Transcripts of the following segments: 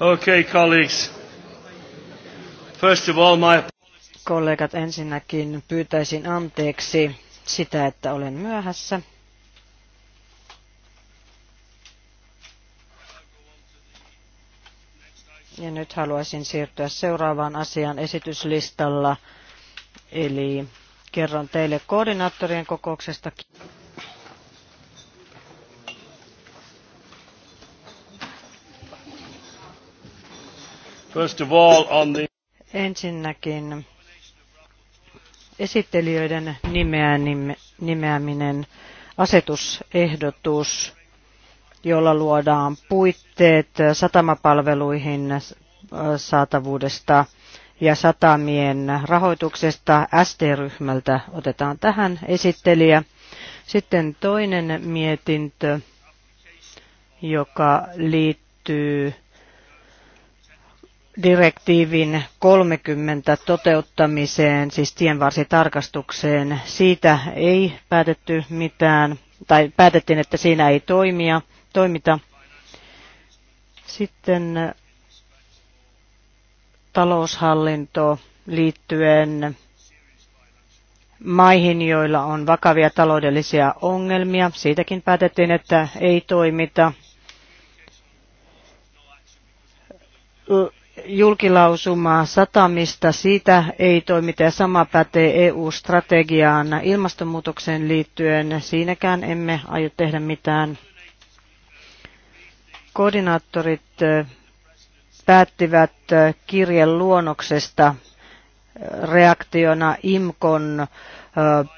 Okay, colleagues. First of all, my... Kollegat, ensinnäkin pyytäisin anteeksi sitä, että olen myöhässä. Ja nyt haluaisin siirtyä seuraavaan asiaan esityslistalla, eli kerron teille koordinaattorien kokouksesta. First of all, on the... Ensinnäkin esittelijöiden nimeä, nimeäminen asetusehdotus, jolla luodaan puitteet satamapalveluihin saatavuudesta ja satamien rahoituksesta st ryhmältä otetaan tähän esittelijä. Sitten toinen mietintö, joka liittyy direktiivin 30 toteuttamiseen, siis tienvarsitarkastukseen, siitä ei päätetty mitään, tai päätettiin, että siinä ei toimia, toimita. Sitten äh, taloushallinto liittyen maihin, joilla on vakavia taloudellisia ongelmia. Siitäkin päätettiin, että ei toimita julkilausumaa satamista, siitä ei toimita ja sama pätee EU-strategiaan ilmastonmuutokseen liittyen. Siinäkään emme aio tehdä mitään. Koordinaattorit päättivät kirjeluonnoksesta reaktiona IMKON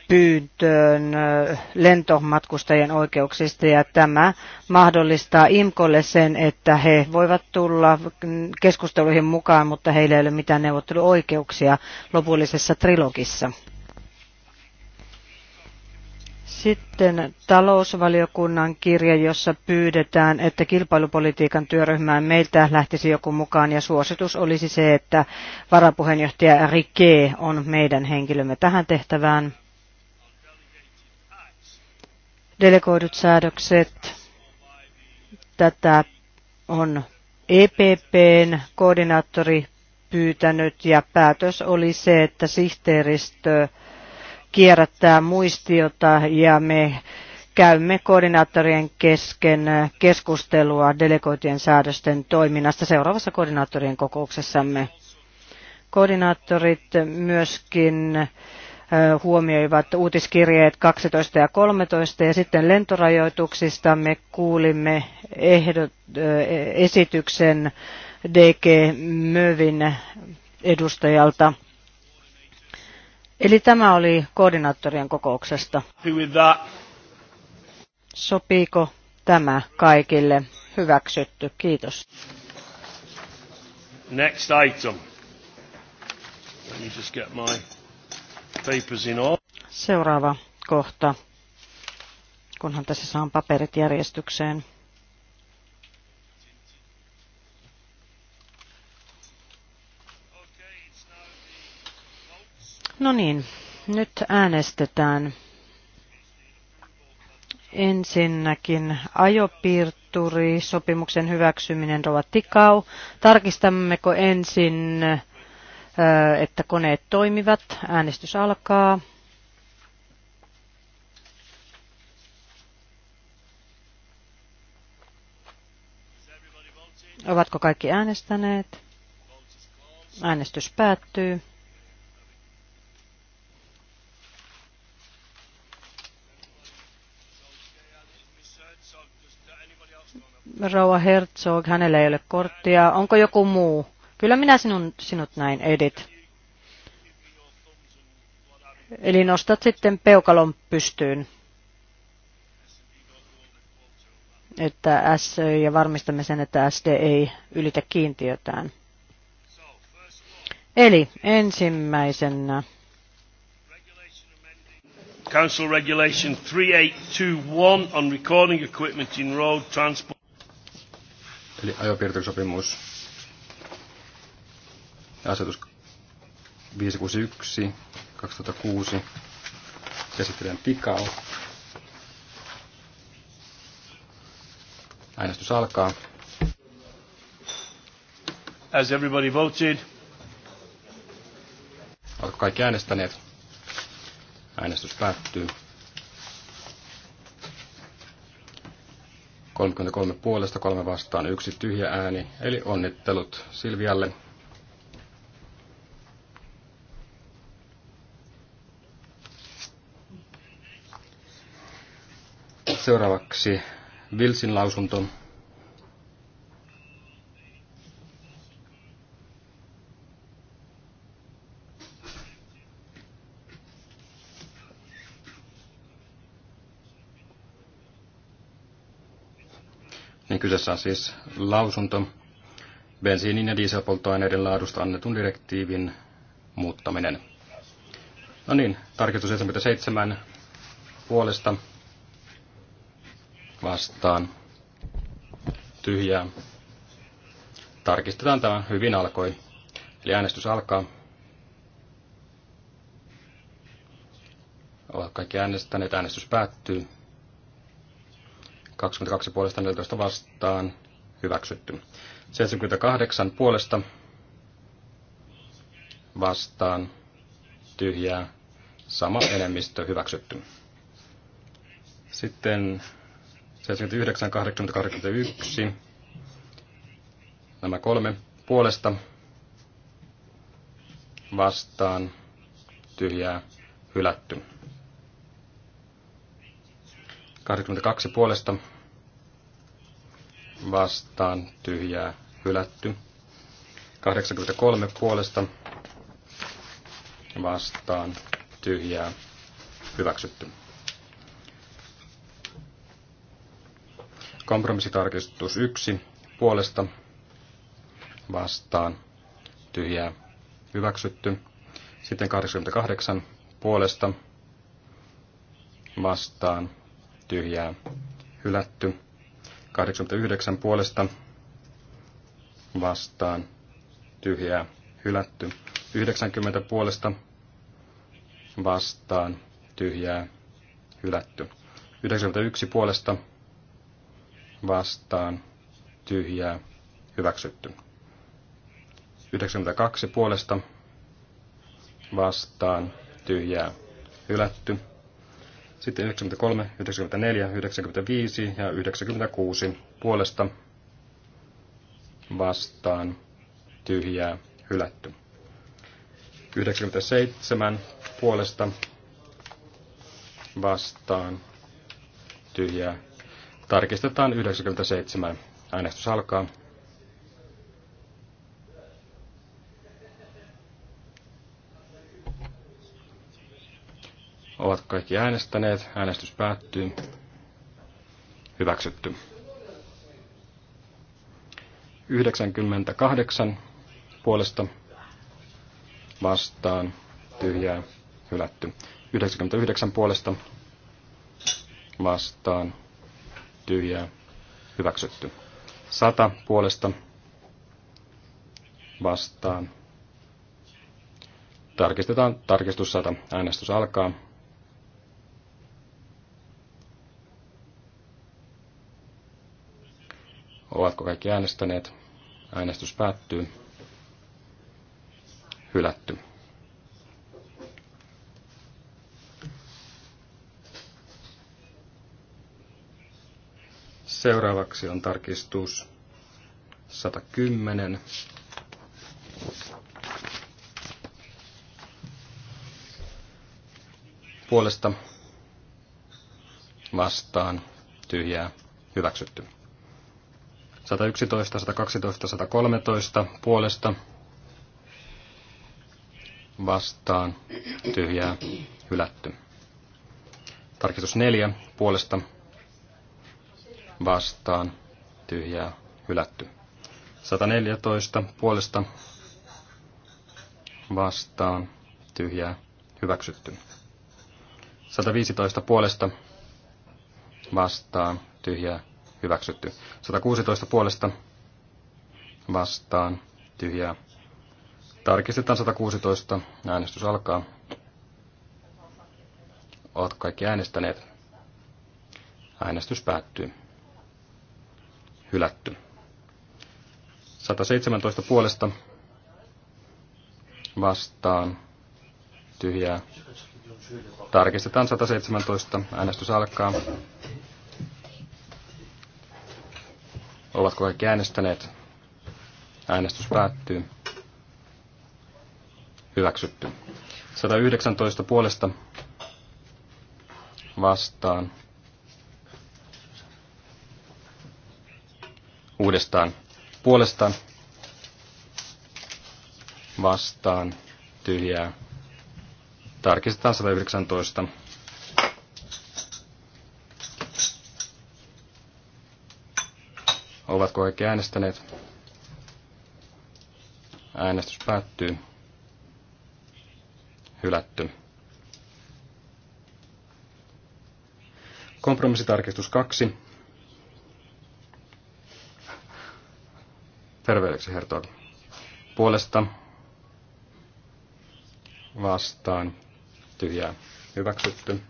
pyyntöön lentomatkustajien oikeuksista ja tämä mahdollistaa IMKOlle sen, että he voivat tulla keskusteluihin mukaan, mutta heillä ei ole mitään neuvotteluoikeuksia lopullisessa trilogissa. Sitten talousvaliokunnan kirja, jossa pyydetään, että kilpailupolitiikan työryhmään meiltä lähtisi joku mukaan ja suositus olisi se, että varapuheenjohtaja Rike on meidän henkilömme tähän tehtävään delegoidut säädökset. Tätä on EPPn koordinaattori pyytänyt ja päätös oli se, että sihteeristö kierrättää muistiota ja me käymme koordinaattorien kesken keskustelua delegoitujen säädösten toiminnasta seuraavassa koordinaattorien kokouksessamme. Koordinaattorit myöskin huomioivat uutiskirjeet 12 ja 13 ja sitten lentorajoituksista me kuulimme ehdot, esityksen DG Mövin edustajalta. Eli tämä oli koordinaattorien kokouksesta. Sopiiko tämä kaikille? Hyväksytty. Kiitos. Next item. Let me just get my... Seuraava kohta, kunhan tässä saan paperit järjestykseen. No niin, nyt äänestetään ensinnäkin ajopiirturi, sopimuksen hyväksyminen, Rova Tikau. Tarkistammeko ensin että koneet toimivat. Äänestys alkaa. Ovatko kaikki äänestäneet? Äänestys päättyy. Rauha Herzog, hänellä ei ole korttia. Onko joku muu? Kyllä minä sinun, sinut näin, Edit. Eli nostat sitten peukalon pystyyn. Että S, ja varmistamme sen, että SD ei ylitä kiintiötään. Eli ensimmäisenä. Council Regulation 3821 on recording equipment in road transport. Eli ajopiirtosopimus Asetus 561 2006 käsittelen pikaa. Äänestys alkaa. As everybody voted. Oletko kaikki äänestäneet? Äänestys päättyy. 33 puolesta, kolme vastaan, yksi tyhjä ääni. Eli onnittelut Silvialle. Seuraavaksi Vilsin lausunto. Niin kyseessä on siis lausunto bensiinin ja dieselpolttoaineiden laadusta annetun direktiivin muuttaminen. No niin, tarkistus 77 puolesta vastaan tyhjää. Tarkistetaan tämä hyvin alkoi. Eli äänestys alkaa. Ovat kaikki äänestäneet. Äänestys päättyy. 22 puolesta 14 vastaan. Hyväksytty. 78 puolesta vastaan. Tyhjää. Sama enemmistö hyväksytty. Sitten 79, 80, 81. Nämä kolme puolesta vastaan tyhjää hylätty. 82 puolesta vastaan tyhjää hylätty. 83 puolesta vastaan tyhjää hyväksytty. Kompromissitarkistus 1 puolesta vastaan tyhjää hyväksytty. Sitten 88 puolesta vastaan tyhjää hylätty. 89 puolesta vastaan tyhjää hylätty. 90 puolesta vastaan tyhjää hylätty. 91 puolesta vastaan, vastaan tyhjää hyväksytty. 92 puolesta vastaan tyhjää hylätty. Sitten 93, 94, 95 ja 96 puolesta vastaan tyhjää hylätty. 97 puolesta vastaan tyhjää Tarkistetaan 97. Äänestys alkaa. Ovat kaikki äänestäneet. Äänestys päättyy. Hyväksytty. 98 puolesta vastaan tyhjää hylätty. 99 puolesta vastaan tyhjää hyväksytty. 100 puolesta vastaan. Tarkistetaan tarkistus sata. Äänestys alkaa. Ovatko kaikki äänestäneet? Äänestys päättyy. Hylätty. Seuraavaksi on tarkistus 110. Puolesta vastaan tyhjää hyväksytty. 111, 112, 113 puolesta vastaan tyhjää hylätty. Tarkistus 4 puolesta vastaan tyhjää hylätty. 114 puolesta vastaan tyhjää hyväksytty. 115 puolesta vastaan tyhjää hyväksytty. 116 puolesta vastaan tyhjää. Tarkistetaan 116. Äänestys alkaa. Oot kaikki äänestäneet. Äänestys päättyy hylätty. 117 puolesta vastaan tyhjää. Tarkistetaan 117. Äänestys alkaa. Ovatko kaikki äänestäneet? Äänestys päättyy. Hyväksytty. 119 puolesta vastaan uudestaan puolesta vastaan tyhjää. Tarkistetaan 119. Ovatko kaikki äänestäneet? Äänestys päättyy. Hylätty. Kompromissitarkistus 2 terveydeksi hertoa puolesta vastaan tyhjää hyväksytty.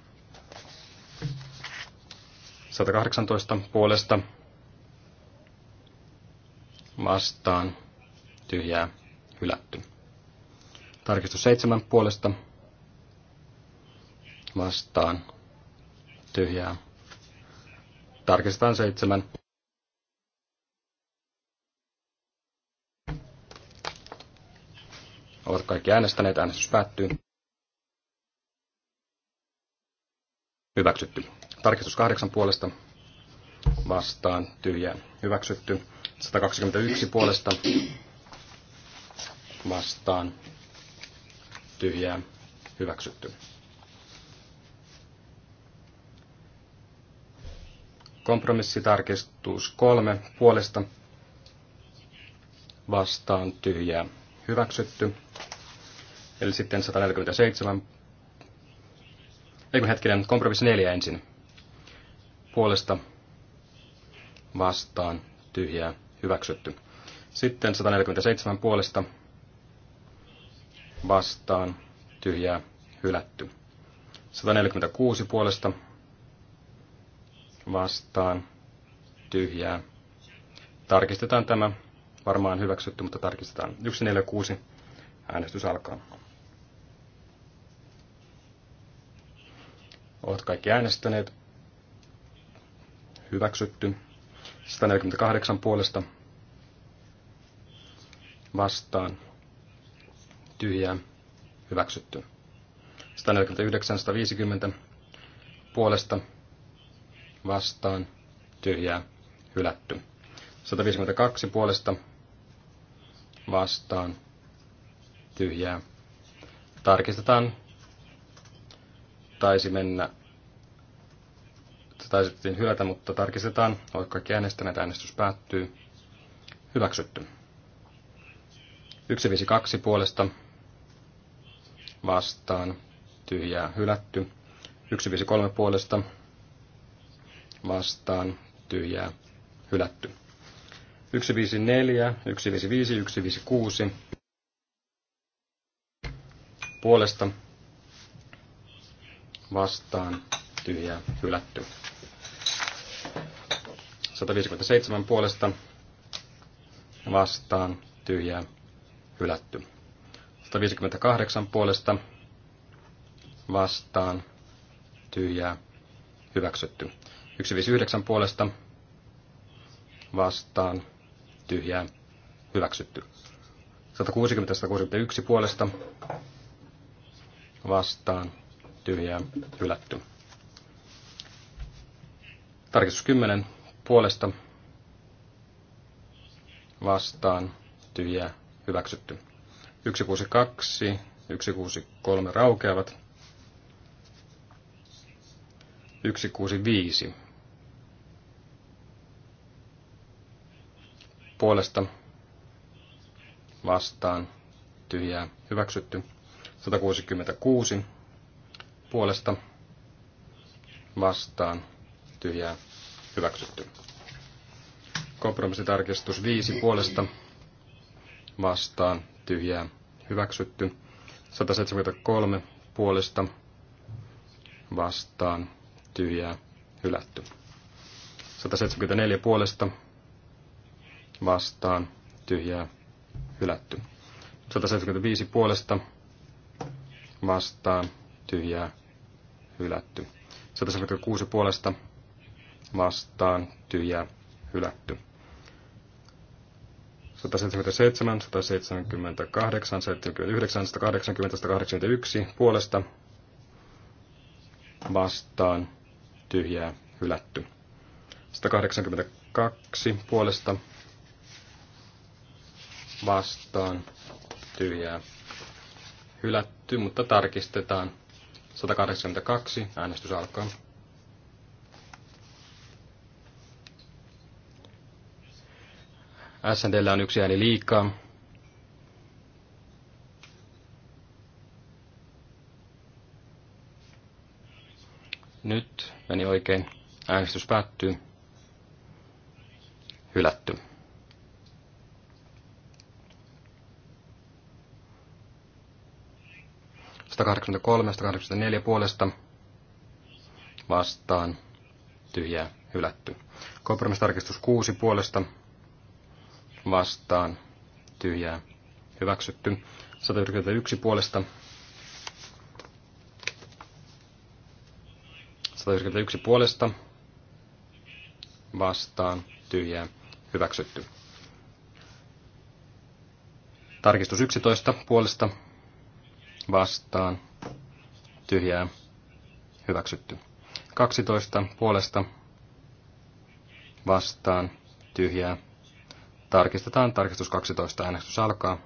118 puolesta vastaan tyhjää hylätty. Tarkistus 7 puolesta vastaan tyhjää. Tarkistetaan 7. Ovat kaikki äänestäneet. Äänestys päättyy. Hyväksytty. Tarkistus kahdeksan puolesta vastaan tyhjää. Hyväksytty. 121 puolesta vastaan tyhjää. Hyväksytty. Kompromissitarkistus kolme puolesta vastaan tyhjää hyväksytty. Eli sitten 147. Eikö hetkinen, kompromissi 4 ensin. Puolesta vastaan tyhjää hyväksytty. Sitten 147 puolesta vastaan tyhjää hylätty. 146 puolesta vastaan tyhjää. Tarkistetaan tämä Varmaan hyväksytty, mutta tarkistetaan. 146. Äänestys alkaa. Olet kaikki äänestäneet. Hyväksytty. 148 puolesta vastaan. Tyhjää. Hyväksytty. 149, 150 puolesta vastaan. Tyhjää. Hylätty. 152 puolesta vastaan tyhjää. Tarkistetaan. Taisi mennä. Taisettiin hylätä, mutta tarkistetaan. Olet kaikki äänestäneet. Äänestys päättyy. Hyväksytty. 152 puolesta vastaan tyhjää hylätty. 153 puolesta vastaan tyhjää hylätty. 154, 155, 156 puolesta vastaan tyhjää hylätty. 157 puolesta vastaan tyhjää hylätty. 158 puolesta vastaan tyhjää hyväksytty. 159 puolesta vastaan tyhjää hyväksytty. 160-161 puolesta vastaan tyhjää hylätty. Tarkistus 10 puolesta vastaan tyhjää hyväksytty. 162, 163 raukeavat. 165 puolesta vastaan tyhjää hyväksytty. 166 puolesta vastaan tyhjää hyväksytty. Kompromissitarkistus 5 puolesta vastaan tyhjää hyväksytty. 173 puolesta vastaan tyhjää hylätty. 174 puolesta vastaan tyhjää hylätty. 175 puolesta vastaan tyhjää hylätty. 176 puolesta vastaan tyhjää hylätty. 177, 178, 79, 180, 181 puolesta vastaan tyhjää hylätty. 182 puolesta vastaan tyhjää hylätty, mutta tarkistetaan. 182, äänestys alkaa. SNDllä on yksi ääni liikaa. Nyt meni oikein. Äänestys päättyy. Hylätty. 183, 184 puolesta vastaan tyhjää hylätty. Kompromissitarkistus 6 puolesta vastaan tyhjää hyväksytty. 191 puolesta 191 puolesta vastaan tyhjää hyväksytty. Tarkistus 11 puolesta vastaan, tyhjää, hyväksytty. 12 puolesta vastaan, tyhjää. Tarkistetaan, tarkistus 12, äänestys alkaa.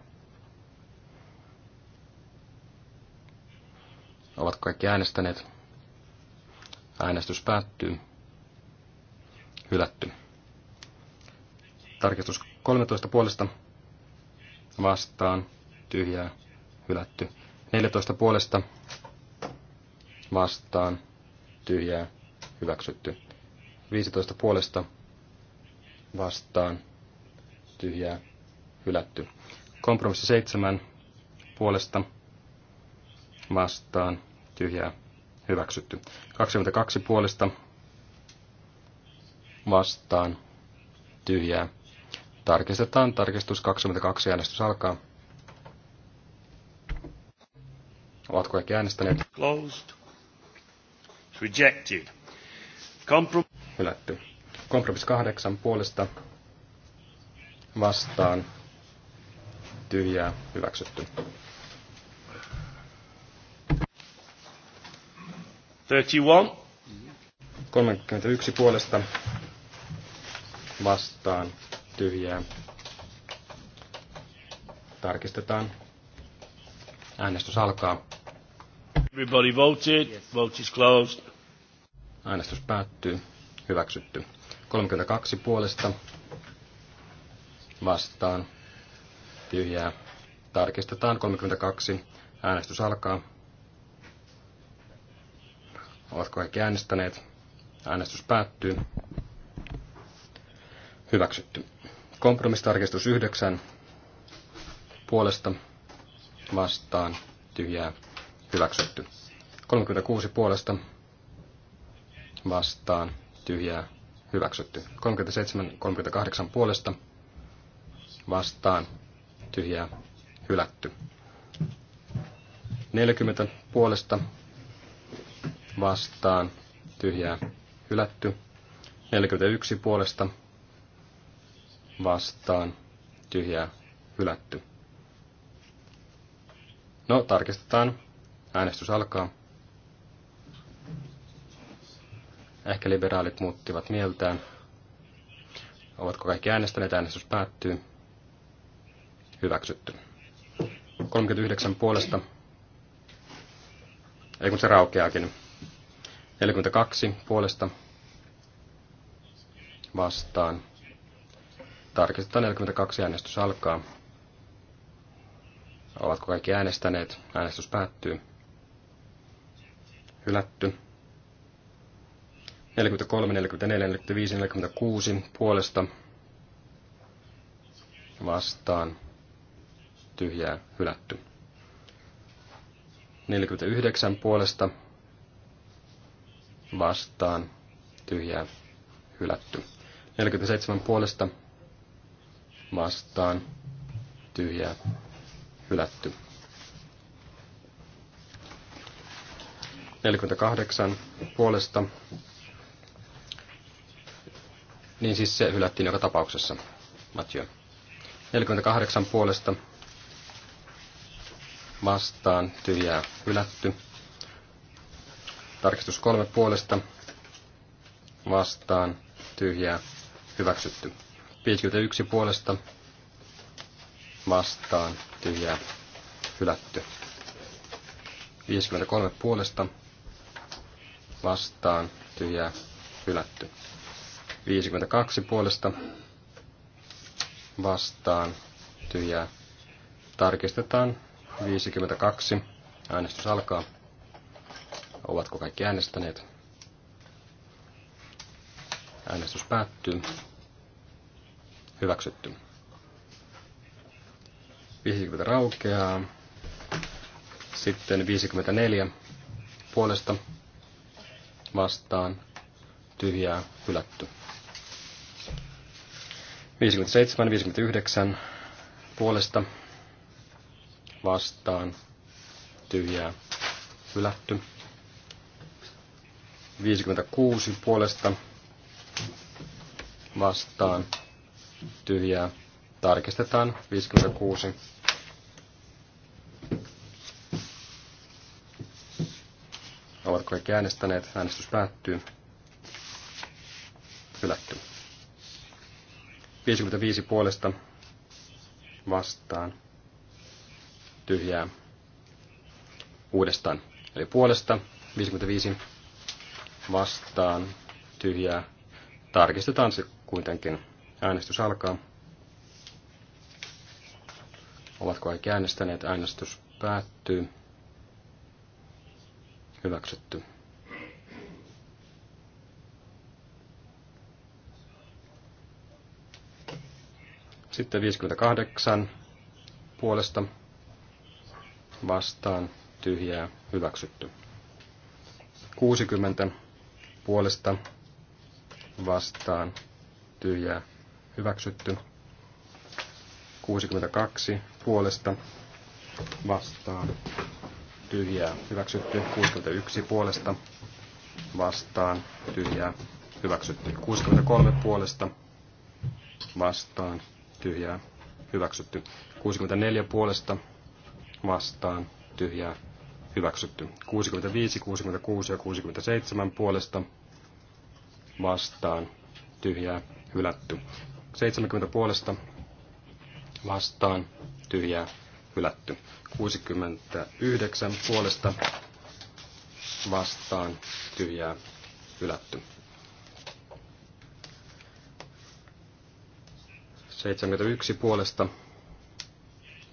Ovat kaikki äänestäneet. Äänestys päättyy. Hylätty. Tarkistus 13 puolesta vastaan, tyhjää, hylätty. 14 puolesta vastaan tyhjää hyväksytty. 15 puolesta vastaan tyhjää hylätty. Kompromissi 7 puolesta vastaan tyhjää hyväksytty. 22 puolesta vastaan tyhjää. Tarkistetaan tarkistus 22 äänestys alkaa. Ovatko kaikki äänestäneet? Closed. Rejected. Comprom- Hylätty. Kompromiss kahdeksan puolesta vastaan tyhjää hyväksytty. 31. 31 puolesta vastaan tyhjää. Tarkistetaan. Äänestys alkaa. Everybody voted. Yes. Vote is closed. Äänestys päättyy. Hyväksytty. 32 puolesta vastaan. Tyhjää. Tarkistetaan 32. Äänestys alkaa. Ovatko kaikki äänestäneet? Äänestys päättyy. Hyväksytty. Kompromissitarkistus 9. Puolesta vastaan tyhjää hyväksytty. 36 puolesta vastaan tyhjää hyväksytty. 37, 38 puolesta vastaan tyhjää hylätty. 40 puolesta vastaan tyhjää hylätty. 41 puolesta vastaan tyhjää hylätty. No, tarkistetaan Äänestys alkaa. Ehkä liberaalit muuttivat mieltään. Ovatko kaikki äänestäneet? Äänestys päättyy. Hyväksytty. 39 puolesta. Ei kun se raukeakin. 42 puolesta vastaan. Tarkistetaan 42 äänestys alkaa. Ovatko kaikki äänestäneet? Äänestys päättyy hylätty. 43, 44, 45, 46 puolesta vastaan tyhjää hylätty. 49 puolesta vastaan tyhjää hylätty. 47 puolesta vastaan tyhjää hylätty. 48 puolesta, niin siis se hylättiin joka tapauksessa, Mathieu. 48 puolesta vastaan tyhjää hylätty. Tarkistus kolme puolesta vastaan tyhjää hyväksytty. 51 puolesta vastaan tyhjää hylätty. 53 puolesta vastaan tyhjää hylätty. 52 puolesta vastaan tyhjää. Tarkistetaan 52. Äänestys alkaa. Ovatko kaikki äänestäneet? Äänestys päättyy. Hyväksytty. 50 raukeaa. Sitten 54 puolesta vastaan tyhjää hylätty. 57, 59 puolesta vastaan tyhjää hylätty. 56 puolesta vastaan tyhjää tarkistetaan 56 kaikki äänestäneet? Äänestys päättyy. Hylätty. 55 puolesta vastaan. Tyhjää. Uudestaan. Eli puolesta 55 vastaan. Tyhjää. Tarkistetaan se kuitenkin. Äänestys alkaa. Ovatko kaikki äänestäneet? Äänestys päättyy. Hyväksytty. Sitten 58 puolesta vastaan tyhjää hyväksytty. 60 puolesta vastaan tyhjää hyväksytty. 62 puolesta vastaan tyhjää hyväksytty 61 puolesta vastaan tyhjää hyväksytty 63 puolesta vastaan tyhjää hyväksytty 64 puolesta vastaan tyhjää hyväksytty 65, 66 ja 67 puolesta vastaan tyhjää hylätty 70 puolesta vastaan tyhjää hylätty. 69 puolesta vastaan tyhjää hylätty. 71 puolesta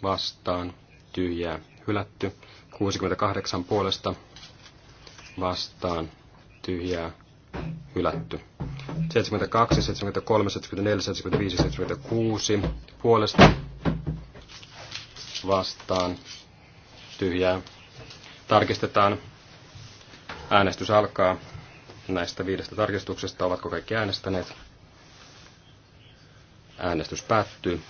vastaan tyhjää hylätty. 68 puolesta vastaan tyhjää hylätty. 72, 73, 74, 75, 76 puolesta vastaan tyhjää. Tarkistetaan. Äänestys alkaa näistä viidestä tarkistuksesta. Ovatko kaikki äänestäneet? Äänestys päättyy.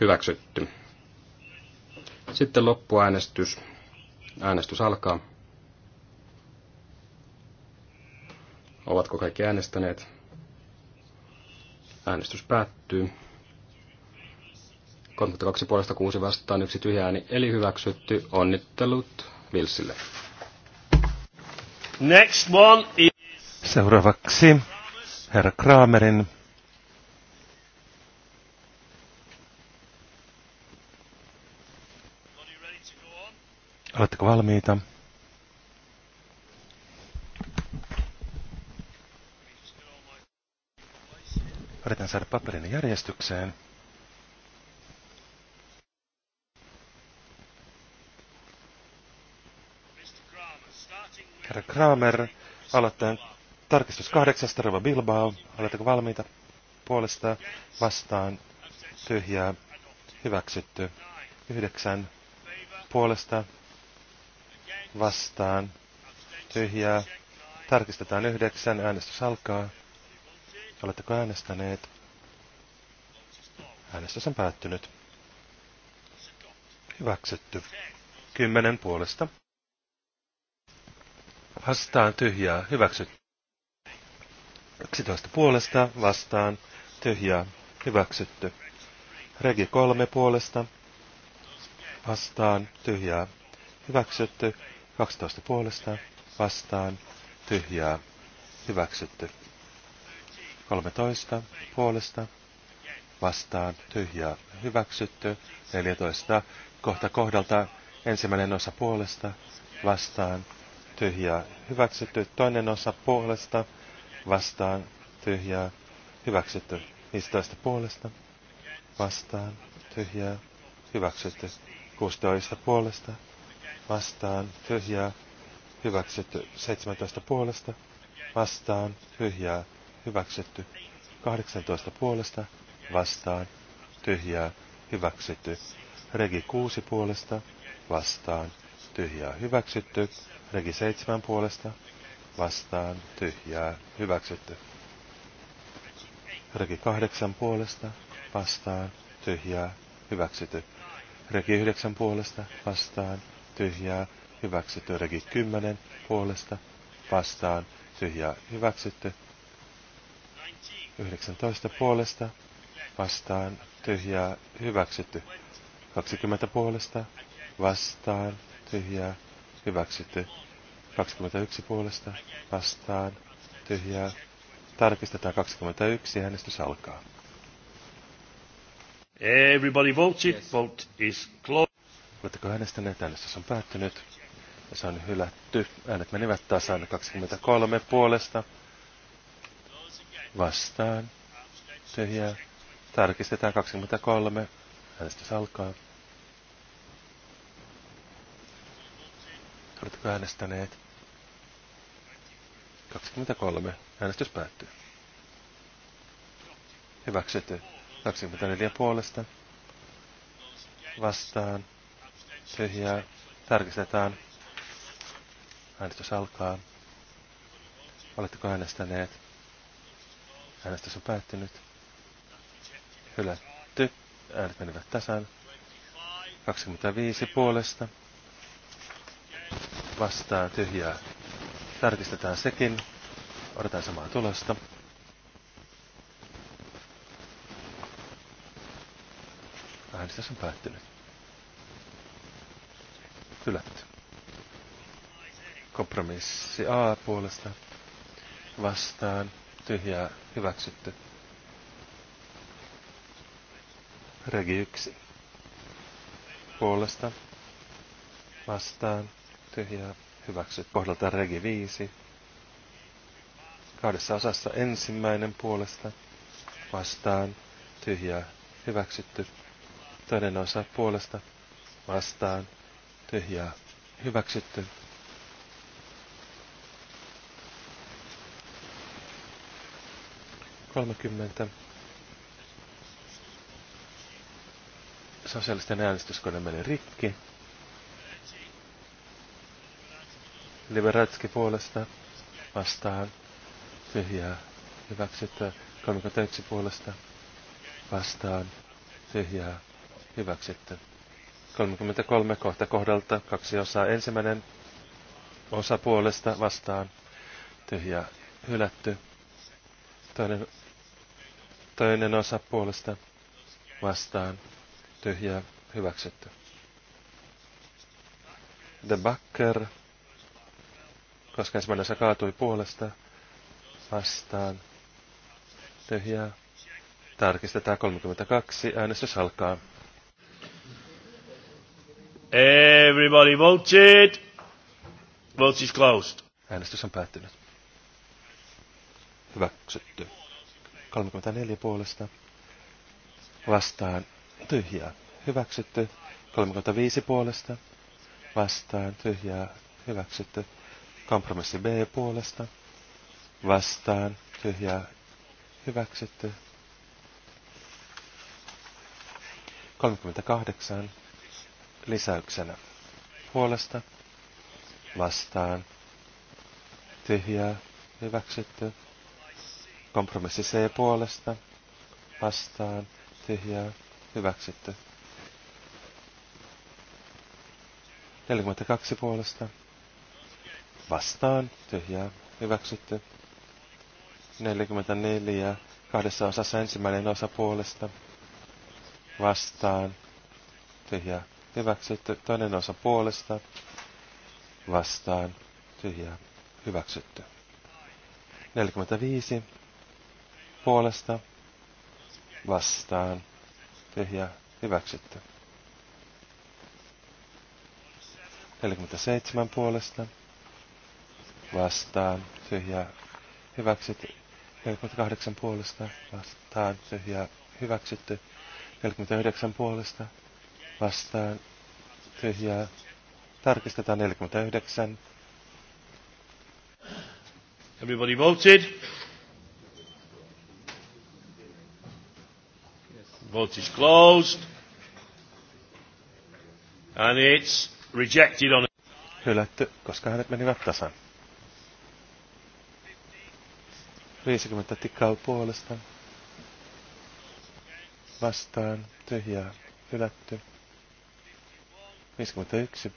Hyväksytty. Sitten loppuäänestys. Äänestys alkaa. Ovatko kaikki äänestäneet? Äänestys päättyy. 32 puolesta 6 vastaan, yksi tyhjää, niin eli hyväksytty. Onnittelut Vilsille. Next one is... Seuraavaksi herra Kramerin Oletteko valmiita? Yritän saada paperin järjestykseen. Kramer aloitteen tarkistus kahdeksasta Rova Bilbao. Oletteko valmiita puolesta vastaan tyhjää hyväksytty? Yhdeksän puolesta vastaan tyhjää. Tarkistetaan yhdeksän. Äänestys alkaa. Oletteko äänestäneet? Äänestys on päättynyt. Hyväksytty. Kymmenen puolesta. Vastaan tyhjää. Hyväksyt. 11 puolesta vastaan tyhjää. Hyväksytty. Regi 3 puolesta vastaan tyhjää. Hyväksytty. 12 puolesta vastaan tyhjää. Hyväksytty. 13 puolesta vastaan tyhjää. Hyväksytty. 14 kohta kohdalta ensimmäinen osa puolesta vastaan tyhjää hyväksytty. Toinen osa puolesta vastaan tyhjää hyväksytty. 15 puolesta vastaan tyhjää hyväksytty. 16 puolesta vastaan tyhjää hyväksytty. 17 puolesta vastaan tyhjää hyväksytty. 18 puolesta vastaan tyhjää hyväksytty. Regi 6 puolesta vastaan tyhjää hyväksytty. Regi seitsemän puolesta vastaan tyhjää hyväksytty. Regi kahdeksan puolesta vastaan tyhjää hyväksytty. Regi yhdeksän puolesta vastaan tyhjää hyväksytty. Regi kymmenen puolesta vastaan tyhjää hyväksytty. Yhdeksäntoista puolesta vastaan tyhjää hyväksytty. 20 puolesta vastaan tyhjää, hyväksytty. 21 puolesta, vastaan, tyhjää. Tarkistetaan 21, äänestys alkaa. Everybody voted, yes. vote is closed. Oletteko äänestäneet, äänestys on päättynyt. Ja se on hylätty. Äänet menivät tasan 23 puolesta. Vastaan. Tyhjää. Tarkistetaan 23. Äänestys alkaa. Oletteko äänestäneet? 23. Äänestys päättyy. Hyväksytty. 24 puolesta. Vastaan. Tyhjää. Tarkistetaan. Äänestys alkaa. Oletteko äänestäneet? Äänestys on päättynyt. Hylätty. Äänet menivät tasan. 25 puolesta vastaa tyhjää. Tarkistetaan sekin. Odotetaan samaa tulosta. Äänestys on päättynyt. Hylätty. Kompromissi A puolesta vastaan tyhjää hyväksytty. Regi 1 puolesta vastaan tyhjää hyväksy. Kohdalta regi 5. Kahdessa osassa ensimmäinen puolesta vastaan tyhjää hyväksytty. Toinen osa puolesta vastaan tyhjää hyväksytty. Kolmekymmentä. Sosiaalisten äänestyskone meni rikki. Liberatski puolesta vastaan tyhjää Kamika 31 puolesta vastaan tyhjää Hyväksyttä. 33 kohta kohdalta kaksi osaa. Ensimmäinen osa puolesta vastaan tyhjää hylätty. Toinen, toinen osa puolesta vastaan tyhjää hyväksytty. The Backer koska ensimmäinen osa kaatui puolesta vastaan. Tyhjää. Tarkistetaan 32. Äänestys alkaa. Everybody voted. Vote is closed. Äänestys on päättynyt. Hyväksytty. 34 puolesta. Vastaan. Tyhjää. Hyväksytty. 35 puolesta. Vastaan. Tyhjää. Hyväksytty. Kompromissi B puolesta. Vastaan. Tyhjää. Hyväksytty. 38 lisäyksenä. Puolesta. Vastaan. Tyhjää. Hyväksytty. Kompromissi C puolesta. Vastaan. Tyhjää. Hyväksytty. 42 puolesta vastaan, tyhjää, hyväksytty. 44, kahdessa osassa ensimmäinen osa puolesta, vastaan, tyhjää, hyväksytty. Toinen osa puolesta, vastaan, tyhjää, hyväksytty. 45, puolesta, vastaan, tyhjää, hyväksytty. 47 puolesta, vastaan tyhjää hyväksytty. 48 puolesta vastaan tyhjää hyväksytty. 49 puolesta vastaan tyhjää. Tarkistetaan 49. Everybody voted. Vote is closed. And it's rejected on... Hylätty, koska hänet menivät tasan. 50 tikkaa puolesta. Vastaan. Tyhjää. Hylätty. 51.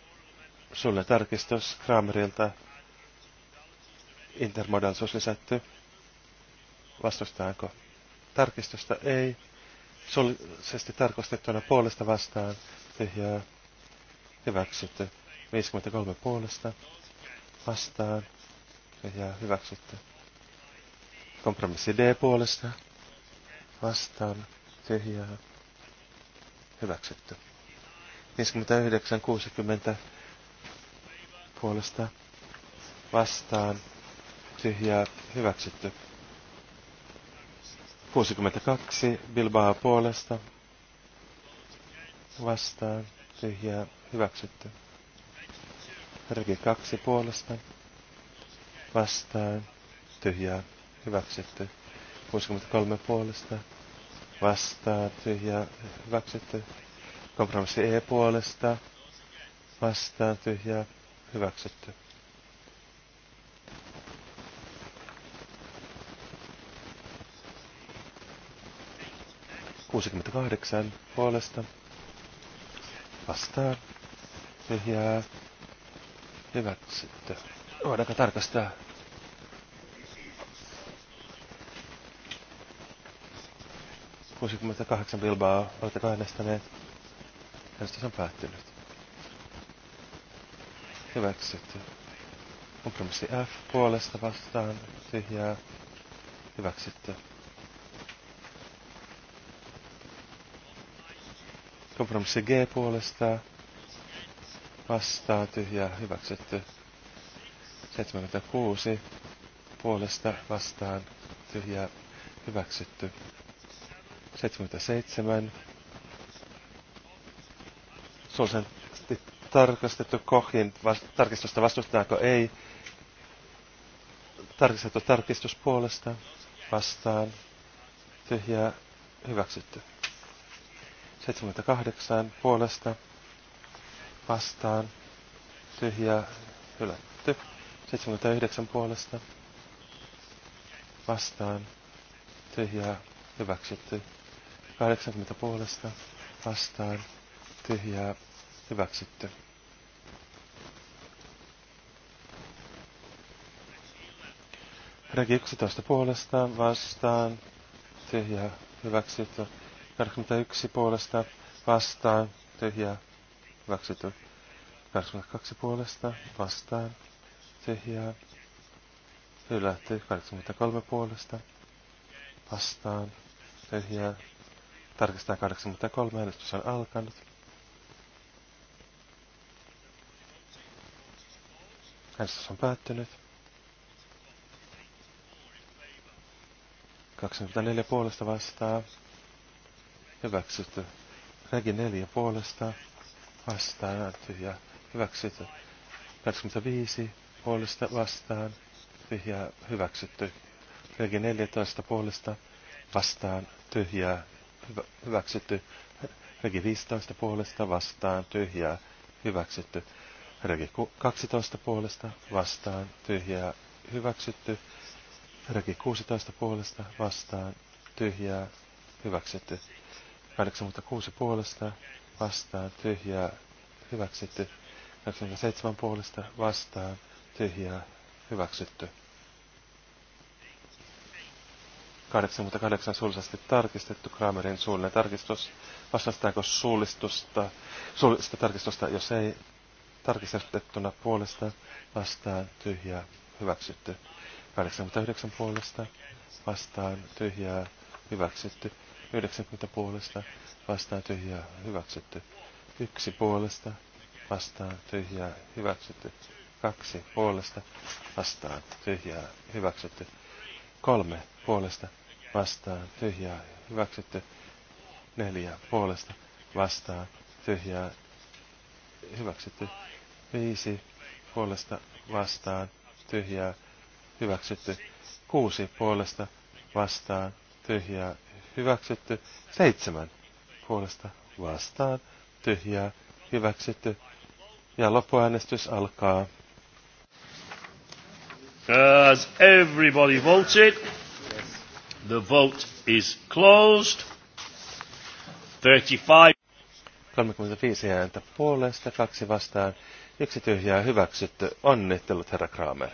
Sulle tarkistus Kramerilta. Intermodaalisuus lisätty. Vastustaanko? Tarkistusta ei. Sullisesti tarkoitettuna puolesta vastaan. Tyhjää. Hyväksytty. 53 puolesta. Vastaan. Tyhjää. Hyväksytty. Kompromissi D puolesta. Vastaan. Tyhjää. Hyväksytty. 59-60 puolesta. Vastaan. Tyhjää. Hyväksytty. 62 Bilbao puolesta. Vastaan. Tyhjää. Hyväksytty. Regi 2 puolesta. Vastaan. Tyhjää hyväksytty. 63 puolesta vastaan tyhjä hyväksytty. Kompromissi E puolesta vastaan tyhjä hyväksytty. Kuusikymmentäkahdeksan puolesta vastaan tyhjää hyväksytty. Voidaanko tarkastaa 68 Bilbaa oletteko äänestäneet? Äänestys on päättynyt. Hyväksytty. Kompromissi F puolesta vastaan tyhjää. Hyväksytty. Kompromissi G puolesta vastaan tyhjää. Hyväksytty. 76 puolesta vastaan tyhjää. Hyväksytty. 77. sen tarkastettu kohjen tarkistusta vastustetaanko ei. Tarkistettu tarkistus puolesta vastaan. Tyhjää hyväksytty. 78 puolesta vastaan. Tyhjää hylätty. 79 puolesta vastaan. Tyhjää hyväksytty. 80 puolesta vastaan tyhjää hyväksytty. Regi 11 puolesta vastaan tyhjää hyväksytty. 81 puolesta vastaan tyhjää hyväksytty. 82 puolesta vastaan tyhjää hylätty. 83 puolesta vastaan tyhjää tarkistaa 83. Äänestys on alkanut. Äänestys on päättynyt. 24 puolesta vastaa. Hyväksytty. Regi 4 puolesta vastaan. Tyhjä. Hyväksytty. 25 puolesta vastaan. Tyhjä. Hyväksytty. Regi 14 puolesta vastaan. Tyhjää hyvä, hyväksytty. Regi 15 puolesta vastaan tyhjää hyväksytty. Regi 12 puolesta vastaan tyhjää hyväksytty. Regi 16 puolesta vastaan tyhjää hyväksytty. 86 puolesta vastaan tyhjää hyväksytty. 87 puolesta vastaan tyhjää hyväksytty. 88 suullisesti tarkistettu Kramerin suullinen tarkistus. Vastaistaanko suullistusta, suullista tarkistusta, jos ei tarkistettuna puolesta vastaan tyhjää hyväksytty. 89 puolesta vastaan tyhjää hyväksytty. 90 puolesta vastaan tyhjää hyväksytty. Yksi puolesta vastaan tyhjää hyväksytty. Kaksi puolesta vastaan tyhjää hyväksytty. Kolme puolesta vastaan, tyhjää, hyväksytty. Neljä puolesta vastaan, tyhjää, hyväksytty. Viisi puolesta vastaan, tyhjää, hyväksytty. Kuusi puolesta vastaan, tyhjää, hyväksytty. Seitsemän puolesta vastaan, tyhjää, hyväksytty. Ja loppuäänestys alkaa. Because everybody voted? The vote is closed. 35. 35 ääntä puolesta, kaksi vastaan, yksi tyhjää hyväksytty. Onnittelut, herra Kramer.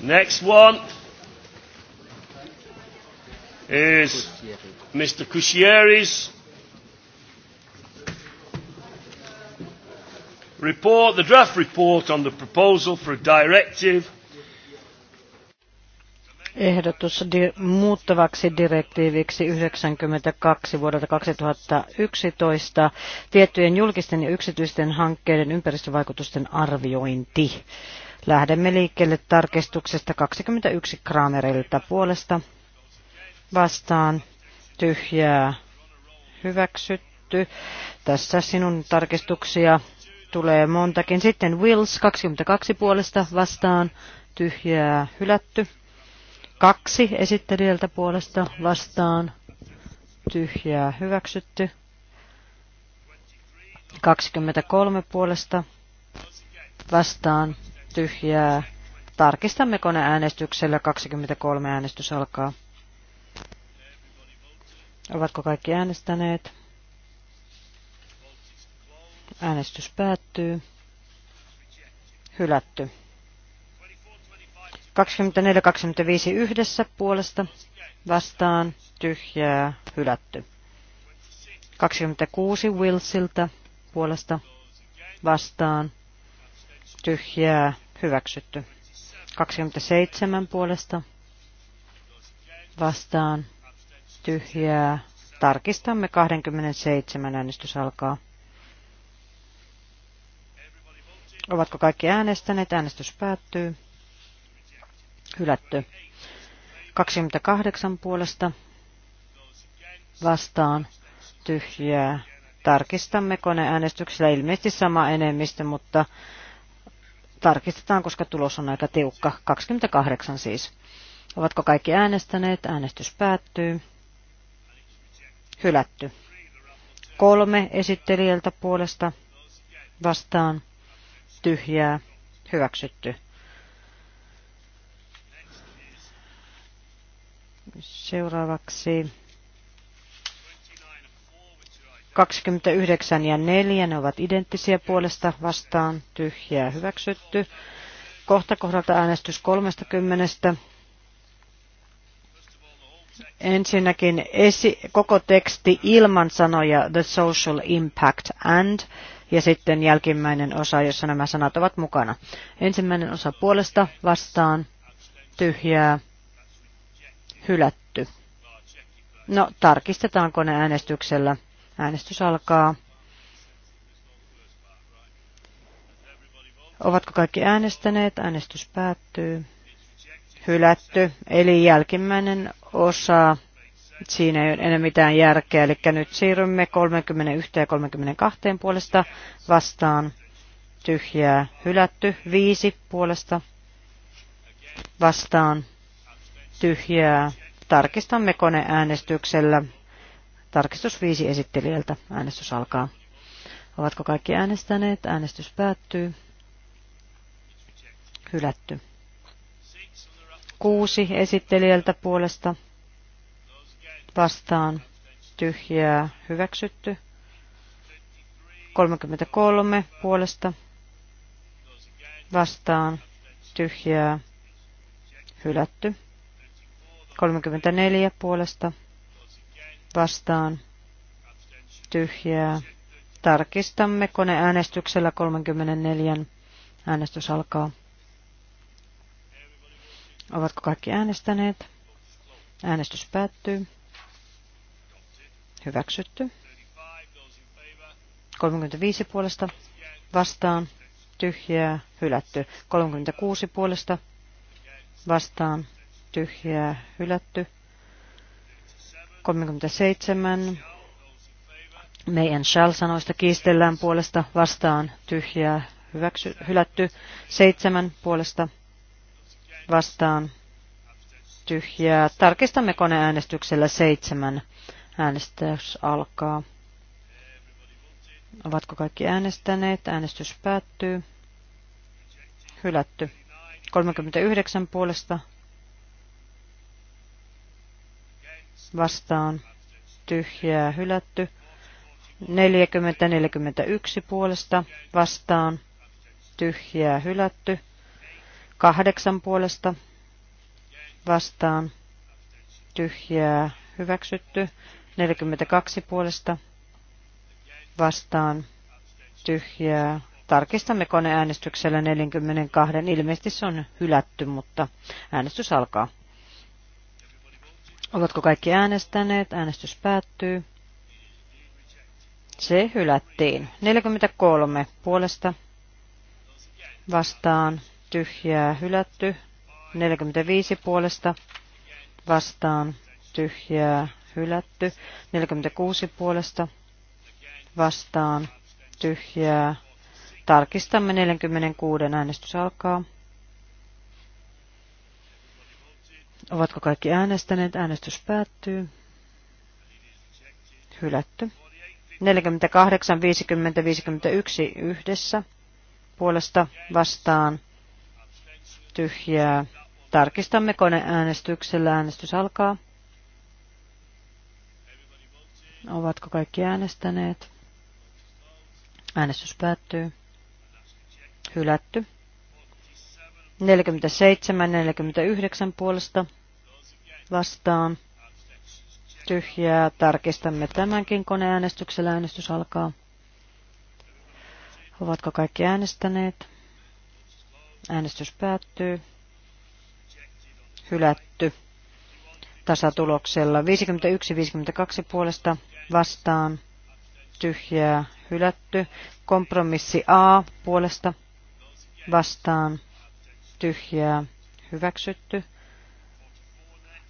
Next one is Mr. Kushieris. Report, the draft report on the proposal for a directive ehdotus muuttavaksi direktiiviksi 92 vuodelta 2011 tiettyjen julkisten ja yksityisten hankkeiden ympäristövaikutusten arviointi. Lähdemme liikkeelle tarkistuksesta 21 Kramerilta puolesta vastaan tyhjää hyväksytty. Tässä sinun tarkistuksia tulee montakin. Sitten Wills 22 puolesta vastaan tyhjää hylätty. Kaksi esittelijältä puolesta vastaan tyhjää hyväksytty. 23 puolesta vastaan tyhjää. Tarkistamme koneäänestyksellä. 23 äänestys alkaa. Ovatko kaikki äänestäneet? Äänestys päättyy. Hylätty. 24-25 yhdessä puolesta vastaan tyhjää hylätty. 26 Wilsilta puolesta vastaan tyhjää hyväksytty. 27 puolesta vastaan tyhjää. Tarkistamme 27 äänestys alkaa. Ovatko kaikki äänestäneet? Äänestys päättyy. Hylätty. 28 puolesta vastaan tyhjää. Tarkistamme koneäänestyksellä ilmeisesti sama enemmistö, mutta tarkistetaan, koska tulos on aika tiukka. 28 siis. Ovatko kaikki äänestäneet? Äänestys päättyy. Hylätty. Kolme esittelijältä puolesta vastaan. Tyhjää. Hyväksytty. Seuraavaksi 29 ja 4, ne ovat identtisiä puolesta vastaan, tyhjää hyväksytty. Kohta kohdalta äänestys 30. Ensinnäkin esi, koko teksti ilman sanoja The Social Impact and ja sitten jälkimmäinen osa, jossa nämä sanat ovat mukana. Ensimmäinen osa puolesta vastaan, tyhjää, hylätty. No, tarkistetaan ne äänestyksellä. Äänestys alkaa. Ovatko kaikki äänestäneet? Äänestys päättyy. Hylätty. Eli jälkimmäinen osa. Siinä ei ole enää mitään järkeä. Eli nyt siirrymme 31 ja 32 puolesta vastaan. Tyhjää. Hylätty. 5 puolesta vastaan tyhjää. Tarkistamme koneäänestyksellä. Tarkistus viisi esittelijältä. Äänestys alkaa. Ovatko kaikki äänestäneet? Äänestys päättyy. Hylätty. Kuusi esittelijältä puolesta vastaan tyhjää hyväksytty. 33 puolesta vastaan tyhjää hylätty. 34 puolesta vastaan tyhjää. Tarkistamme koneäänestyksellä 34. Äänestys alkaa. Ovatko kaikki äänestäneet? Äänestys päättyy. Hyväksytty. 35 puolesta vastaan tyhjää hylätty. 36 puolesta vastaan tyhjää hylätty. 37. Meidän Shall-sanoista kiistellään puolesta vastaan tyhjää hyväksy, hylätty. 7 puolesta vastaan tyhjää. Tarkistamme koneäänestyksellä seitsemän. Äänestys alkaa. Ovatko kaikki äänestäneet? Äänestys päättyy. Hylätty. 39 puolesta vastaan tyhjää hylätty. 40-41 puolesta vastaan tyhjää hylätty. 8 puolesta vastaan tyhjää hyväksytty. 42 puolesta vastaan tyhjää. Tarkistamme koneäänestyksellä 42. Ilmeisesti se on hylätty, mutta äänestys alkaa. Ovatko kaikki äänestäneet? Äänestys päättyy. Se hylättiin. 43 puolesta vastaan tyhjää hylätty. 45 puolesta vastaan tyhjää hylätty. 46 puolesta vastaan tyhjää. Tarkistamme 46 äänestys alkaa. Ovatko kaikki äänestäneet? Äänestys päättyy. Hylätty. 48, 50, 51 yhdessä. Puolesta vastaan tyhjää. Tarkistamme koneäänestyksellä. Äänestys alkaa. Ovatko kaikki äänestäneet? Äänestys päättyy. Hylätty. 47, 49 puolesta vastaan. Tyhjää. Tarkistamme tämänkin koneäänestyksellä. Äänestys alkaa. Ovatko kaikki äänestäneet? Äänestys päättyy. Hylätty. Tasatuloksella 51-52 puolesta vastaan. Tyhjää. Hylätty. Kompromissi A puolesta vastaan tyhjää hyväksytty.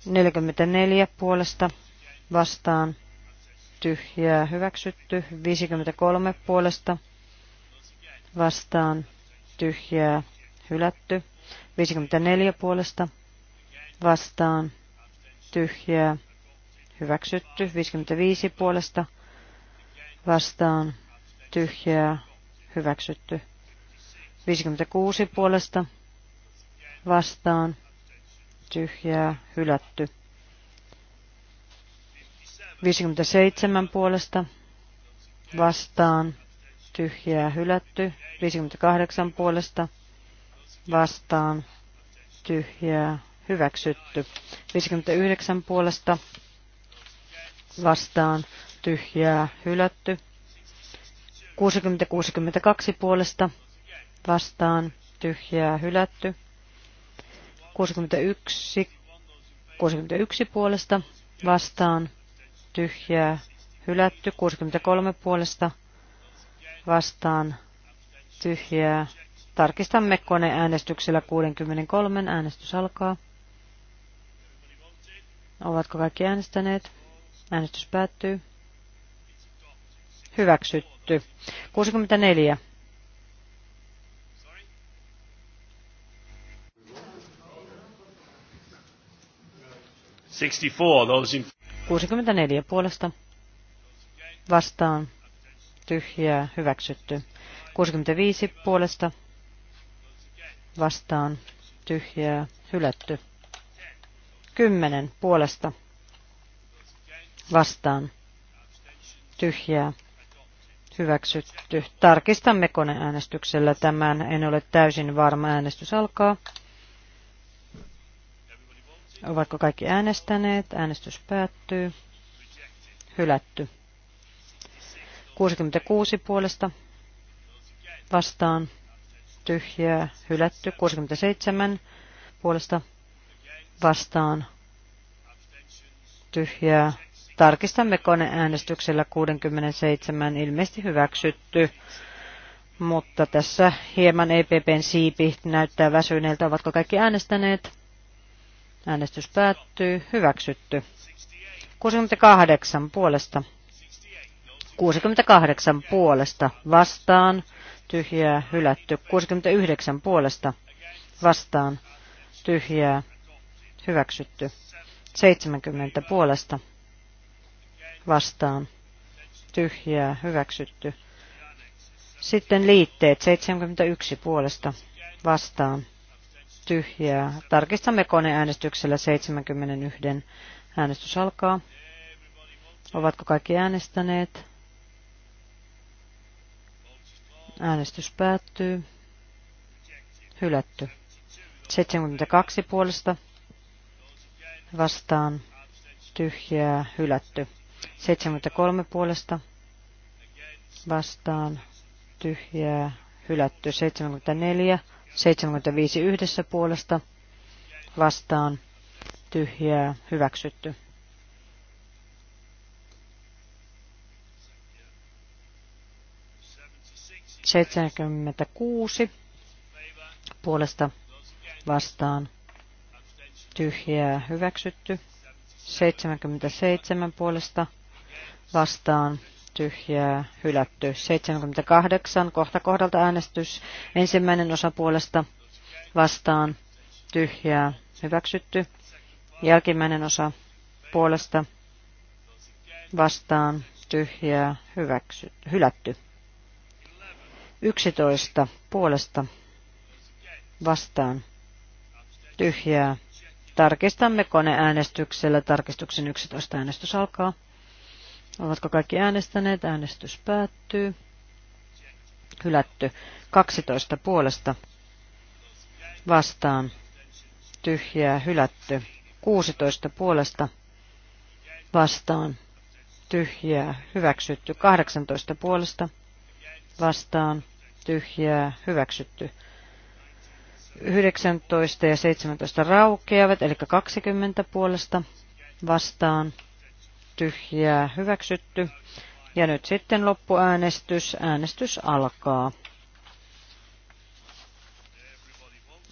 44 puolesta vastaan tyhjää hyväksytty. 53 puolesta vastaan tyhjää hylätty. 54 puolesta vastaan tyhjää hyväksytty. 55 puolesta vastaan tyhjää hyväksytty. 56 puolesta vastaan, vastaan tyhjää hylätty. 57 puolesta vastaan tyhjää hylätty. 58 puolesta vastaan tyhjää hyväksytty. 59 puolesta vastaan tyhjää hylätty. 60-62 puolesta vastaan tyhjää hylätty. 61, 61 puolesta vastaan tyhjää hylätty. 63 puolesta vastaan tyhjää. Tarkistamme koneäänestyksellä 63. Äänestys alkaa. Ovatko kaikki äänestäneet? Äänestys päättyy. Hyväksytty. 64 64, puolesta vastaan tyhjää hyväksytty. 65 puolesta vastaan tyhjää hylätty. 10 puolesta vastaan tyhjää hyväksytty. Tarkistamme koneäänestyksellä tämän. En ole täysin varma. Äänestys alkaa. Ovatko kaikki äänestäneet? Äänestys päättyy. Hylätty. 66 puolesta vastaan tyhjää hylätty. 67 puolesta vastaan tyhjää. Tarkistamme koneäänestyksellä 67 ilmeisesti hyväksytty. Mutta tässä hieman EPPn siipi näyttää väsyneeltä. Ovatko kaikki äänestäneet? Äänestys päättyy. Hyväksytty. 68 puolesta. 68 puolesta vastaan. Tyhjää hylätty. 69 puolesta vastaan. Tyhjää hyväksytty. 70 puolesta vastaan. Tyhjää hyväksytty. Sitten liitteet 71 puolesta vastaan tyhjää. Tarkistamme koneäänestyksellä 71. Äänestys alkaa. Ovatko kaikki äänestäneet? Äänestys päättyy. Hylätty. 72 puolesta vastaan tyhjää hylätty. 73 puolesta vastaan tyhjää hylätty. 74 75 yhdessä puolesta vastaan tyhjää hyväksytty. Seitsemänkymmentäkuusi puolesta vastaan tyhjää hyväksytty. seitsemän puolesta vastaan tyhjää, hylätty. 78, kohta kohdalta äänestys, ensimmäinen osa puolesta vastaan, tyhjää, hyväksytty. Jälkimmäinen osa puolesta vastaan, tyhjää, hyväksy, hylätty. 11, puolesta vastaan, tyhjää. Tarkistamme koneäänestyksellä. Tarkistuksen 11 äänestys alkaa. Ovatko kaikki äänestäneet? Äänestys päättyy. Hylätty. 12 puolesta. Vastaan. Tyhjää. Hylätty. 16 puolesta. Vastaan. Tyhjää. Hyväksytty. 18 puolesta. Vastaan. Tyhjää. Hyväksytty. 19 ja 17 raukeavat, eli 20 puolesta vastaan tyhjää hyväksytty. Ja nyt sitten loppuäänestys. Äänestys alkaa.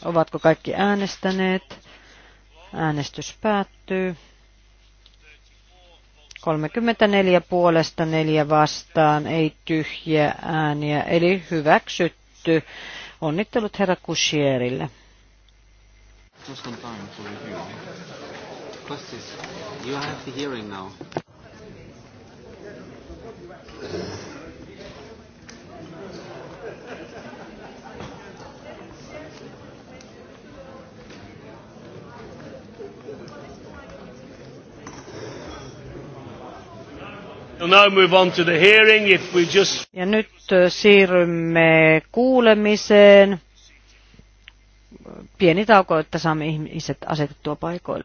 Ovatko kaikki äänestäneet? Äänestys päättyy. 34 puolesta, 4 vastaan, ei tyhjiä ääniä, eli hyväksytty. Onnittelut herra Kusierille. Just Costis, you have the hearing now. Ja nyt siirrymme kuulemiseen. Pieni tauko, että saamme ihmiset asetettua paikoille.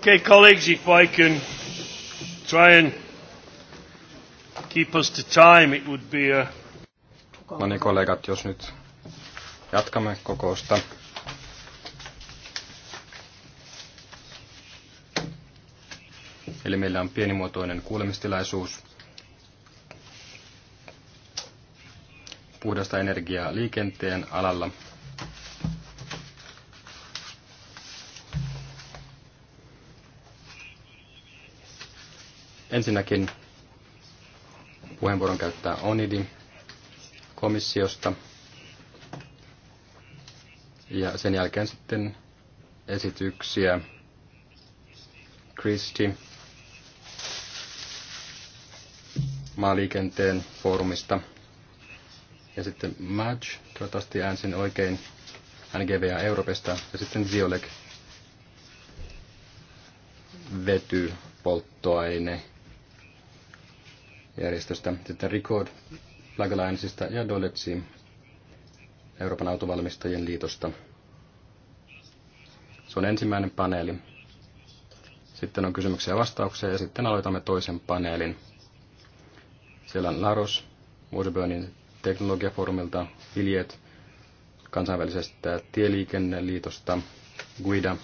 Okay, colleagues, if I can try and keep us to time, it would be a... No niin, kollegat, jos nyt jatkamme kokousta. Eli meillä on pienimuotoinen kuulemistilaisuus puhdasta energiaa liikenteen alalla – Ensinnäkin puheenvuoron käyttää Onidi komissiosta. Ja sen jälkeen sitten esityksiä Kristi maaliikenteen foorumista. Ja sitten Match, toivottavasti äänsin oikein, NGVA Europesta. Ja sitten Ziolek, vety, polttoaine, järjestöstä, sitten Record Flag Allianceista ja Doletsi Euroopan autovalmistajien liitosta. Se on ensimmäinen paneeli. Sitten on kysymyksiä ja vastauksia ja sitten aloitamme toisen paneelin. Siellä on Laros, Washburnin teknologiaformilta, Hiljet, kansainvälisestä tieliikenneliitosta, Guida,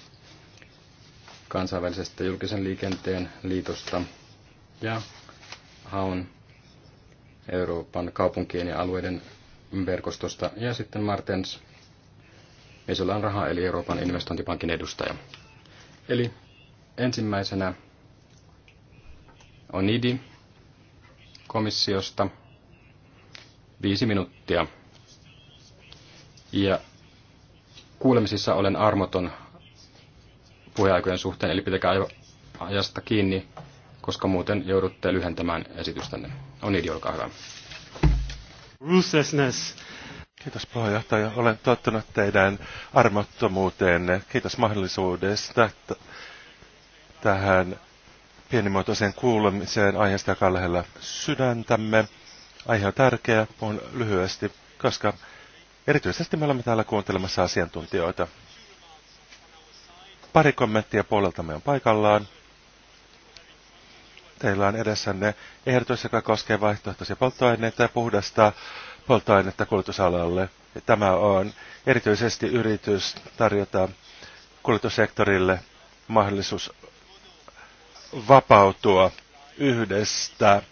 kansainvälisestä julkisen liikenteen liitosta ja haun Euroopan kaupunkien ja alueiden verkostosta. Ja sitten Martens, Mesola on raha, eli Euroopan investointipankin edustaja. Eli ensimmäisenä on IDI komissiosta viisi minuuttia. Ja kuulemisissa olen armoton puheaikojen suhteen, eli pitäkää ajasta kiinni koska muuten joudutte lyhentämään esitystänne. Onidi, olkaa hyvä. Ruthlessness. Kiitos puheenjohtaja. Olen tottunut teidän armottomuuteenne. Kiitos mahdollisuudesta tähän pienimuotoiseen kuulemiseen aiheesta, joka on lähellä sydäntämme. Aihe on tärkeä, puhun lyhyesti, koska erityisesti me olemme täällä kuuntelemassa asiantuntijoita. Pari kommenttia puoleltamme on paikallaan teillä on edessänne ehdotus, joka koskee vaihtoehtoisia polttoaineita ja puhdasta polttoainetta kulutusalalle. Tämä on erityisesti yritys tarjota kulutussektorille mahdollisuus vapautua yhdestä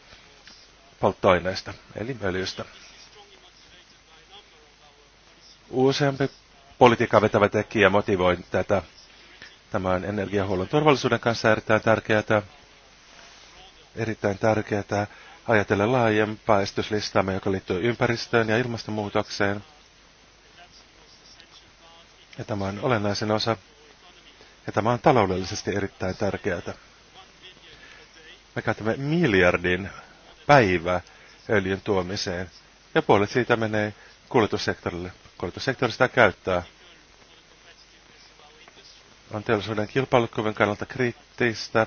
polttoaineesta, eli öljystä. Useampi politiikkaa vetävä tekijä motivoi tätä. Tämä on energiahuollon turvallisuuden kanssa erittäin tärkeää erittäin tärkeää ajatella laajempaa estyslistaamme, joka liittyy ympäristöön ja ilmastonmuutokseen. Ja tämä on olennaisen osa, ja tämä on taloudellisesti erittäin tärkeää. Me käytämme miljardin päivä öljyn tuomiseen, ja puolet siitä menee kuljetussektorille. Kuljetussektori sitä käyttää. On teollisuuden kilpailukyvyn kannalta kriittistä,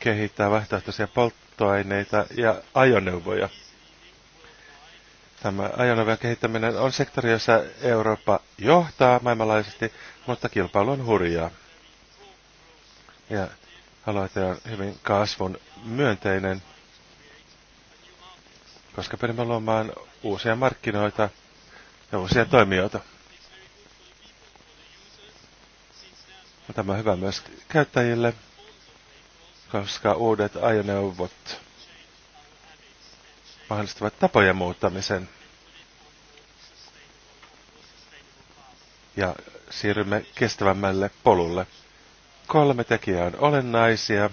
kehittää vaihtoehtoisia polttoaineita ja ajoneuvoja. Tämä ajoneuvojen kehittäminen on sektori, jossa Eurooppa johtaa maailmanlaajuisesti, mutta kilpailu on hurjaa. Ja aloite on hyvin kasvun myönteinen, koska pyrimme luomaan uusia markkinoita ja uusia toimijoita. Tämä on hyvä myös käyttäjille, koska uudet ajoneuvot mahdollistavat tapojen muuttamisen. Ja siirrymme kestävämmälle polulle. Kolme tekijää on olennaisia.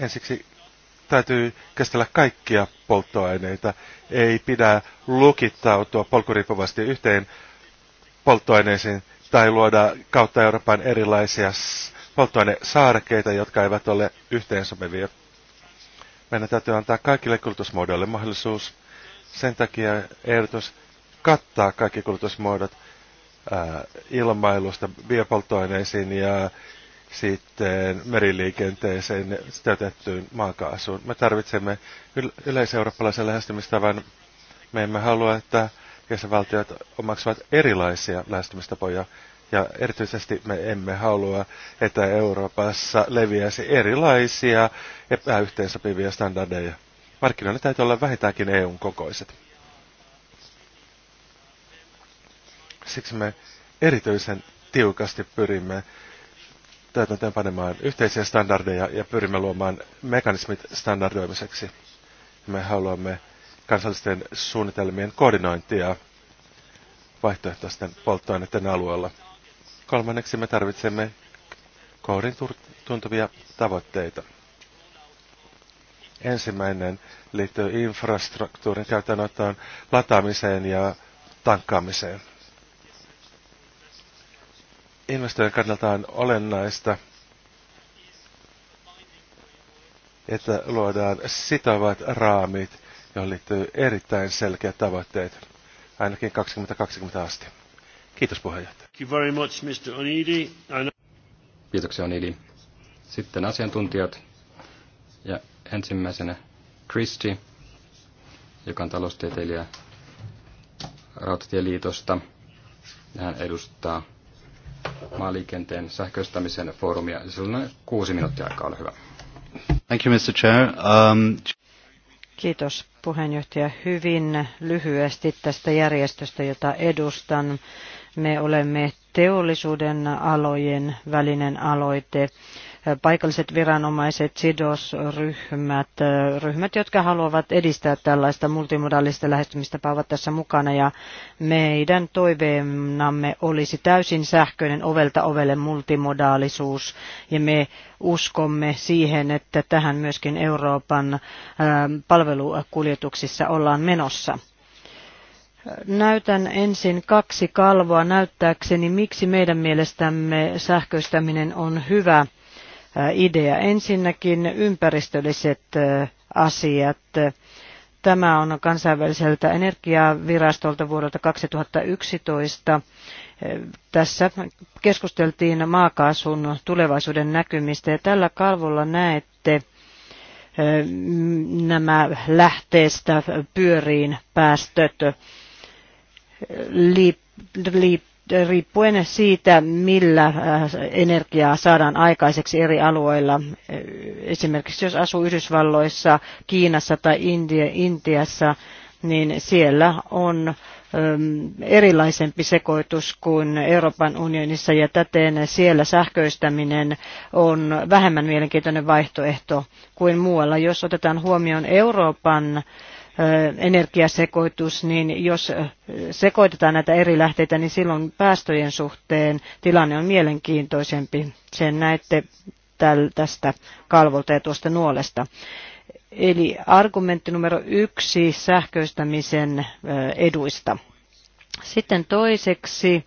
Ensiksi täytyy kestellä kaikkia polttoaineita. Ei pidä lukittautua polkuriippuvasti yhteen polttoaineisiin tai luoda kautta Euroopan erilaisia polttoainesaarekeita, jotka eivät ole yhteensopivia. Meidän täytyy antaa kaikille kulutusmuodoille mahdollisuus. Sen takia ehdotus kattaa kaikki kulutusmuodot äh, ilmailusta biopolttoaineisiin ja sitten meriliikenteeseen täytettyyn maakaasuun. Me tarvitsemme yleiseurooppalaisen lähestymistavan. Me emme halua, että jäsenvaltiot omaksuvat erilaisia lähestymistapoja ja erityisesti me emme halua, että Euroopassa leviäisi erilaisia epäyhteensopivia standardeja. Markkinoilla täytyy olla vähintäänkin EUn kokoiset. Siksi me erityisen tiukasti pyrimme täytäntöön panemaan yhteisiä standardeja ja pyrimme luomaan mekanismit standardoimiseksi. Me haluamme kansallisten suunnitelmien koordinointia vaihtoehtoisten polttoaineiden alueella. Kolmanneksi me tarvitsemme koodin tuntuvia tavoitteita. Ensimmäinen liittyy infrastruktuurin käytännön lataamiseen ja tankkaamiseen. Investoinnin kannalta on olennaista, että luodaan sitovat raamit, joihin liittyy erittäin selkeät tavoitteet, ainakin 2020 asti. Kiitos puheenjohtaja you very much, Mr. Onidi. Kiitoksia Onidi. Sitten asiantuntijat ja ensimmäisenä Kristi, joka on taloustieteilijä Rautatieliitosta. Hän edustaa maaliikenteen sähköistämisen foorumia. Sillä on kuusi minuuttia aikaa, ole hyvä. Thank you, Mr. Chair. Um... Kiitos puheenjohtaja hyvin lyhyesti tästä järjestöstä, jota edustan. Me olemme teollisuuden alojen välinen aloite paikalliset viranomaiset, sidosryhmät, ryhmät, jotka haluavat edistää tällaista multimodaalista lähestymistä, ovat tässä mukana ja meidän toiveenamme olisi täysin sähköinen ovelta ovelle multimodaalisuus ja me uskomme siihen, että tähän myöskin Euroopan palvelukuljetuksissa ollaan menossa. Näytän ensin kaksi kalvoa näyttääkseni, miksi meidän mielestämme sähköistäminen on hyvä äh, idea. Ensinnäkin ympäristölliset äh, asiat. Tämä on kansainväliseltä energiavirastolta vuodelta 2011. Äh, tässä keskusteltiin maakaasun tulevaisuuden näkymistä ja tällä kalvolla näette nämä lähteestä pyöriin päästöt riippuen siitä, millä äh, energiaa saadaan aikaiseksi eri alueilla. Esimerkiksi jos asuu Yhdysvalloissa, Kiinassa tai Intiassa, niin siellä on ähm, erilaisempi sekoitus kuin Euroopan unionissa ja täten siellä sähköistäminen on vähemmän mielenkiintoinen vaihtoehto kuin muualla. Jos otetaan huomioon Euroopan energiasekoitus, niin jos sekoitetaan näitä eri lähteitä, niin silloin päästöjen suhteen tilanne on mielenkiintoisempi. Sen näette tästä kalvolta ja tuosta nuolesta. Eli argumentti numero yksi sähköistämisen eduista. Sitten toiseksi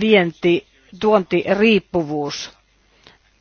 vienti, tuontiriippuvuus.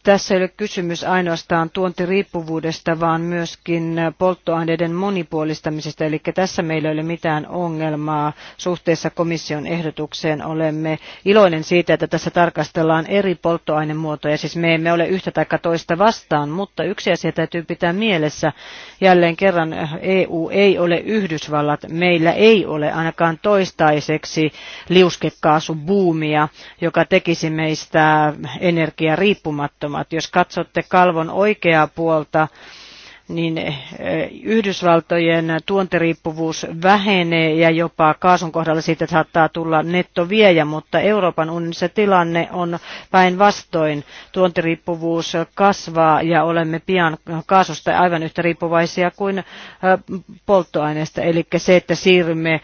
Tässä ei ole kysymys ainoastaan tuontiriippuvuudesta, vaan myöskin polttoaineiden monipuolistamisesta. Eli tässä meillä ei ole mitään ongelmaa suhteessa komission ehdotukseen. Olemme iloinen siitä, että tässä tarkastellaan eri polttoainemuotoja. Siis me emme ole yhtä tai toista vastaan, mutta yksi asia täytyy pitää mielessä. Jälleen kerran EU ei ole Yhdysvallat. Meillä ei ole ainakaan toistaiseksi liuskekaasubuumia, joka tekisi meistä energiariippumattomia tapahtumat. Jos katsotte kalvon oikeaa puolta, niin eh, Yhdysvaltojen tuontiriippuvuus vähenee ja jopa kaasun kohdalla siitä saattaa tulla nettoviejä, mutta Euroopan unionissa tilanne on päinvastoin. Tuontiriippuvuus kasvaa ja olemme pian kaasusta aivan yhtä riippuvaisia kuin eh, polttoaineesta. Eli se, että siirrymme eh,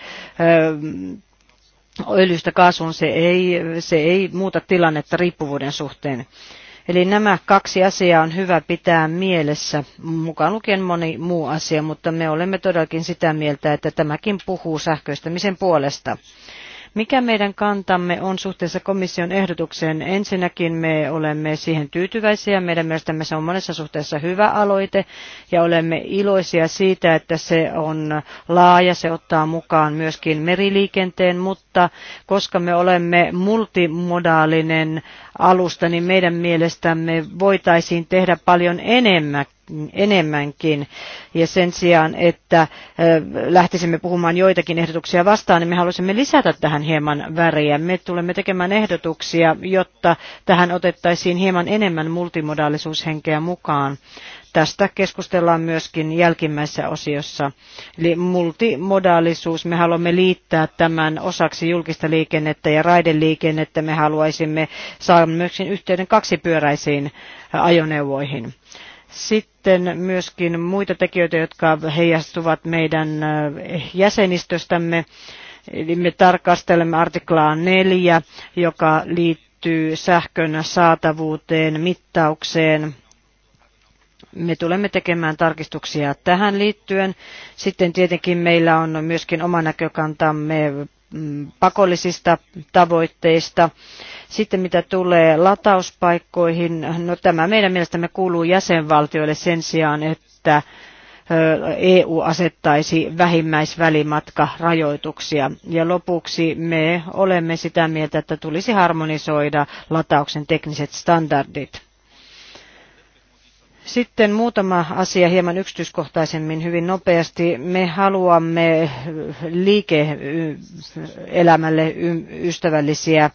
öljystä kaasuun, se ei, se ei muuta tilannetta riippuvuuden suhteen. Eli nämä kaksi asiaa on hyvä pitää mielessä, mukaan lukien moni muu asia, mutta me olemme todellakin sitä mieltä, että tämäkin puhuu sähköistämisen puolesta. Mikä meidän kantamme on suhteessa komission ehdotukseen? Ensinnäkin me olemme siihen tyytyväisiä. Meidän mielestämme se on monessa suhteessa hyvä aloite ja olemme iloisia siitä, että se on laaja. Se ottaa mukaan myöskin meriliikenteen, mutta koska me olemme multimodaalinen alusta, niin meidän mielestämme voitaisiin tehdä paljon enemmän enemmänkin. Ja sen sijaan, että lähtisimme puhumaan joitakin ehdotuksia vastaan, niin me haluaisimme lisätä tähän hieman väriä. Me tulemme tekemään ehdotuksia, jotta tähän otettaisiin hieman enemmän multimodaalisuushenkeä mukaan. Tästä keskustellaan myöskin jälkimmäisessä osiossa. Eli multimodaalisuus, me haluamme liittää tämän osaksi julkista liikennettä ja raideliikennettä. Me haluaisimme saada myöskin yhteyden kaksipyöräisiin ajoneuvoihin. Sitten myöskin muita tekijöitä, jotka heijastuvat meidän eh, jäsenistöstämme. Eli me tarkastelemme artiklaa 4, joka liittyy sähkön saatavuuteen, mittaukseen, me tulemme tekemään tarkistuksia tähän liittyen. Sitten tietenkin meillä on myöskin oma näkökantamme mm, pakollisista tavoitteista. Sitten mitä tulee latauspaikkoihin, no tämä meidän mielestämme kuuluu jäsenvaltioille sen sijaan, että EU asettaisi vähimmäisvälimatkarajoituksia. Ja lopuksi me olemme sitä mieltä, että tulisi harmonisoida latauksen tekniset standardit. Sitten muutama asia hieman yksityiskohtaisemmin hyvin nopeasti. Me haluamme liike-elämälle ystävällisiä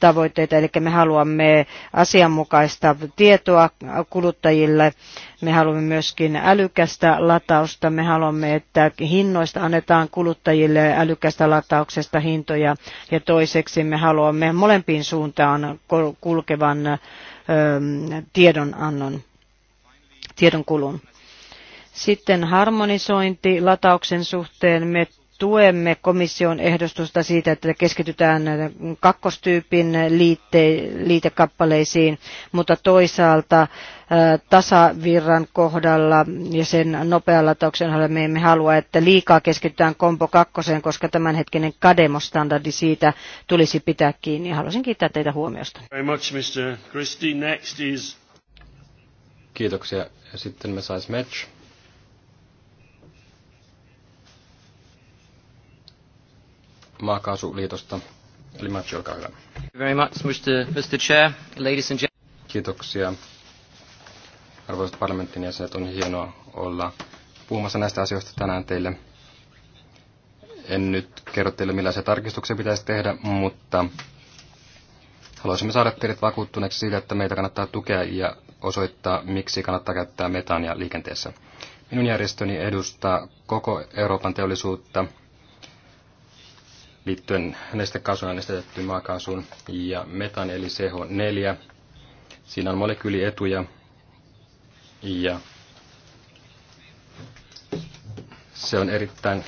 tavoitteita, eli me haluamme asianmukaista tietoa kuluttajille, me haluamme myöskin älykästä latausta, me haluamme, että hinnoista annetaan kuluttajille älykästä latauksesta hintoja, ja toiseksi me haluamme molempiin suuntaan kulkevan tiedonannon tiedonkulun. Sitten harmonisointi latauksen suhteen. Me tuemme komission ehdostusta siitä, että keskitytään kakkostyypin liitte, liitekappaleisiin, mutta toisaalta äh, tasavirran kohdalla ja sen nopealla latauksen me emme halua, että liikaa keskitytään kompo kakkoseen, koska tämänhetkinen kademostandardi siitä tulisi pitää kiinni. Haluaisin kiittää teitä huomiosta. Very much, Mr. Christie. Next is Kiitoksia. Ja sitten me sais match. Maakaasuliitosta. Eli match, olkaa hyvä. Very much, Mr. Chair, ladies and gentlemen. Kiitoksia. Arvoisat parlamentin jäsenet, on hienoa olla puhumassa näistä asioista tänään teille. En nyt kerro teille, millaisia tarkistuksia pitäisi tehdä, mutta haluaisimme saada teidät vakuuttuneeksi siitä, että meitä kannattaa tukea ja osoittaa, miksi kannattaa käyttää metaania liikenteessä. Minun järjestöni edustaa koko Euroopan teollisuutta liittyen ja nestetettyyn maakaasuun ja metan eli CH4. Siinä on molekyylietuja ja se on erittäin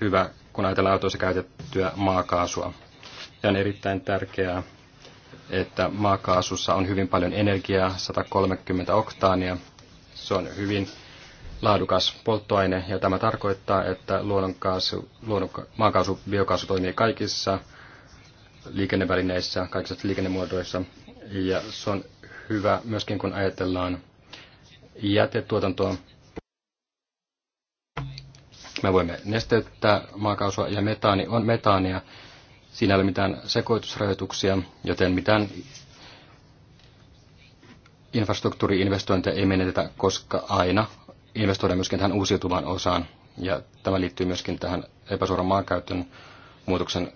hyvä, kun ajatellaan autossa käytettyä maakaasua. Ja on erittäin tärkeää että maakaasussa on hyvin paljon energiaa, 130 oktaania. Se on hyvin laadukas polttoaine ja tämä tarkoittaa, että luonnonkaasu, luonnonka, maakaasu, biokaasu toimii kaikissa liikennevälineissä, kaikissa liikennemuodoissa ja se on hyvä myöskin kun ajatellaan jätetuotantoa. Me voimme nesteyttää maakaasua ja metaani on metaania, Siinä ei ole mitään sekoitusrajoituksia, joten mitään infrastruktuuriinvestointeja ei menetetä, koska aina investoidaan myöskin tähän uusiutuvaan osaan. Ja tämä liittyy myöskin tähän epäsuoran maankäytön muutoksen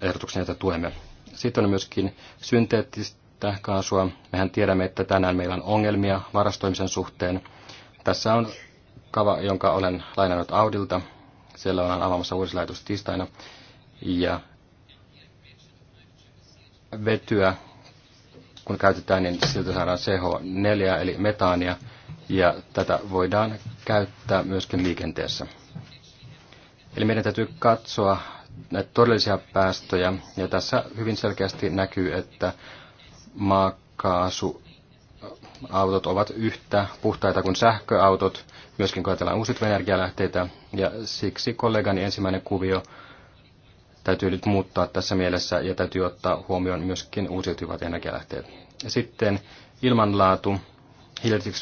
ehdotuksen, jota tuemme. Sitten on myöskin synteettistä kaasua. Mehän tiedämme, että tänään meillä on ongelmia varastoimisen suhteen. Tässä on kava, jonka olen lainannut Audilta. Siellä ollaan avaamassa uusi tiistaina. Ja vetyä, kun käytetään, niin siltä saadaan CH4 eli metaania, ja tätä voidaan käyttää myöskin liikenteessä. Eli meidän täytyy katsoa näitä todellisia päästöjä, ja tässä hyvin selkeästi näkyy, että maakaasuautot ovat yhtä puhtaita kuin sähköautot, myöskin kun ajatellaan uusiutuvia energialähteitä, ja siksi kollegani ensimmäinen kuvio täytyy nyt muuttaa tässä mielessä ja täytyy ottaa huomioon myöskin uusiutuvat energialähteet. Ja sitten ilmanlaatu.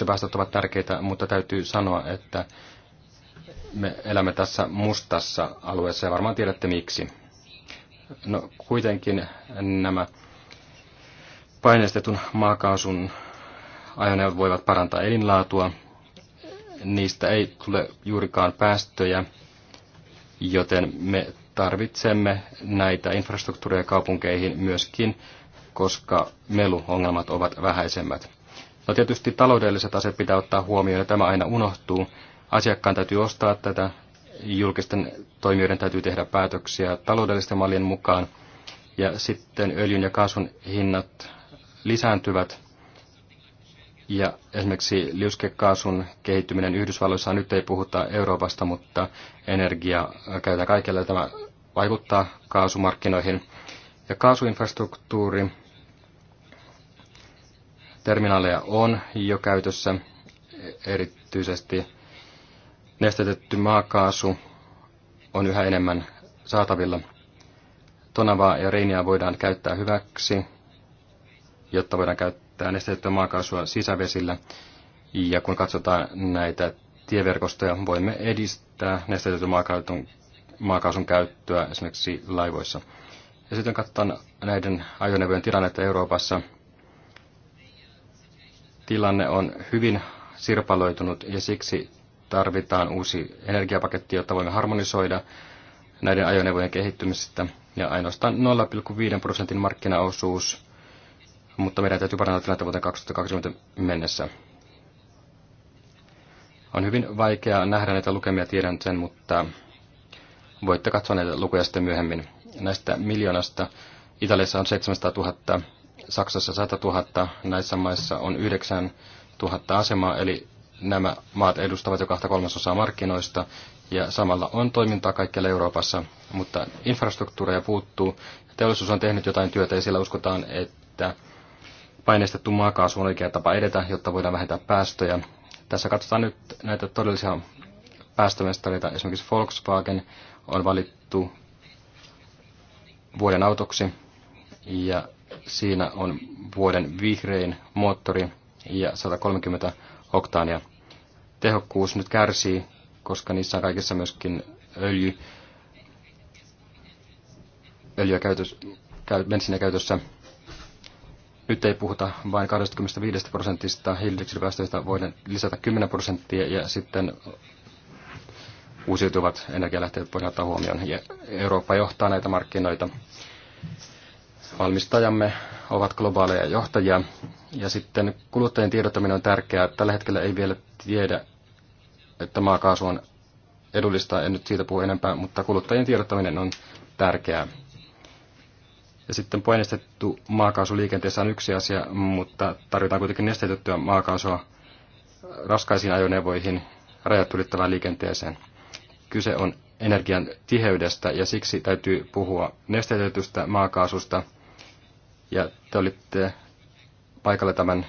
päästöt ovat tärkeitä, mutta täytyy sanoa, että me elämme tässä mustassa alueessa ja varmaan tiedätte miksi. No kuitenkin nämä paineistetun maakaasun ajoneuvot voivat parantaa elinlaatua. Niistä ei tule juurikaan päästöjä, joten me tarvitsemme näitä infrastruktuureja kaupunkeihin myöskin, koska meluongelmat ovat vähäisemmät. No tietysti taloudelliset asiat pitää ottaa huomioon ja tämä aina unohtuu. Asiakkaan täytyy ostaa tätä, julkisten toimijoiden täytyy tehdä päätöksiä taloudellisten mallien mukaan ja sitten öljyn ja kaasun hinnat lisääntyvät. Ja esimerkiksi liuskekaasun kehittyminen Yhdysvalloissa nyt ei puhuta Euroopasta, mutta energia käytetään kaikille. Tämä vaikuttaa kaasumarkkinoihin. Ja kaasuinfrastruktuuri terminaaleja on jo käytössä, erityisesti nestetetty maakaasu on yhä enemmän saatavilla. Tonavaa ja Reinia voidaan käyttää hyväksi, jotta voidaan käyttää nestetettyä maakaasua sisävesillä. Ja kun katsotaan näitä tieverkostoja, voimme edistää nestetetyn maakaasun maakaasun käyttöä esimerkiksi laivoissa. Ja sitten katsotaan näiden ajoneuvojen tilannetta Euroopassa. Tilanne on hyvin sirpaloitunut ja siksi tarvitaan uusi energiapaketti, jotta voimme harmonisoida näiden ajoneuvojen kehittymistä. Ja ainoastaan 0,5 prosentin markkinaosuus, mutta meidän täytyy parantaa tilannetta vuoteen 2020 mennessä. On hyvin vaikea nähdä näitä lukemia, tiedän sen, mutta Voitte katsoa näitä lukuja sitten myöhemmin. Näistä miljoonasta Italiassa on 700 000, Saksassa 100 000, näissä maissa on 9 000 asemaa, eli nämä maat edustavat jo kahta kolmasosaa markkinoista, ja samalla on toimintaa kaikkialla Euroopassa, mutta infrastruktuureja puuttuu. Teollisuus on tehnyt jotain työtä ja siellä uskotaan, että paineistettu maakaasu on oikea tapa edetä, jotta voidaan vähentää päästöjä. Tässä katsotaan nyt näitä todellisia päästömestareita. Esimerkiksi Volkswagen on valittu vuoden autoksi ja siinä on vuoden vihrein moottori ja 130 oktaania. Tehokkuus nyt kärsii, koska niissä on kaikissa myöskin öljy, öljyä käytössä, käy, käytössä. Nyt ei puhuta vain 25 prosentista hiilidioksidipäästöistä, voidaan lisätä 10 prosenttia ja sitten uusiutuvat energialähteet voidaan ottaa huomioon. Ja Eurooppa johtaa näitä markkinoita. Valmistajamme ovat globaaleja johtajia. Ja sitten kuluttajien tiedottaminen on tärkeää. Tällä hetkellä ei vielä tiedä, että maakaasu on edullista. En nyt siitä puhu enempää, mutta kuluttajien tiedottaminen on tärkeää. Ja sitten painestettu maakaasu liikenteessä on yksi asia, mutta tarvitaan kuitenkin nesteytettyä maakaasua raskaisiin ajoneuvoihin rajat ylittävään liikenteeseen. Kyse on energian tiheydestä ja siksi täytyy puhua nesteytetystä maakaasusta. Ja te olitte paikalla tämän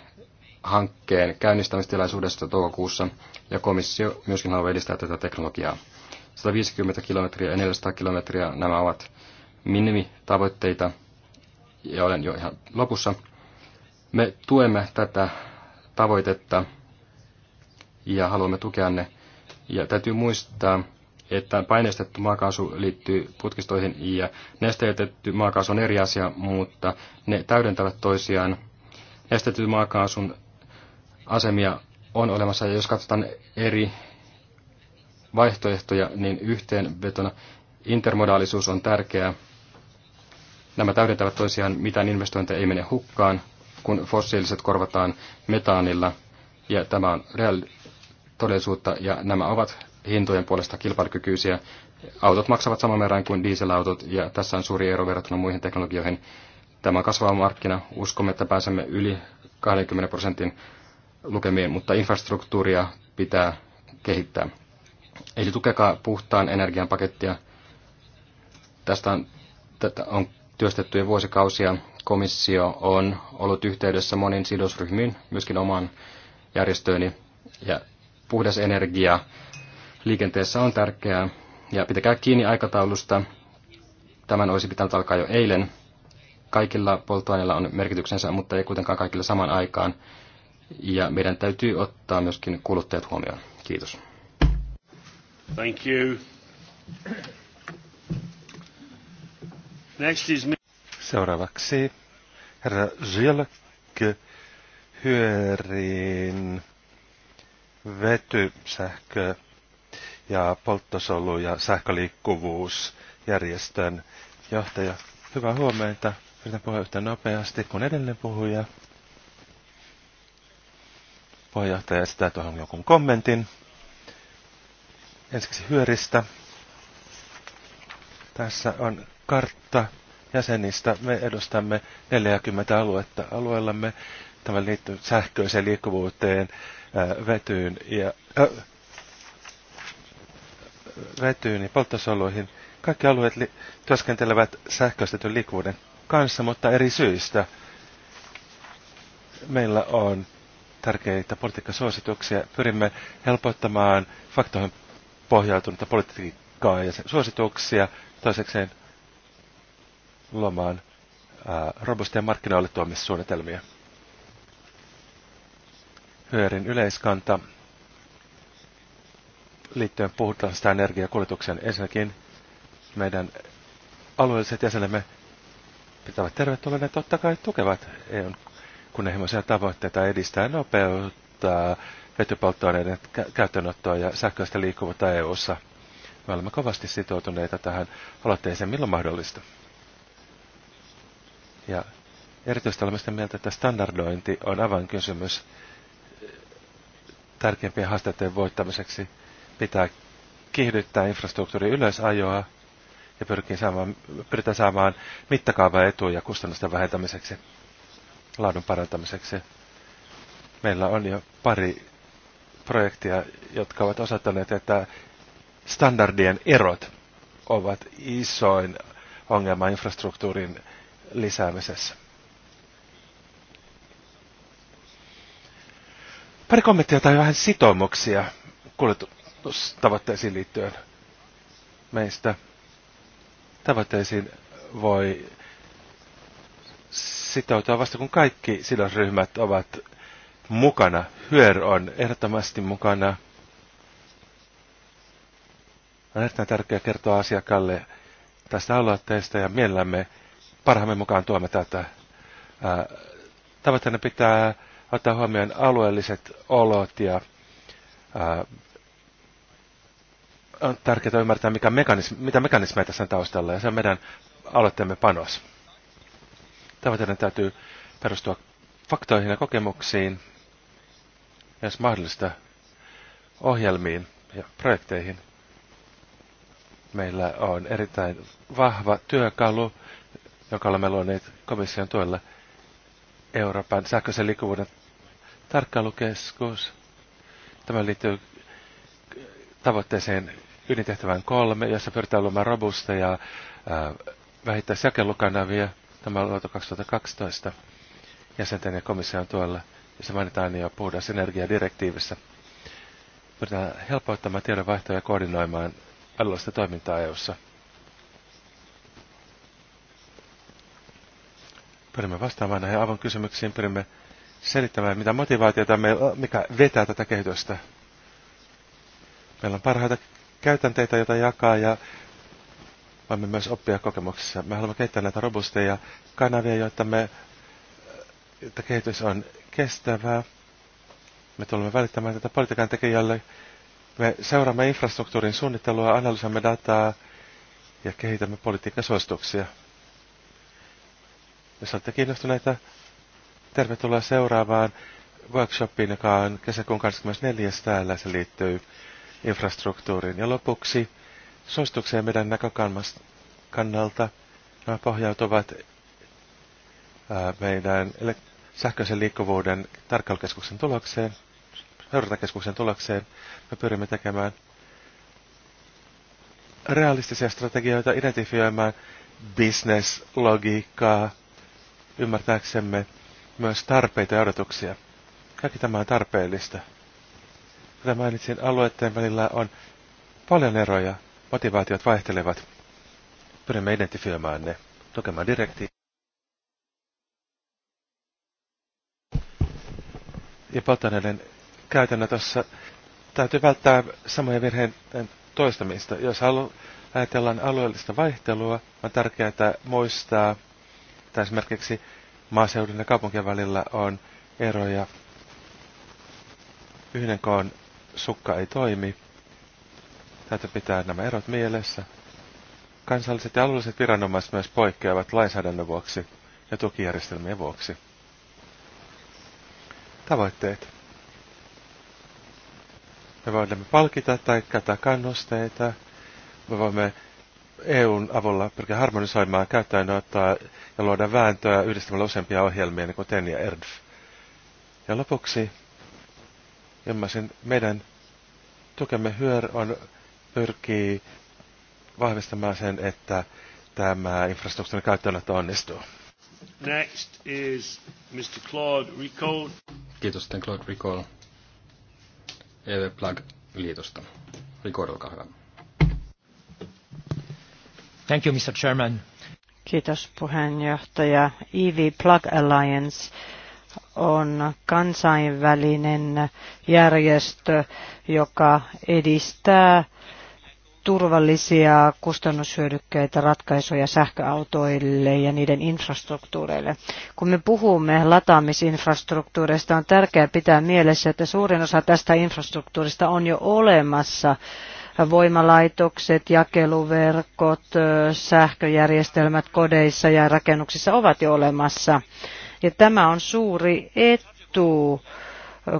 hankkeen käynnistämistilaisuudessa toukokuussa ja komissio myöskin haluaa edistää tätä teknologiaa. 150 kilometriä ja 400 kilometriä nämä ovat minimitavoitteita ja olen jo ihan lopussa. Me tuemme tätä tavoitetta ja haluamme tukea ne. Ja täytyy muistaa, että paineistettu maakaasu liittyy putkistoihin ja nesteytetty maakaasu on eri asia, mutta ne täydentävät toisiaan. Nesteytetty maakaasun asemia on olemassa ja jos katsotaan eri vaihtoehtoja, niin yhteenvetona intermodaalisuus on tärkeää. Nämä täydentävät toisiaan, mitään investointeja ei mene hukkaan, kun fossiiliset korvataan metaanilla, ja tämä on reaali- todellisuutta, ja nämä ovat hintojen puolesta kilpailukykyisiä. Autot maksavat saman verran kuin dieselautot ja tässä on suuri ero verrattuna muihin teknologioihin. Tämä kasvaa kasvava markkina. Uskomme, että pääsemme yli 20 prosentin lukemiin, mutta infrastruktuuria pitää kehittää. Eli tukekaa puhtaan energian pakettia. Tästä on, tätä on työstetty jo vuosikausia. Komissio on ollut yhteydessä moniin sidosryhmiin, myöskin omaan järjestööni. Ja puhdas energia liikenteessä on tärkeää ja pitäkää kiinni aikataulusta. Tämän olisi pitänyt alkaa jo eilen. Kaikilla polttoaineilla on merkityksensä, mutta ei kuitenkaan kaikilla samaan aikaan. Ja meidän täytyy ottaa myöskin kuluttajat huomioon. Kiitos. Thank you. Next is... Seuraavaksi herra Zylke Hyörin vetysähkö ja polttosolu ja sähköliikkuvuusjärjestön järjestön johtaja. Hyvää huomenta. Yritän puhua yhtä nopeasti kuin edellinen puhuja. Puheenjohtaja esittää tuohon jonkun kommentin. Ensiksi hyöristä. Tässä on kartta jäsenistä. Me edustamme 40 aluetta alueellamme. Tämä liittyy sähköiseen liikkuvuuteen, vetyyn ja, vetyyn ja polttosoluihin. Kaikki alueet li- työskentelevät sähköistetyn liikkuvuuden kanssa, mutta eri syistä. Meillä on tärkeitä politiikkasuosituksia. Pyrimme helpottamaan faktoihin pohjautunutta politiikkaa ja suosituksia. Toisekseen luomaan robusteja markkinoille tuomissuunnitelmia. Hyörin yleiskanta liittyen puhutaan sitä energiakuljetuksen. Ensinnäkin meidän alueelliset jäsenemme pitävät tervetulleena totta kai tukevat EUn kunnianhimoisia tavoitteita edistää nopeutta, vetypolttoaineiden käyttöönottoa ja sähköistä liikkuvuutta EU:ssa. Me olemme kovasti sitoutuneita tähän aloitteeseen milloin mahdollista. Ja erityisesti olemme sitä mieltä, että standardointi on avainkysymys tärkeimpien haasteiden voittamiseksi – Pitää kiihdyttää infrastruktuurin ylösajoa ja pyrkii saamaan, pyritään saamaan mittakaavaetuja kustannusten vähentämiseksi, laadun parantamiseksi. Meillä on jo pari projektia, jotka ovat osoittaneet, että standardien erot ovat isoin ongelma infrastruktuurin lisäämisessä. Pari kommenttia tai vähän sitoumuksia tavoitteisiin liittyen meistä tavoitteisiin voi sitoutua vasta kun kaikki sidosryhmät ovat mukana. Hyör on ehdottomasti mukana. On erittäin tärkeää kertoa asiakkaalle tästä aloitteesta ja mielellämme parhaamme mukaan tuomme tätä. Tavoitteena pitää ottaa huomioon alueelliset olot ja on tärkeää ymmärtää, mikä mekanismi, mitä mekanismeja tässä on taustalla, ja se on meidän aloitteemme panos. Tavoitteiden täytyy perustua faktoihin ja kokemuksiin, ja jos mahdollista, ohjelmiin ja projekteihin. Meillä on erittäin vahva työkalu, jonka olemme luoneet komission tuella Euroopan sähköisen liikkuvuuden tarkkailukeskus. Tämä liittyy tavoitteeseen ydintehtävän kolme, jossa pyritään luomaan robusteja vähittäisjakelukanavia. Tämä on luotu 2012 jäsenten ja komission tuolla, ja se mainitaan jo puhdas energiadirektiivissä. Pyritään helpottamaan tiedonvaihtoa ja koordinoimaan alueellista toimintaa EU-ssa. Pyrimme vastaamaan näihin avon kysymyksiin, pyrimme selittämään, mitä motivaatiota meillä on, mikä vetää tätä kehitystä. Meillä on parhaita käytänteitä, joita jakaa ja voimme myös oppia kokemuksissa. Me haluamme kehittää näitä robusteja kanavia, joita me, että kehitys on kestävää. Me tulemme välittämään tätä politiikan tekijälle. Me seuraamme infrastruktuurin suunnittelua, analysoimme dataa ja kehitämme politiikan suosituksia. Jos olette kiinnostuneita, tervetuloa seuraavaan workshopiin, joka on kesäkuun 24. täällä. Se liittyy infrastruktuuriin. Ja lopuksi suosituksia meidän näkökannalta nämä pohjautuvat meidän sähköisen liikkuvuuden tarkkailukeskuksen tulokseen, seurantakeskuksen tulokseen. Me pyrimme tekemään realistisia strategioita, identifioimaan bisneslogiikkaa, ymmärtääksemme myös tarpeita ja odotuksia. Kaikki tämä on tarpeellista. Kuten mainitsin, alueiden välillä on paljon eroja. Motivaatiot vaihtelevat. Pyrimme identifioimaan ne, tukemaan direktiin. Ja polttoaineiden käytännössä täytyy välttää samojen virheiden toistamista. Jos ajatellaan alueellista vaihtelua, on tärkeää muistaa, että esimerkiksi maaseudun ja kaupunkien välillä on eroja yhden koon sukka ei toimi. Täytyy pitää nämä erot mielessä. Kansalliset ja alueelliset viranomaiset myös poikkeavat lainsäädännön vuoksi ja tukijärjestelmien vuoksi. Tavoitteet. Me voimme palkita tai käyttää kannusteita. Me voimme EUn avulla pyrkiä harmonisoimaan käyttäjänottoa ja luoda vääntöä yhdistämällä useampia ohjelmia, niin kuin TEN ja ERDF. Ja lopuksi Ymmärsin, meidän tukemme hyör on pyrkii vahvistamaan sen, että tämä infrastruktuurin käyttöönotto onnistuu. Next is Mr. Claude Ricoll. Kiitos sitten Claude Ricoll. EV Plug liitosta. Ricoll, olkaa hyvä. Thank you, Mr. Chairman. Kiitos puheenjohtaja. EV Plug Alliance on kansainvälinen järjestö, joka edistää turvallisia kustannushyödykkeitä ratkaisuja sähköautoille ja niiden infrastruktuureille. Kun me puhumme lataamisinfrastruktuureista, on tärkeää pitää mielessä, että suurin osa tästä infrastruktuurista on jo olemassa voimalaitokset, jakeluverkot, sähköjärjestelmät kodeissa ja rakennuksissa ovat jo olemassa. Ja tämä on suuri etu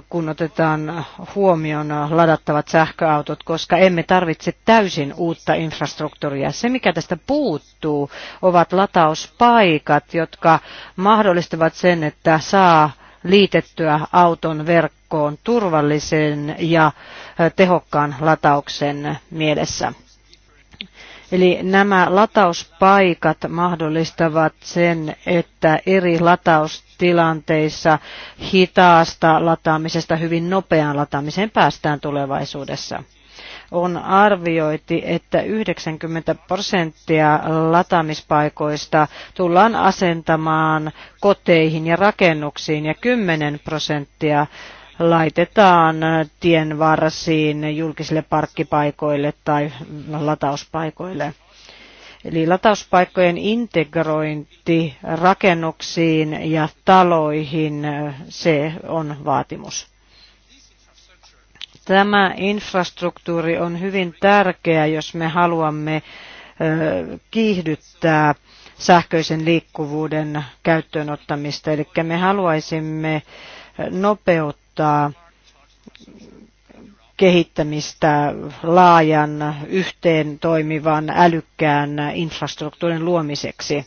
kun otetaan huomioon ladattavat sähköautot, koska emme tarvitse täysin uutta infrastruktuuria. Se, mikä tästä puuttuu, ovat latauspaikat, jotka mahdollistavat sen, että saa liitettyä auton verkkoon turvallisen ja tehokkaan latauksen mielessä. Eli nämä latauspaikat mahdollistavat sen, että eri lataustilanteissa hitaasta lataamisesta hyvin nopeaan lataamiseen päästään tulevaisuudessa on arvioiti, että 90 prosenttia lataamispaikoista tullaan asentamaan koteihin ja rakennuksiin ja 10 prosenttia laitetaan tien varsiin, julkisille parkkipaikoille tai latauspaikoille. Eli latauspaikkojen integrointi rakennuksiin ja taloihin, se on vaatimus. Tämä infrastruktuuri on hyvin tärkeä, jos me haluamme kiihdyttää sähköisen liikkuvuuden käyttöönottamista. Eli me haluaisimme nopeuttaa tota, kehittämistä laajan, yhteen toimivan, älykkään infrastruktuurin luomiseksi.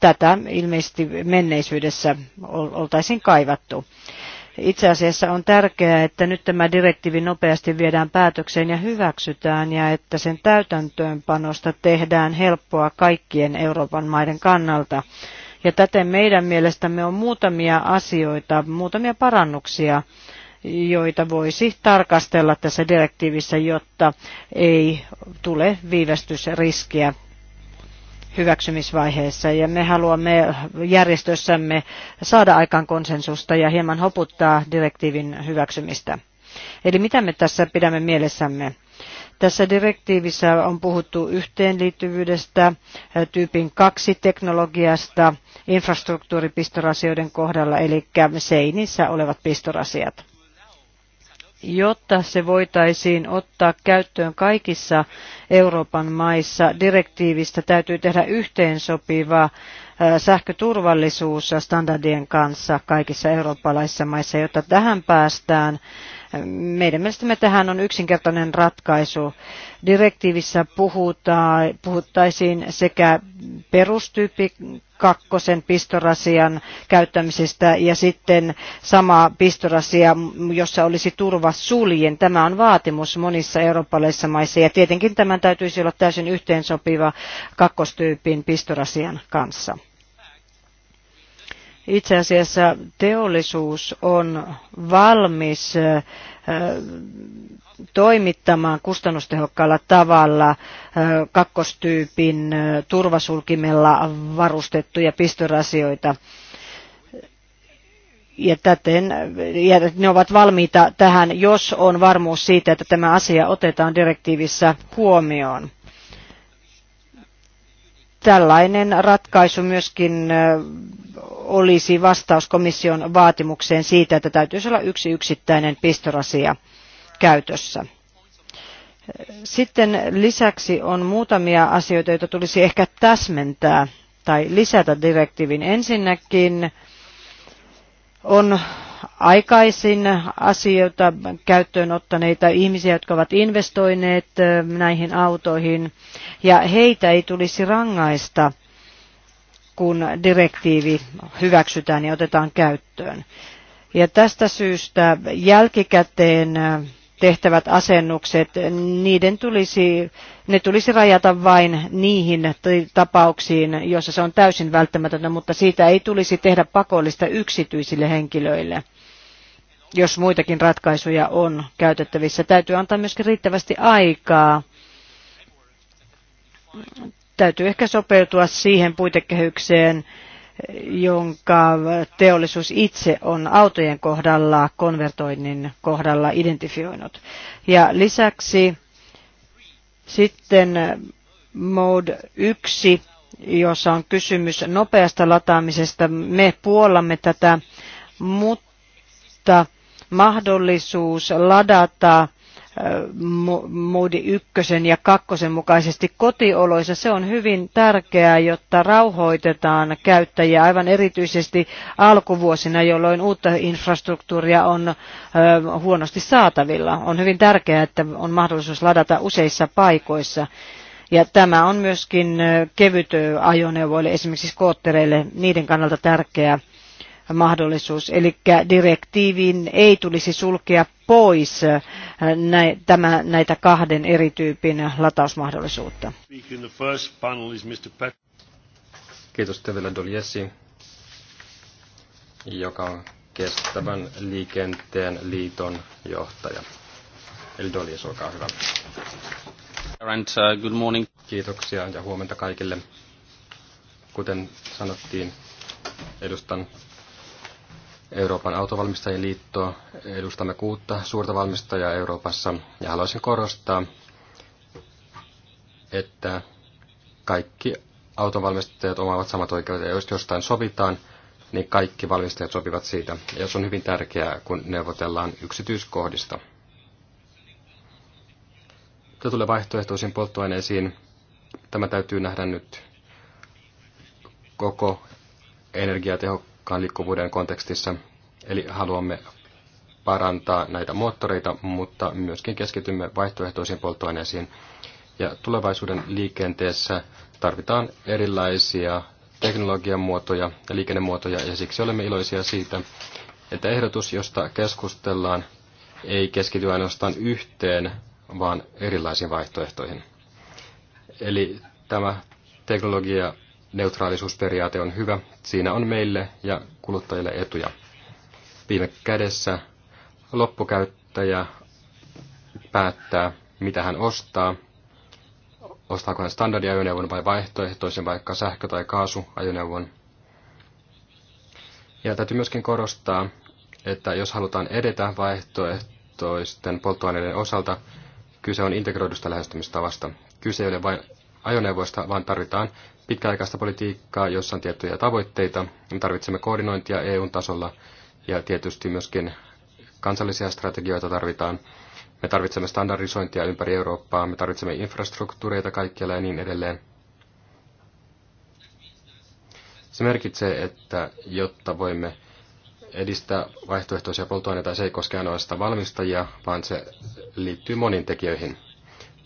Tätä ilmeisesti menneisyydessä oltaisiin kaivattu. Itse asiassa on tärkeää, että nyt tämä direktiivi nopeasti viedään päätökseen ja hyväksytään ja että sen täytäntöönpanosta tehdään helppoa kaikkien Euroopan maiden kannalta ja täten meidän mielestämme on muutamia asioita, muutamia parannuksia, joita voisi tarkastella tässä direktiivissä, jotta ei tule viivästysriskiä hyväksymisvaiheessa. Ja me haluamme järjestössämme saada aikaan konsensusta ja hieman hoputtaa direktiivin hyväksymistä. Eli mitä me tässä pidämme mielessämme? Tässä direktiivissä on puhuttu yhteenliittyvyydestä, tyypin kaksi teknologiasta, infrastruktuuripistorasioiden kohdalla, eli seinissä olevat pistorasiat. Jotta se voitaisiin ottaa käyttöön kaikissa Euroopan maissa, direktiivistä täytyy tehdä yhteensopiva sähköturvallisuus standardien kanssa kaikissa eurooppalaisissa maissa, jotta tähän päästään meidän mielestämme tähän on yksinkertainen ratkaisu. Direktiivissä puhutaan, puhuttaisiin sekä perustyyppi kakkosen pistorasian käyttämisestä ja sitten sama pistorasia, jossa olisi turva suljen. Tämä on vaatimus monissa eurooppalaisissa maissa ja tietenkin tämän täytyisi olla täysin yhteensopiva kakkostyypin pistorasian kanssa. Itse asiassa teollisuus on valmis toimittamaan kustannustehokkaalla tavalla kakkostyypin turvasulkimella varustettuja pistorasioita ja, täten, ja ne ovat valmiita tähän, jos on varmuus siitä, että tämä asia otetaan direktiivissä huomioon tällainen ratkaisu myöskin olisi vastaus komission vaatimukseen siitä, että täytyisi olla yksi yksittäinen pistorasia käytössä. Sitten lisäksi on muutamia asioita, joita tulisi ehkä täsmentää tai lisätä direktiivin. Ensinnäkin on aikaisin asioita käyttöön ottaneita ihmisiä, jotka ovat investoineet näihin autoihin ja heitä ei tulisi rangaista, kun direktiivi hyväksytään ja otetaan käyttöön. Ja tästä syystä jälkikäteen tehtävät asennukset, niiden tulisi, ne tulisi rajata vain niihin tapauksiin, joissa se on täysin välttämätöntä, mutta siitä ei tulisi tehdä pakollista yksityisille henkilöille jos muitakin ratkaisuja on käytettävissä. Täytyy antaa myöskin riittävästi aikaa täytyy ehkä sopeutua siihen puitekehykseen, jonka teollisuus itse on autojen kohdalla, konvertoinnin kohdalla identifioinut. Ja lisäksi sitten Mode 1, jossa on kysymys nopeasta lataamisesta. Me puollamme tätä, mutta mahdollisuus ladata moodi ykkösen ja kakkosen mukaisesti kotioloissa. Se on hyvin tärkeää, jotta rauhoitetaan käyttäjiä aivan erityisesti alkuvuosina, jolloin uutta infrastruktuuria on huonosti saatavilla. On hyvin tärkeää, että on mahdollisuus ladata useissa paikoissa. Ja tämä on myöskin kevyt ajoneuvoille, esimerkiksi skoottereille, niiden kannalta tärkeää mahdollisuus. Eli direktiivin ei tulisi sulkea pois äh, näitä kahden eri tyypin latausmahdollisuutta. Kiitos Tevela Doliesi, joka on kestävän liikenteen liiton johtaja. Eli Dolies, olkaa hyvä. And, uh, good morning. Kiitoksia ja huomenta kaikille. Kuten sanottiin, edustan Euroopan autovalmistajien liitto. Edustamme kuutta suurta valmistajaa Euroopassa ja haluaisin korostaa, että kaikki autonvalmistajat omaavat samat oikeudet. Ja jos jostain sovitaan, niin kaikki valmistajat sopivat siitä. Ja se on hyvin tärkeää, kun neuvotellaan yksityiskohdista. Mitä tulee vaihtoehtoisiin polttoaineisiin, tämä täytyy nähdä nyt koko energiatehokkuus vapaan liikkuvuuden kontekstissa. Eli haluamme parantaa näitä moottoreita, mutta myöskin keskitymme vaihtoehtoisiin polttoaineisiin. Ja tulevaisuuden liikenteessä tarvitaan erilaisia teknologian muotoja ja liikennemuotoja, ja siksi olemme iloisia siitä, että ehdotus, josta keskustellaan, ei keskity ainoastaan yhteen, vaan erilaisiin vaihtoehtoihin. Eli tämä teknologia neutraalisuusperiaate on hyvä. Siinä on meille ja kuluttajille etuja. Viime kädessä loppukäyttäjä päättää, mitä hän ostaa, ostaako hän standardiajoneuvon vai vaihtoehtoisen vaikka sähkö- tai kaasuajoneuvon. Ja täytyy myöskin korostaa, että jos halutaan edetä vaihtoehtoisten polttoaineiden osalta, kyse on integroidusta lähestymistavasta. Kyse ei ole vain ajoneuvoista, vaan tarvitaan pitkäaikaista politiikkaa, jossa on tiettyjä tavoitteita. Me tarvitsemme koordinointia EU-tasolla ja tietysti myöskin kansallisia strategioita tarvitaan. Me tarvitsemme standardisointia ympäri Eurooppaa, me tarvitsemme infrastruktuureita kaikkialla ja niin edelleen. Se merkitsee, että jotta voimme edistää vaihtoehtoisia polttoaineita, se ei koske ainoastaan valmistajia, vaan se liittyy moniin tekijöihin.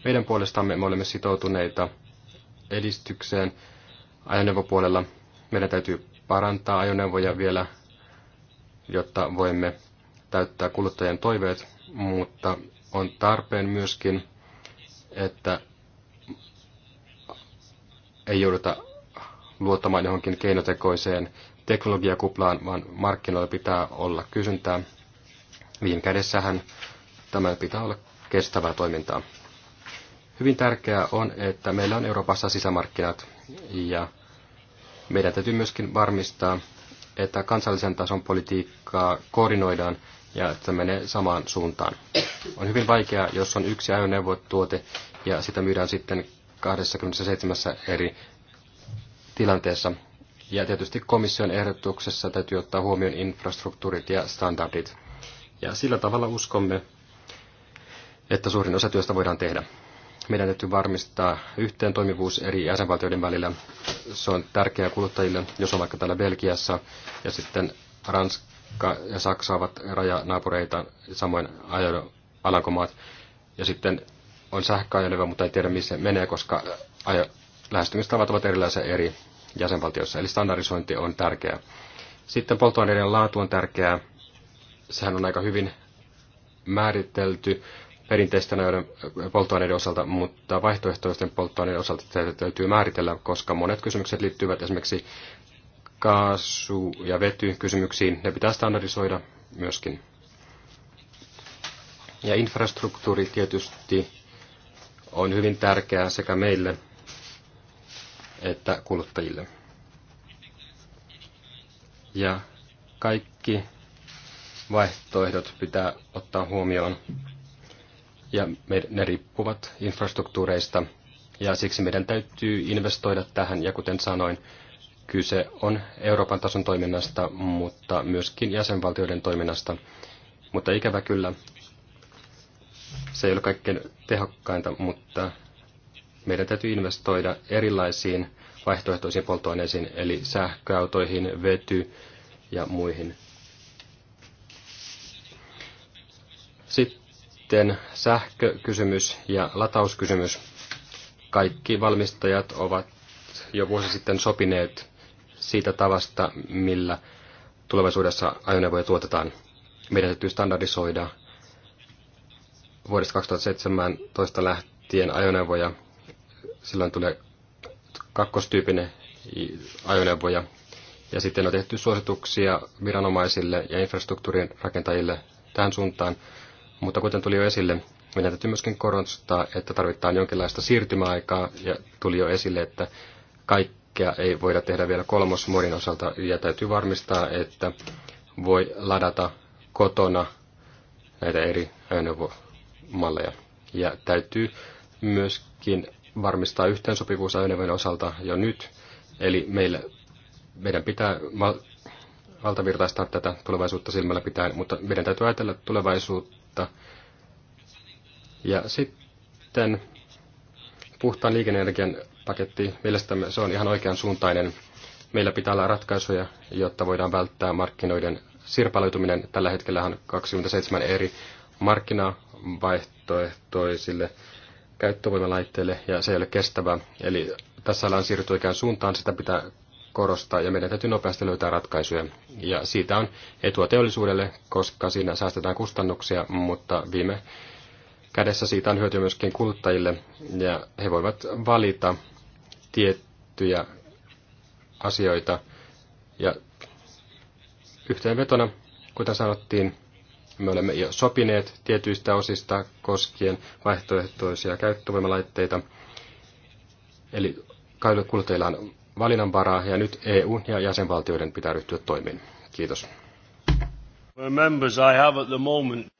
Meidän puolestamme me olemme sitoutuneita edistykseen ajoneuvopuolella. Meidän täytyy parantaa ajoneuvoja vielä, jotta voimme täyttää kuluttajien toiveet, mutta on tarpeen myöskin, että ei jouduta luottamaan johonkin keinotekoiseen teknologiakuplaan, vaan markkinoilla pitää olla kysyntää. Viin kädessähän tämä pitää olla kestävää toimintaa. Hyvin tärkeää on, että meillä on Euroopassa sisämarkkinat, ja meidän täytyy myöskin varmistaa, että kansallisen tason politiikkaa koordinoidaan ja että se menee samaan suuntaan. On hyvin vaikeaa, jos on yksi ajoneuvotuote ja sitä myydään sitten 27 eri tilanteessa. Ja tietysti komission ehdotuksessa täytyy ottaa huomioon infrastruktuurit ja standardit. Ja sillä tavalla uskomme, että suurin osa työstä voidaan tehdä. Meidän täytyy varmistaa yhteen toimivuus eri jäsenvaltioiden välillä. Se on tärkeää kuluttajille, jos on vaikka täällä Belgiassa ja sitten Ranska ja Saksa ovat rajanaapureita, samoin alankomaat. Ja sitten on sähköajoneuvo, mutta ei tiedä missä menee, koska ajo- lähestymistavat ovat erilaisia eri jäsenvaltioissa. Eli standardisointi on tärkeää. Sitten polttoaineiden laatu on tärkeää. Sehän on aika hyvin määritelty perinteisten äh, polttoaineiden osalta, mutta vaihtoehtoisten polttoaineiden osalta täytyy määritellä, koska monet kysymykset liittyvät esimerkiksi kaasu- ja vetykysymyksiin. Ne pitää standardisoida myöskin. Ja infrastruktuuri tietysti on hyvin tärkeää sekä meille että kuluttajille. Ja kaikki vaihtoehdot pitää ottaa huomioon ja ne riippuvat infrastruktuureista. Ja siksi meidän täytyy investoida tähän, ja kuten sanoin, kyse on Euroopan tason toiminnasta, mutta myöskin jäsenvaltioiden toiminnasta. Mutta ikävä kyllä, se ei ole kaikkein tehokkainta, mutta meidän täytyy investoida erilaisiin vaihtoehtoisiin polttoaineisiin, eli sähköautoihin, vety ja muihin. Sitten sitten sähkökysymys ja latauskysymys. Kaikki valmistajat ovat jo vuosi sitten sopineet siitä tavasta, millä tulevaisuudessa ajoneuvoja tuotetaan. Meidän täytyy standardisoida vuodesta 2017 lähtien ajoneuvoja. Silloin tulee kakkostyypinen ajoneuvoja. Ja sitten on tehty suosituksia viranomaisille ja infrastruktuurin rakentajille tähän suuntaan. Mutta kuten tuli jo esille, meidän täytyy myöskin korostaa, että tarvitaan jonkinlaista siirtymäaikaa, ja tuli jo esille, että kaikkea ei voida tehdä vielä kolmosmodin osalta, ja täytyy varmistaa, että voi ladata kotona näitä eri ajoneuvomalleja. Ja täytyy myöskin varmistaa yhteensopivuus ajoneuvojen osalta jo nyt, eli meillä, meidän pitää valtavirtaistaa tätä tulevaisuutta silmällä pitäen, mutta meidän täytyy ajatella tulevaisuutta kautta. Ja sitten puhtaan liikenneenergian paketti, mielestämme se on ihan oikean suuntainen. Meillä pitää olla ratkaisuja, jotta voidaan välttää markkinoiden sirpaloituminen. Tällä hetkellä on 27 eri markkinavaihtoehtoisille käyttövoimalaitteille ja se ei ole kestävä. Eli tässä ollaan siirrytty oikeaan suuntaan, sitä pitää korostaa ja meidän täytyy nopeasti löytää ratkaisuja. Ja siitä on etua teollisuudelle, koska siinä säästetään kustannuksia, mutta viime kädessä siitä on hyötyä myöskin kuluttajille ja he voivat valita tiettyjä asioita. Ja yhteenvetona, kuten sanottiin, me olemme jo sopineet tietyistä osista koskien vaihtoehtoisia käyttövoimalaitteita. Eli kuluttajilla on valinnanvaraa ja nyt EU ja jäsenvaltioiden pitää ryhtyä toimiin. Kiitos. Members I have at the moment.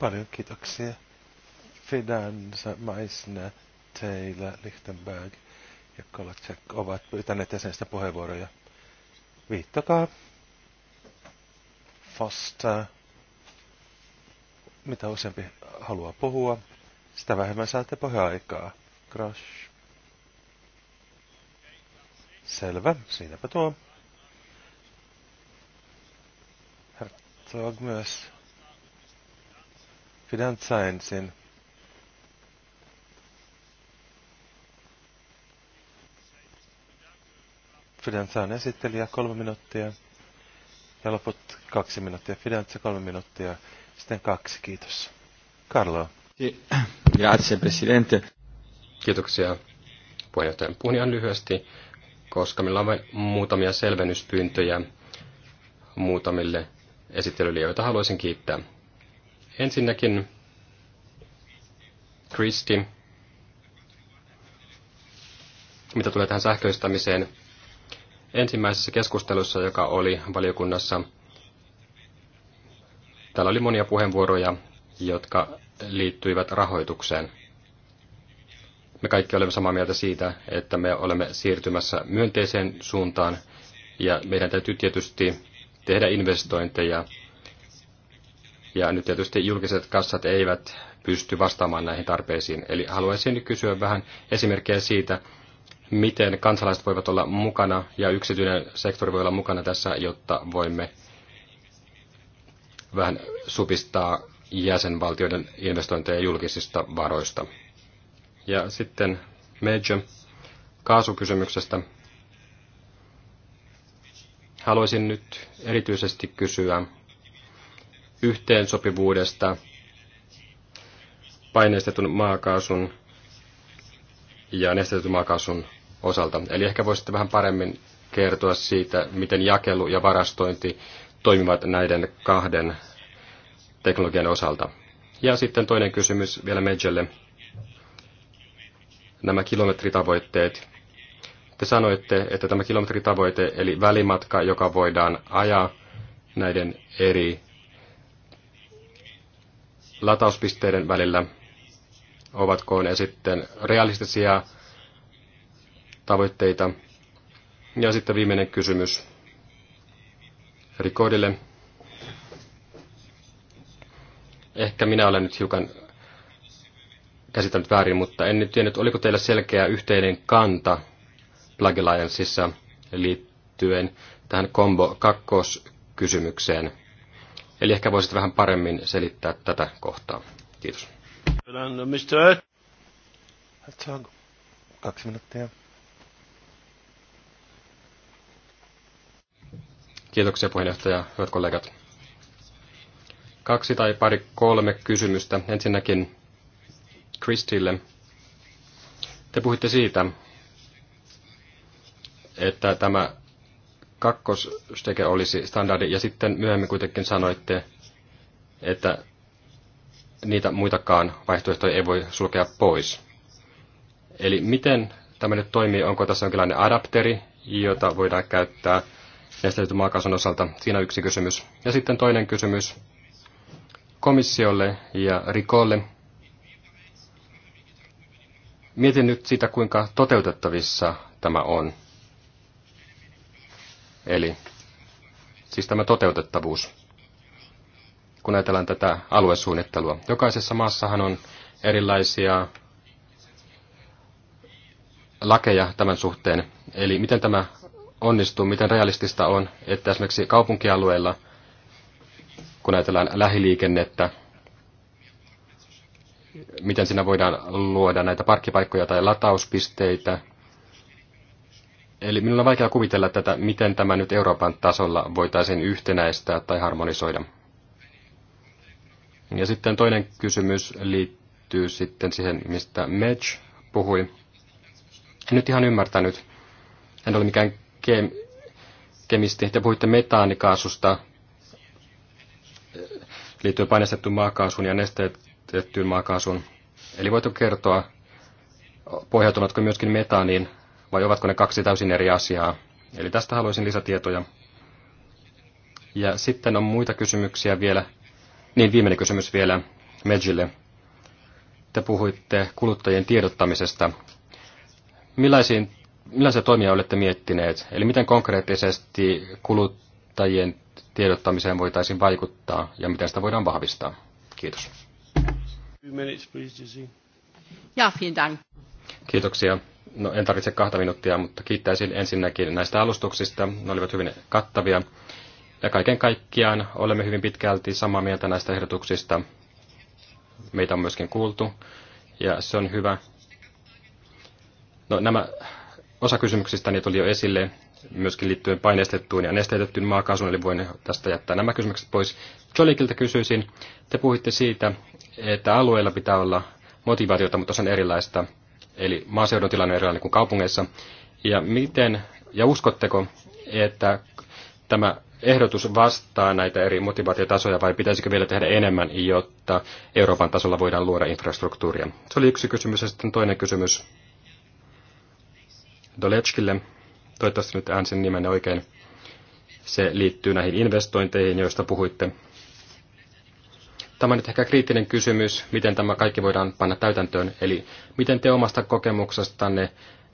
Paljon kiitoksia. Fidanza, Maisner, Taylor, Lichtenberg ja Kolacek ovat pyytäneet jäsenistä puheenvuoroja. Viittakaa. Foster. Mitä useampi haluaa puhua, sitä vähemmän saatte puheaikaa. Crash. Selvä, siinäpä tuo. Hertog myös. Pidän ensin. Fidanza on esittelijä kolme minuuttia ja loput kaksi minuuttia. Fidanza kolme minuuttia, sitten kaksi, kiitos. Carlo. Grazie, presidente. Kiitoksia puheenjohtajan puhunian lyhyesti koska meillä on muutamia selvennyspyyntöjä muutamille esittelyille, joita haluaisin kiittää. Ensinnäkin Kristi, mitä tulee tähän sähköistämiseen. Ensimmäisessä keskustelussa, joka oli valiokunnassa, täällä oli monia puheenvuoroja, jotka liittyivät rahoitukseen – me kaikki olemme samaa mieltä siitä, että me olemme siirtymässä myönteiseen suuntaan ja meidän täytyy tietysti tehdä investointeja. Ja nyt tietysti julkiset kassat eivät pysty vastaamaan näihin tarpeisiin. Eli haluaisin kysyä vähän esimerkkejä siitä, miten kansalaiset voivat olla mukana ja yksityinen sektori voi olla mukana tässä, jotta voimme vähän supistaa jäsenvaltioiden investointeja julkisista varoista. Ja sitten Major kaasukysymyksestä. Haluaisin nyt erityisesti kysyä yhteensopivuudesta paineistetun maakaasun ja nestetyn maakaasun osalta. Eli ehkä voisitte vähän paremmin kertoa siitä, miten jakelu ja varastointi toimivat näiden kahden teknologian osalta. Ja sitten toinen kysymys vielä Medjelle nämä kilometritavoitteet. Te sanoitte, että tämä kilometritavoite, eli välimatka, joka voidaan ajaa näiden eri latauspisteiden välillä, ovatko ne sitten realistisia tavoitteita. Ja sitten viimeinen kysymys Rikodille. Ehkä minä olen nyt hiukan käsittänyt väärin, mutta en nyt tiennyt, oliko teillä selkeä yhteinen kanta Plug Allianceissa liittyen tähän Combo 2 kysymykseen. Eli ehkä voisit vähän paremmin selittää tätä kohtaa. Kiitos. Kaksi minuuttia. Kiitoksia puheenjohtaja, hyvät kollegat. Kaksi tai pari kolme kysymystä. Ensinnäkin Christille. Te puhuitte siitä, että tämä kakkosteke olisi standardi, ja sitten myöhemmin kuitenkin sanoitte, että niitä muitakaan vaihtoehtoja ei voi sulkea pois. Eli miten tämä nyt toimii? Onko tässä jonkinlainen adapteri, jota voidaan käyttää nestetyn maakaasun osalta? Siinä yksi kysymys. Ja sitten toinen kysymys komissiolle ja Rikolle. Mietin nyt sitä, kuinka toteutettavissa tämä on. Eli siis tämä toteutettavuus. Kun ajatellaan tätä aluesuunnittelua, jokaisessa maassahan on erilaisia lakeja tämän suhteen. Eli miten tämä onnistuu, miten realistista on, että esimerkiksi kaupunkialueilla, kun ajatellaan lähiliikennettä, miten siinä voidaan luoda näitä parkkipaikkoja tai latauspisteitä. Eli minulla on vaikea kuvitella tätä, miten tämä nyt Euroopan tasolla voitaisiin yhtenäistää tai harmonisoida. Ja sitten toinen kysymys liittyy sitten siihen, mistä Mech puhui. En nyt ihan ymmärtänyt. En ole mikään ke- kemisti. Te puhuitte metaanikaasusta liittyen painestettu maakaasuun ja nesteet tiettyyn maakaasuun. Eli voitko kertoa, pohjautuvatko myöskin metaaniin vai ovatko ne kaksi täysin eri asiaa? Eli tästä haluaisin lisätietoja. Ja sitten on muita kysymyksiä vielä. Niin, viimeinen kysymys vielä Medjille. Te puhuitte kuluttajien tiedottamisesta. Millaisiin, millaisia toimia olette miettineet? Eli miten konkreettisesti kuluttajien tiedottamiseen voitaisiin vaikuttaa ja miten sitä voidaan vahvistaa? Kiitos ja, vielen dank. Kiitoksia. No, en tarvitse kahta minuuttia, mutta kiittäisin ensinnäkin näistä alustuksista. Ne olivat hyvin kattavia. Ja kaiken kaikkiaan olemme hyvin pitkälti samaa mieltä näistä ehdotuksista. Meitä on myöskin kuultu, ja se on hyvä. No, nämä osa kysymyksistä niitä tuli jo esille, myöskin liittyen paineistettuun ja nesteytettyyn maakaasuun, eli voin tästä jättää nämä kysymykset pois. Jolikilta kysyisin, te puhuitte siitä, että alueilla pitää olla motivaatiota, mutta se on erilaista. Eli maaseudun tilanne on erilainen kuin kaupungeissa. Ja miten, ja uskotteko, että tämä ehdotus vastaa näitä eri motivaatiotasoja vai pitäisikö vielä tehdä enemmän, jotta Euroopan tasolla voidaan luoda infrastruktuuria? Se oli yksi kysymys ja sitten toinen kysymys Dolechkille. Toivottavasti nyt äänsin nimen oikein. Se liittyy näihin investointeihin, joista puhuitte. Tämä on nyt ehkä kriittinen kysymys, miten tämä kaikki voidaan panna täytäntöön. Eli miten te omasta kokemuksestanne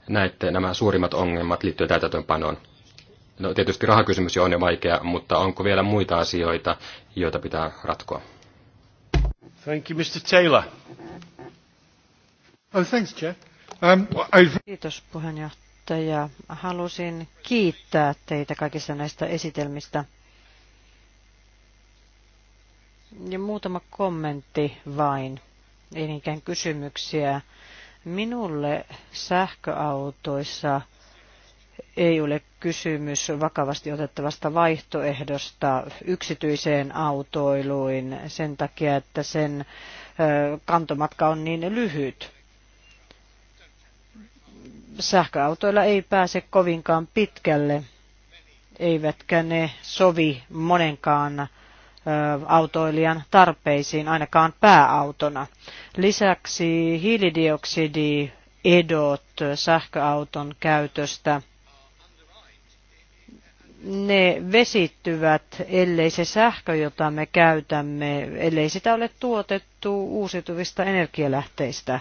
näette nämä suurimmat ongelmat liittyen täytäntöönpanoon? No tietysti rahakysymys on jo vaikea, mutta onko vielä muita asioita, joita pitää ratkoa? Thank you, Mr. Taylor. Oh, thanks, Chair. Um, Kiitos puheenjohtaja. Halusin kiittää teitä kaikista näistä esitelmistä. Ja muutama kommentti vain, ei niinkään kysymyksiä. Minulle sähköautoissa ei ole kysymys vakavasti otettavasta vaihtoehdosta yksityiseen autoiluin sen takia, että sen kantomatka on niin lyhyt. Sähköautoilla ei pääse kovinkaan pitkälle, eivätkä ne sovi monenkaan autoilijan tarpeisiin ainakaan pääautona. Lisäksi hiilidioksidiedot sähköauton käytöstä ne vesittyvät, ellei se sähkö, jota me käytämme, ellei sitä ole tuotettu uusiutuvista energialähteistä.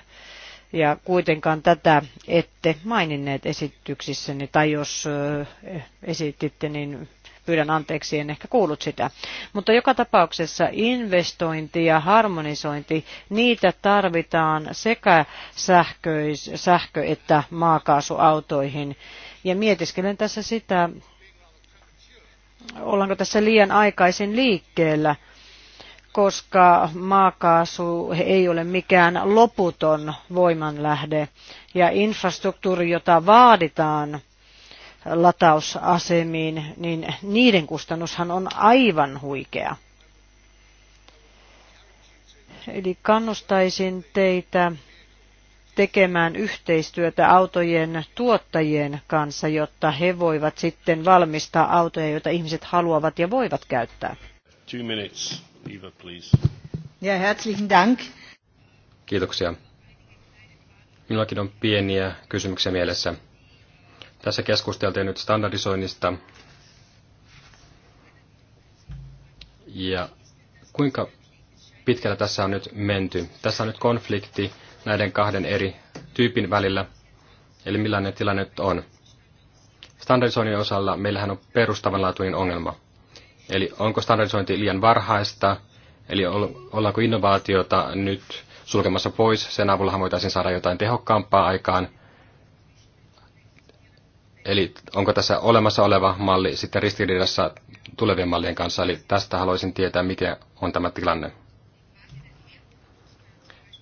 Ja kuitenkaan tätä ette maininneet esityksissäni, tai jos esititte, niin pyydän anteeksi, en ehkä kuullut sitä. Mutta joka tapauksessa investointi ja harmonisointi, niitä tarvitaan sekä sähköis, sähkö- että maakaasuautoihin. Ja mietiskelen tässä sitä, ollaanko tässä liian aikaisin liikkeellä, koska maakaasu ei ole mikään loputon voimanlähde ja infrastruktuuri, jota vaaditaan latausasemiin, niin niiden kustannushan on aivan huikea. Eli kannustaisin teitä tekemään yhteistyötä autojen tuottajien kanssa, jotta he voivat sitten valmistaa autoja, joita ihmiset haluavat ja voivat käyttää. Two minutes, Eva, please. Ja, herzlichen Dank. Kiitoksia. Minullakin on pieniä kysymyksiä mielessä. Tässä keskusteltiin nyt standardisoinnista. Ja kuinka pitkällä tässä on nyt menty? Tässä on nyt konflikti näiden kahden eri tyypin välillä, eli millainen tilanne nyt on. Standardisoinnin osalla meillähän on perustavanlaatuinen ongelma. Eli onko standardisointi liian varhaista, eli ollaanko innovaatiota nyt sulkemassa pois, sen avullahan voitaisiin saada jotain tehokkaampaa aikaan – Eli onko tässä olemassa oleva malli sitten ristiriidassa tulevien mallien kanssa? Eli tästä haluaisin tietää, mikä on tämä tilanne.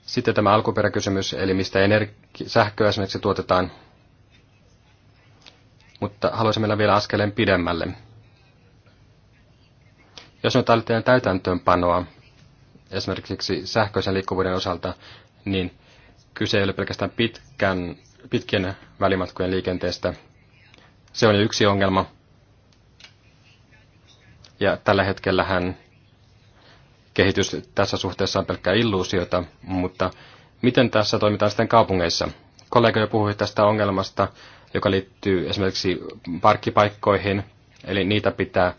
Sitten tämä alkuperäkysymys, eli mistä energi- sähköä esimerkiksi tuotetaan. Mutta haluaisin mennä vielä askeleen pidemmälle. Jos nyt aletaan täytäntöönpanoa esimerkiksi sähköisen liikkuvuuden osalta, niin kyse ei ole pelkästään pitkän, pitkien välimatkojen liikenteestä, se on jo yksi ongelma. Ja tällä hetkellähän kehitys tässä suhteessa on pelkkää illuusiota, mutta miten tässä toimitaan sitten kaupungeissa? Kollega jo puhui tästä ongelmasta, joka liittyy esimerkiksi parkkipaikkoihin, eli niitä pitää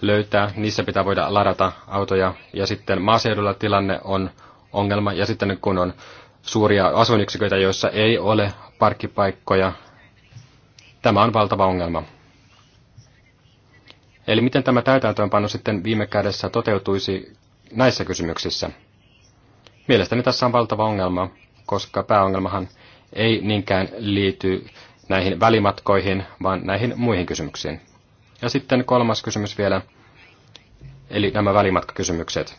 löytää, niissä pitää voida ladata autoja, ja sitten maaseudulla tilanne on ongelma, ja sitten kun on suuria asuinyksiköitä, joissa ei ole parkkipaikkoja, Tämä on valtava ongelma. Eli miten tämä täytäntöönpano sitten viime kädessä toteutuisi näissä kysymyksissä? Mielestäni tässä on valtava ongelma, koska pääongelmahan ei niinkään liity näihin välimatkoihin, vaan näihin muihin kysymyksiin. Ja sitten kolmas kysymys vielä, eli nämä välimatkakysymykset.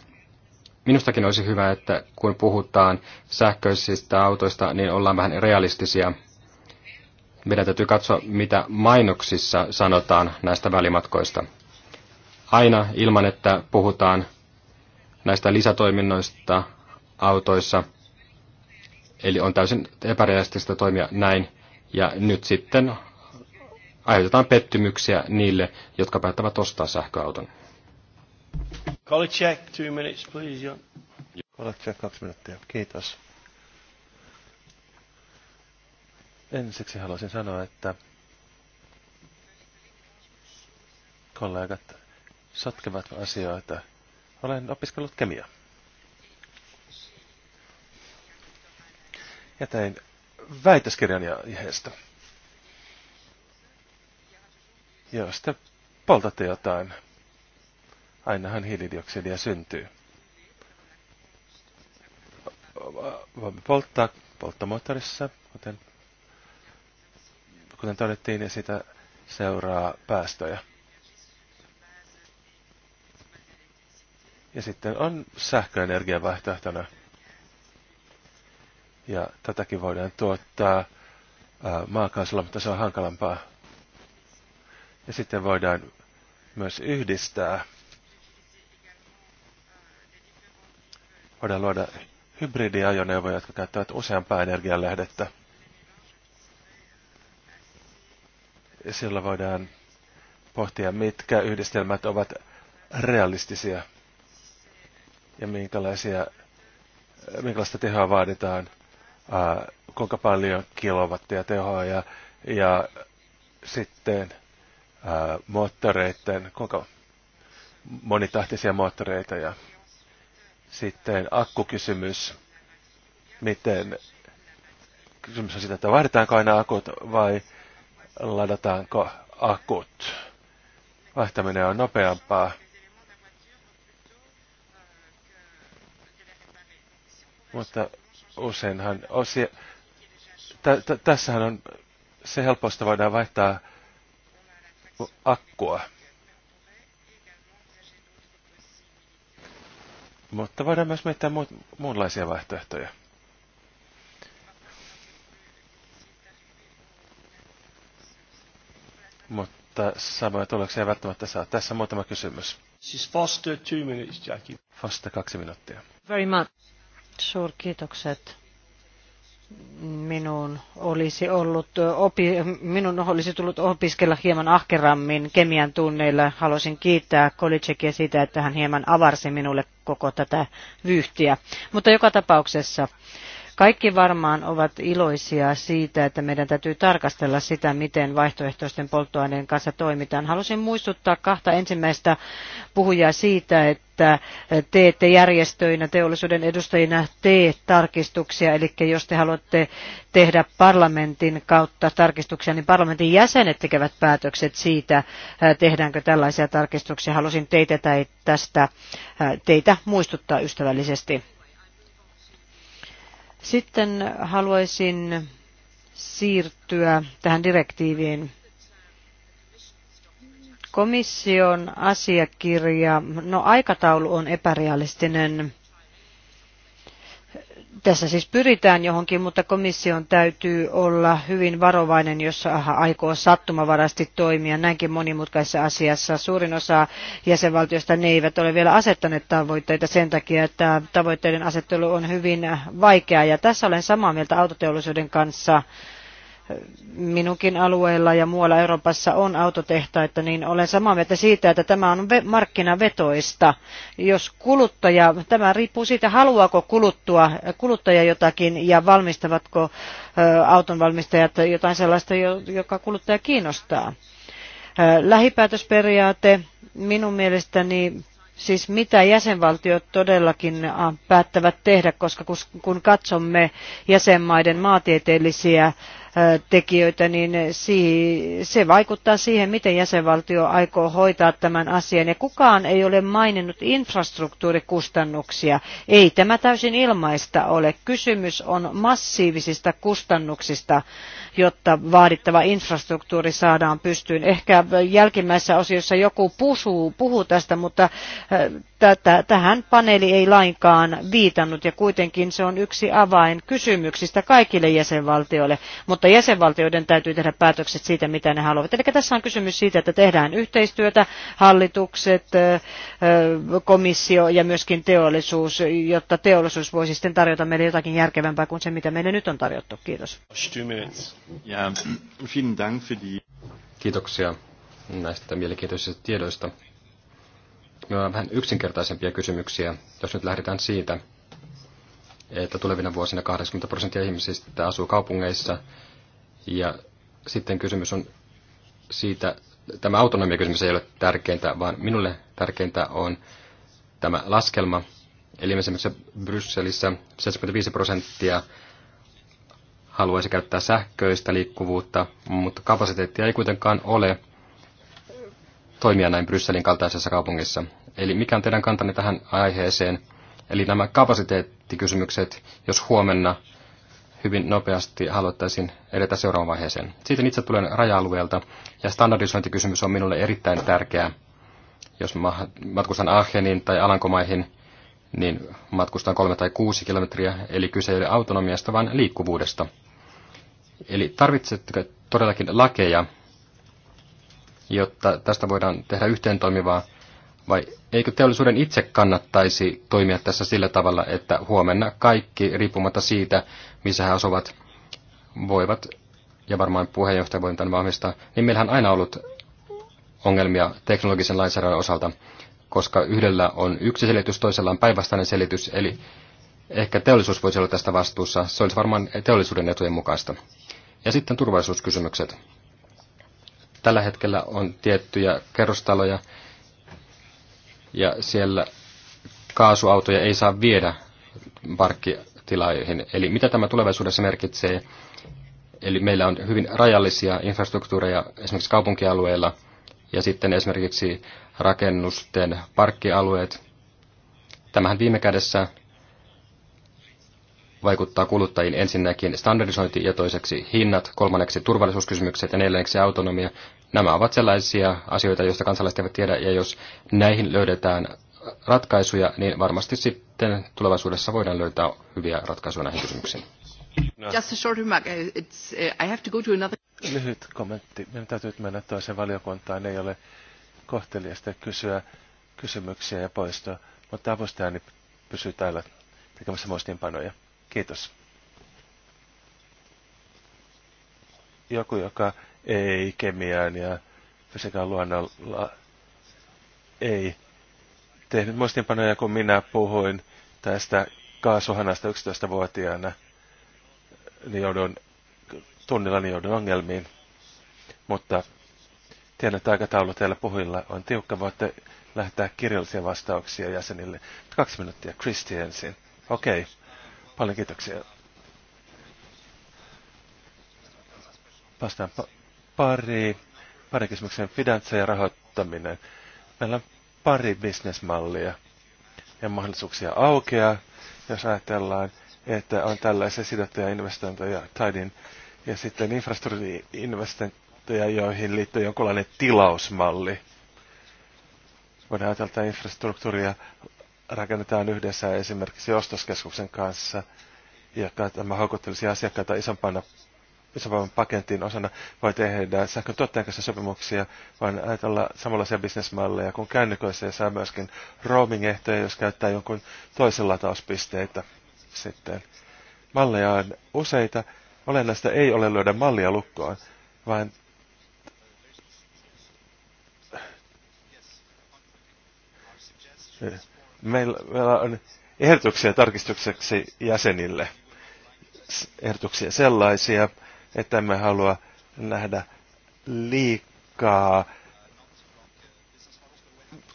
Minustakin olisi hyvä, että kun puhutaan sähköisistä autoista, niin ollaan vähän realistisia meidän täytyy katsoa, mitä mainoksissa sanotaan näistä välimatkoista. Aina ilman, että puhutaan näistä lisätoiminnoista autoissa. Eli on täysin epärealistista toimia näin. Ja nyt sitten aiheutetaan pettymyksiä niille, jotka päättävät ostaa sähköauton. Kolicek, two minutes, please. Kolicek, kaksi minuuttia. Kiitos. Ensiksi haluaisin sanoa, että kollegat sotkevat asioita. Olen opiskellut kemiaa. Ja tein väitöskirjan aiheesta. Jos te poltatte jotain, ainahan hiilidioksidia syntyy. Voimme polttaa polttomoottorissa, kuten kuten todettiin, ja sitä seuraa päästöjä. Ja sitten on sähköenergian vaihtoehtona. Ja tätäkin voidaan tuottaa maakaasulla, mutta se on hankalampaa. Ja sitten voidaan myös yhdistää. Voidaan luoda hybridiajoneuvoja, jotka käyttävät useampaa energialähdettä. siellä voidaan pohtia, mitkä yhdistelmät ovat realistisia ja minkälaisia, minkälaista tehoa vaaditaan, ää, kuinka paljon kilowattia tehoa ja, ja sitten ää, moottoreiden, kuinka monitahtisia moottoreita ja sitten akkukysymys, miten kysymys on siitä, että vaaditaanko aina akut vai ladataanko akut. Vaihtaminen on nopeampaa. Mutta useinhan osia... Tä, tä, tässähän on se helposta voidaan vaihtaa akkua. Mutta voidaan myös miettiä muut, muunlaisia vaihtoehtoja. mutta samoja tuloksia ei välttämättä saa. Tässä muutama kysymys. Siis Foster, two minutes, Jackie. Foster, kaksi minuuttia. Very much. Suurkiitokset. Minun olisi, ollut opi, minun olisi tullut opiskella hieman ahkerammin kemian tunneilla. Haluaisin kiittää Kolicekia siitä, että hän hieman avarsi minulle koko tätä vyyhtiä. Mutta joka tapauksessa kaikki varmaan ovat iloisia siitä, että meidän täytyy tarkastella sitä, miten vaihtoehtoisten polttoaineiden kanssa toimitaan. Halusin muistuttaa kahta ensimmäistä puhujaa siitä, että teette järjestöinä, teollisuuden edustajina tee tarkistuksia, eli jos te haluatte tehdä parlamentin kautta tarkistuksia, niin parlamentin jäsenet tekevät päätökset siitä, äh, tehdäänkö tällaisia tarkistuksia. Halusin teitä tästä äh, teitä muistuttaa ystävällisesti. Sitten haluaisin siirtyä tähän direktiiviin. Komission asiakirja, no aikataulu on epärealistinen tässä siis pyritään johonkin, mutta komission täytyy olla hyvin varovainen, jos aikoo sattumavaraisesti toimia näinkin monimutkaisessa asiassa. Suurin osa jäsenvaltioista ne eivät ole vielä asettaneet tavoitteita sen takia, että tavoitteiden asettelu on hyvin vaikeaa. Ja tässä olen samaa mieltä autoteollisuuden kanssa minunkin alueella ja muualla Euroopassa on autotehtaita, niin olen samaa mieltä siitä, että tämä on markkinavetoista. Jos kuluttaja, tämä riippuu siitä, haluaako kuluttua, kuluttaja jotakin ja valmistavatko autonvalmistajat jotain sellaista, joka kuluttaja kiinnostaa. Lähipäätösperiaate minun mielestäni siis mitä jäsenvaltiot todellakin päättävät tehdä, koska kun katsomme jäsenmaiden maatieteellisiä tekijöitä, niin se vaikuttaa siihen, miten jäsenvaltio aikoo hoitaa tämän asian. Ja kukaan ei ole maininnut infrastruktuurikustannuksia. Ei tämä täysin ilmaista ole. Kysymys on massiivisista kustannuksista, jotta vaadittava infrastruktuuri saadaan pystyyn. Ehkä jälkimmäisessä osiossa joku pusuu, puhuu tästä, mutta tätä, tähän paneeli ei lainkaan viitannut ja kuitenkin se on yksi avain kysymyksistä kaikille jäsenvaltioille, mutta jäsenvaltioiden täytyy tehdä päätökset siitä, mitä ne haluavat. Eli tässä on kysymys siitä, että tehdään yhteistyötä, hallitukset, komissio ja myöskin teollisuus, jotta teollisuus voisi sitten tarjota meille jotakin järkevämpää kuin se, mitä meille nyt on tarjottu. Kiitos. Kiitoksia näistä mielenkiintoisista tiedoista. Nämä ovat vähän yksinkertaisempia kysymyksiä, jos nyt lähdetään siitä, että tulevina vuosina 80 prosenttia ihmisistä asuu kaupungeissa. Ja sitten kysymys on siitä, tämä autonomia kysymys ei ole tärkeintä, vaan minulle tärkeintä on tämä laskelma. Eli esimerkiksi Brysselissä 75 prosenttia haluaisi käyttää sähköistä liikkuvuutta, mutta kapasiteettia ei kuitenkaan ole toimia näin Brysselin kaltaisessa kaupungissa. Eli mikä on teidän kantanne tähän aiheeseen? Eli nämä kapasiteettikysymykset, jos huomenna hyvin nopeasti haluttaisiin edetä seuraavaan vaiheeseen. Sitten itse tulen raja-alueelta, ja standardisointikysymys on minulle erittäin tärkeä. Jos matkustan Aachenin tai Alankomaihin, niin matkustan kolme tai kuusi kilometriä, eli kyse ei ole autonomiasta, vaan liikkuvuudesta. Eli tarvitsetteko todellakin lakeja, jotta tästä voidaan tehdä yhteen toimivaa vai eikö teollisuuden itse kannattaisi toimia tässä sillä tavalla, että huomenna kaikki, riippumatta siitä, missä he asuvat, voivat, ja varmaan puheenjohtaja voi tämän vahvistaa, niin meillähän on aina ollut ongelmia teknologisen lainsäädännön osalta, koska yhdellä on yksi selitys, toisella on päinvastainen selitys, eli ehkä teollisuus voisi olla tästä vastuussa. Se olisi varmaan teollisuuden etujen mukaista. Ja sitten turvallisuuskysymykset. Tällä hetkellä on tiettyjä kerrostaloja, ja siellä kaasuautoja ei saa viedä parkkitilaihin. Eli mitä tämä tulevaisuudessa merkitsee? Eli meillä on hyvin rajallisia infrastruktuureja esimerkiksi kaupunkialueilla ja sitten esimerkiksi rakennusten parkkialueet. Tämähän viime kädessä vaikuttaa kuluttajiin ensinnäkin standardisointi ja toiseksi hinnat, kolmanneksi turvallisuuskysymykset ja neljänneksi autonomia Nämä ovat sellaisia asioita, joista kansalaiset eivät tiedä, ja jos näihin löydetään ratkaisuja, niin varmasti sitten tulevaisuudessa voidaan löytää hyviä ratkaisuja näihin kysymyksiin. Uh, Lyhyt kommentti. Meidän täytyy mennä toiseen valiokuntaan. Ei ole kohteliasta kysyä kysymyksiä ja poistoa, mutta avustajani pysyy täällä tekemässä muistiinpanoja. Kiitos. Joku, joka ei kemiaan ja fysiikan luonnolla ei tehnyt muistinpanoja, kun minä puhuin tästä kaasuhanasta 11-vuotiaana, niin joudun, tunnilla niin joudun ongelmiin. Mutta tiedän, että aikataulu teillä puhujilla on tiukka. Voitte lähettää kirjallisia vastauksia jäsenille. Kaksi minuuttia, Kristi ensin. Okei, okay. paljon kiitoksia. Vastaan pari, pari kysymyksen finanssia ja rahoittaminen. Meillä on pari bisnesmallia ja mahdollisuuksia aukeaa, jos ajatellaan, että on tällaisia sidottuja investointeja Taidin ja sitten investointeja joihin liittyy jonkinlainen tilausmalli. Voidaan ajatella, että infrastruktuuria rakennetaan yhdessä esimerkiksi ostoskeskuksen kanssa, ja tämä houkuttelisi asiakkaita isompana Lissabonin paketin osana voi tehdä sähkön tuottajan kanssa sopimuksia, vaan ajatella samanlaisia bisnesmalleja kuin kännyköissä ja saa myöskin roaming-ehtoja, jos käyttää jonkun toisen latauspisteitä sitten. Malleja on useita. Olennaista ei ole löydä mallia lukkoon, vaan meillä, meillä on ehdotuksia tarkistukseksi jäsenille. Ehdotuksia sellaisia, että me halua nähdä liikaa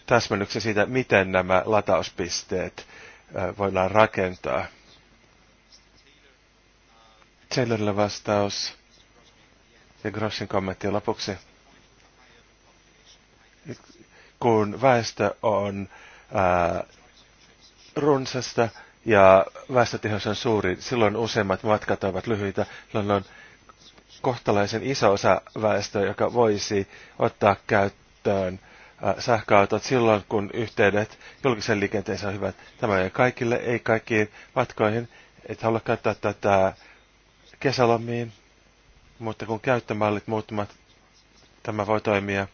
täsmennyksen siitä, miten nämä latauspisteet voidaan rakentaa. Taylorille vastaus ja Grossin kommentti lopuksi. Kun väestö on ää, runsasta ja väestötiheys on suuri, silloin useimmat matkat ovat lyhyitä, silloin on kohtalaisen iso osa väestöä, joka voisi ottaa käyttöön äh, sähköautot silloin, kun yhteydet julkisen liikenteeseen on hyvät. Tämä ei kaikille, ei kaikkiin matkoihin. Et halua käyttää tätä kesälomiin, mutta kun käyttömallit muuttumat, tämä voi toimia.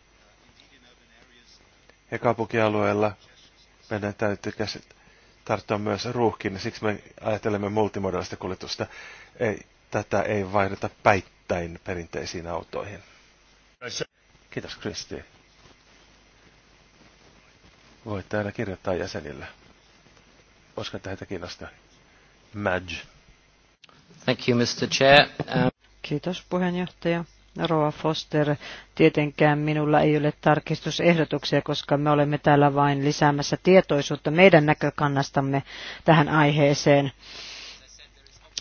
Ja kaupunkialueella meidän täytyy tarttua myös ruuhkiin, siksi me ajattelemme multimodaalista kuljetusta. Ei, tätä ei vaihdeta päin erittäin perinteisiin autoihin. Kiitos Kristi. Voit täällä kirjoittaa jäsenille. Koska tätä kiinnostaa. Madge. Thank you, Mr. Chair. Um... Kiitos puheenjohtaja. Roa Foster, tietenkään minulla ei ole tarkistusehdotuksia, koska me olemme täällä vain lisäämässä tietoisuutta meidän näkökannastamme tähän aiheeseen.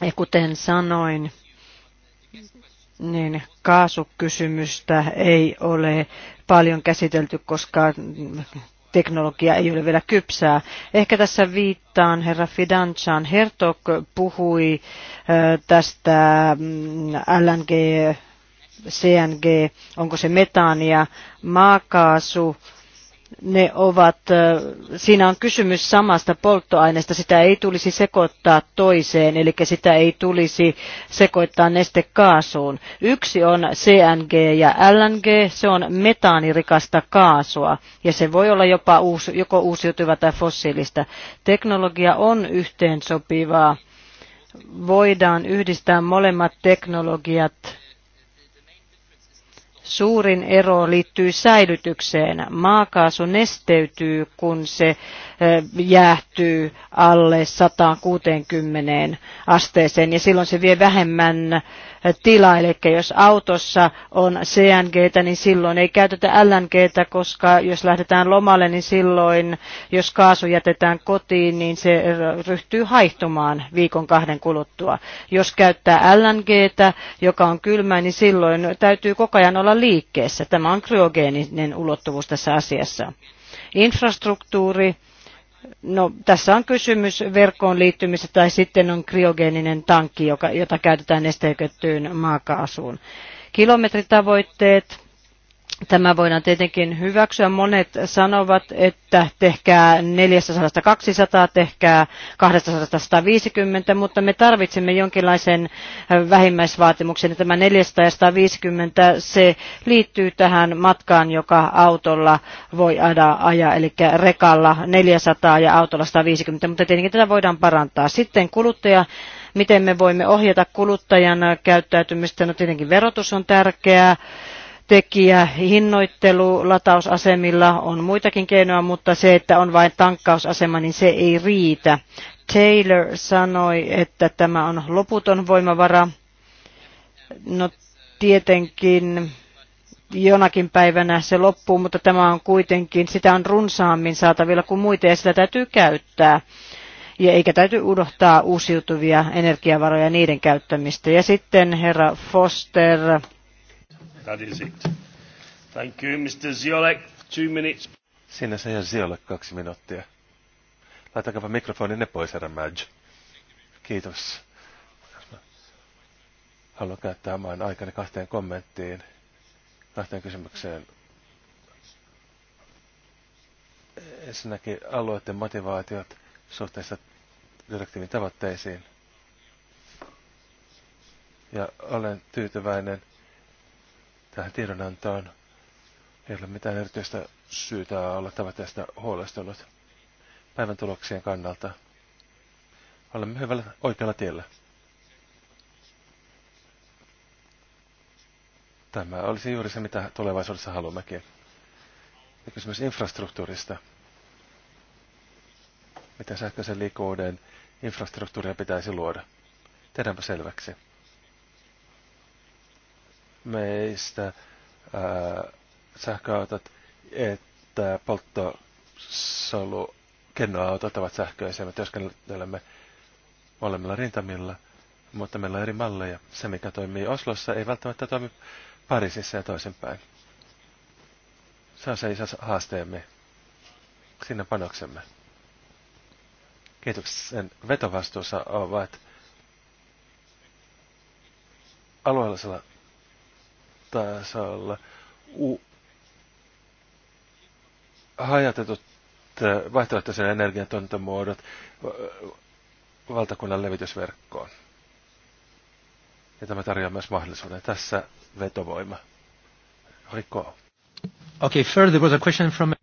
Ja kuten sanoin, niin kaasukysymystä ei ole paljon käsitelty, koska teknologia ei ole vielä kypsää. Ehkä tässä viittaan herra Fidanchan. Hertog puhui tästä mm, LNG, CNG, onko se metaania, maakaasu, ne ovat, siinä on kysymys samasta polttoaineesta, sitä ei tulisi sekoittaa toiseen, eli sitä ei tulisi sekoittaa nestekaasuun. Yksi on CNG ja LNG, se on metaanirikasta kaasua, ja se voi olla jopa uusi, joko uusiutuva tai fossiilista. Teknologia on yhteensopivaa, voidaan yhdistää molemmat teknologiat Suurin ero liittyy säilytykseen. Maakaasu nesteytyy, kun se jäähtyy alle 160 asteeseen ja silloin se vie vähemmän tilaa. Eli jos autossa on CNG, niin silloin ei käytetä LNG, koska jos lähdetään lomalle, niin silloin jos kaasu jätetään kotiin, niin se ryhtyy haihtumaan viikon kahden kuluttua. Jos käyttää LNG, joka on kylmä, niin silloin täytyy koko ajan olla liikkeessä. Tämä on kryogeeninen ulottuvuus tässä asiassa. Infrastruktuuri, No, tässä on kysymys verkkoon liittymistä tai sitten on kriogeeninen tankki, joka, jota käytetään nesteytettyyn maakaasuun. Kilometritavoitteet, Tämä voidaan tietenkin hyväksyä. Monet sanovat, että tehkää 400-200, tehkää 200-150, mutta me tarvitsemme jonkinlaisen äh, vähimmäisvaatimuksen. Tämä 400 150, se liittyy tähän matkaan, joka autolla voi ajaa, eli rekalla 400 ja autolla 150, mutta tietenkin tätä voidaan parantaa. Sitten kuluttaja miten me voimme ohjata kuluttajan käyttäytymistä. No tietenkin verotus on tärkeää tekijä. Hinnoittelu latausasemilla on muitakin keinoja, mutta se, että on vain tankkausasema, niin se ei riitä. Taylor sanoi, että tämä on loputon voimavara. No tietenkin jonakin päivänä se loppuu, mutta tämä on kuitenkin, sitä on runsaammin saatavilla kuin muita ja sitä täytyy käyttää. Ja eikä täytyy unohtaa uusiutuvia energiavaroja niiden käyttämistä. Ja sitten herra Foster That is it. Thank you, Mr. Ziolek. Two minutes. Siinä se ja Ziolek kaksi minuuttia. Laitakaapa mikrofoninne pois, herra Madge. Kiitos. Haluan käyttää oman aikani kahteen kommenttiin, kahteen kysymykseen. Ensinnäkin alueiden motivaatiot suhteessa direktiivin tavoitteisiin. Ja olen tyytyväinen tähän tiedonantoon. Ei ole mitään erityistä syytä olla tavoitteesta huolestunut päivän tuloksien kannalta. Olemme hyvällä oikealla tiellä. Tämä olisi juuri se, mitä tulevaisuudessa haluammekin. Ja kysymys infrastruktuurista. Miten sähköisen liikkuvuuden infrastruktuuria pitäisi luoda? Tehdäänpä selväksi meistä ää, sähköautot että polttosolu kennoautot ovat sähköisiä. Me työskentelemme molemmilla rintamilla, mutta meillä on eri malleja. Se, mikä toimii Oslossa, ei välttämättä toimi Pariisissa ja toisinpäin. Se on se iso haasteemme. Sinne panoksemme. Kehityksen vetovastuussa ovat alueellisella olla u- hajatetut äh, vaihtoehtoisen energiantuntomuodot äh, valtakunnan levitysverkkoon. Ja tämä tarjoaa myös mahdollisuuden. Tässä vetovoima. Rikko. Okay, further was a question from...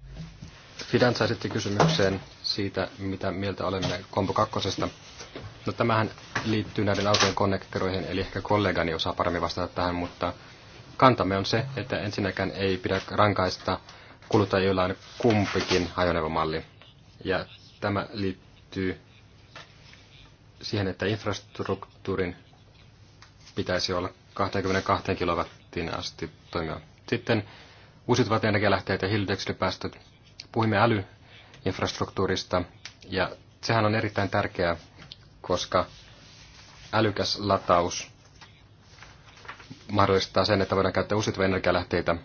Fidanza esitti kysymykseen siitä, mitä mieltä olemme Kompo kakkosesta. No tämähän liittyy näiden autojen konnektoroihin, eli ehkä kollegani osaa paremmin vastata tähän, mutta kantamme on se, että ensinnäkään ei pidä rankaista kuluttajilla on kumpikin ajoneuvomalli. Ja tämä liittyy siihen, että infrastruktuurin pitäisi olla 22 kilowattiin asti toimiva. Sitten uusiutuvat energialähteet ja hiilidioksidipäästöt. Puhimme älyinfrastruktuurista ja sehän on erittäin tärkeää, koska älykäs lataus mahdollistaa sen, että voidaan käyttää uusiutuvia energialähteitä.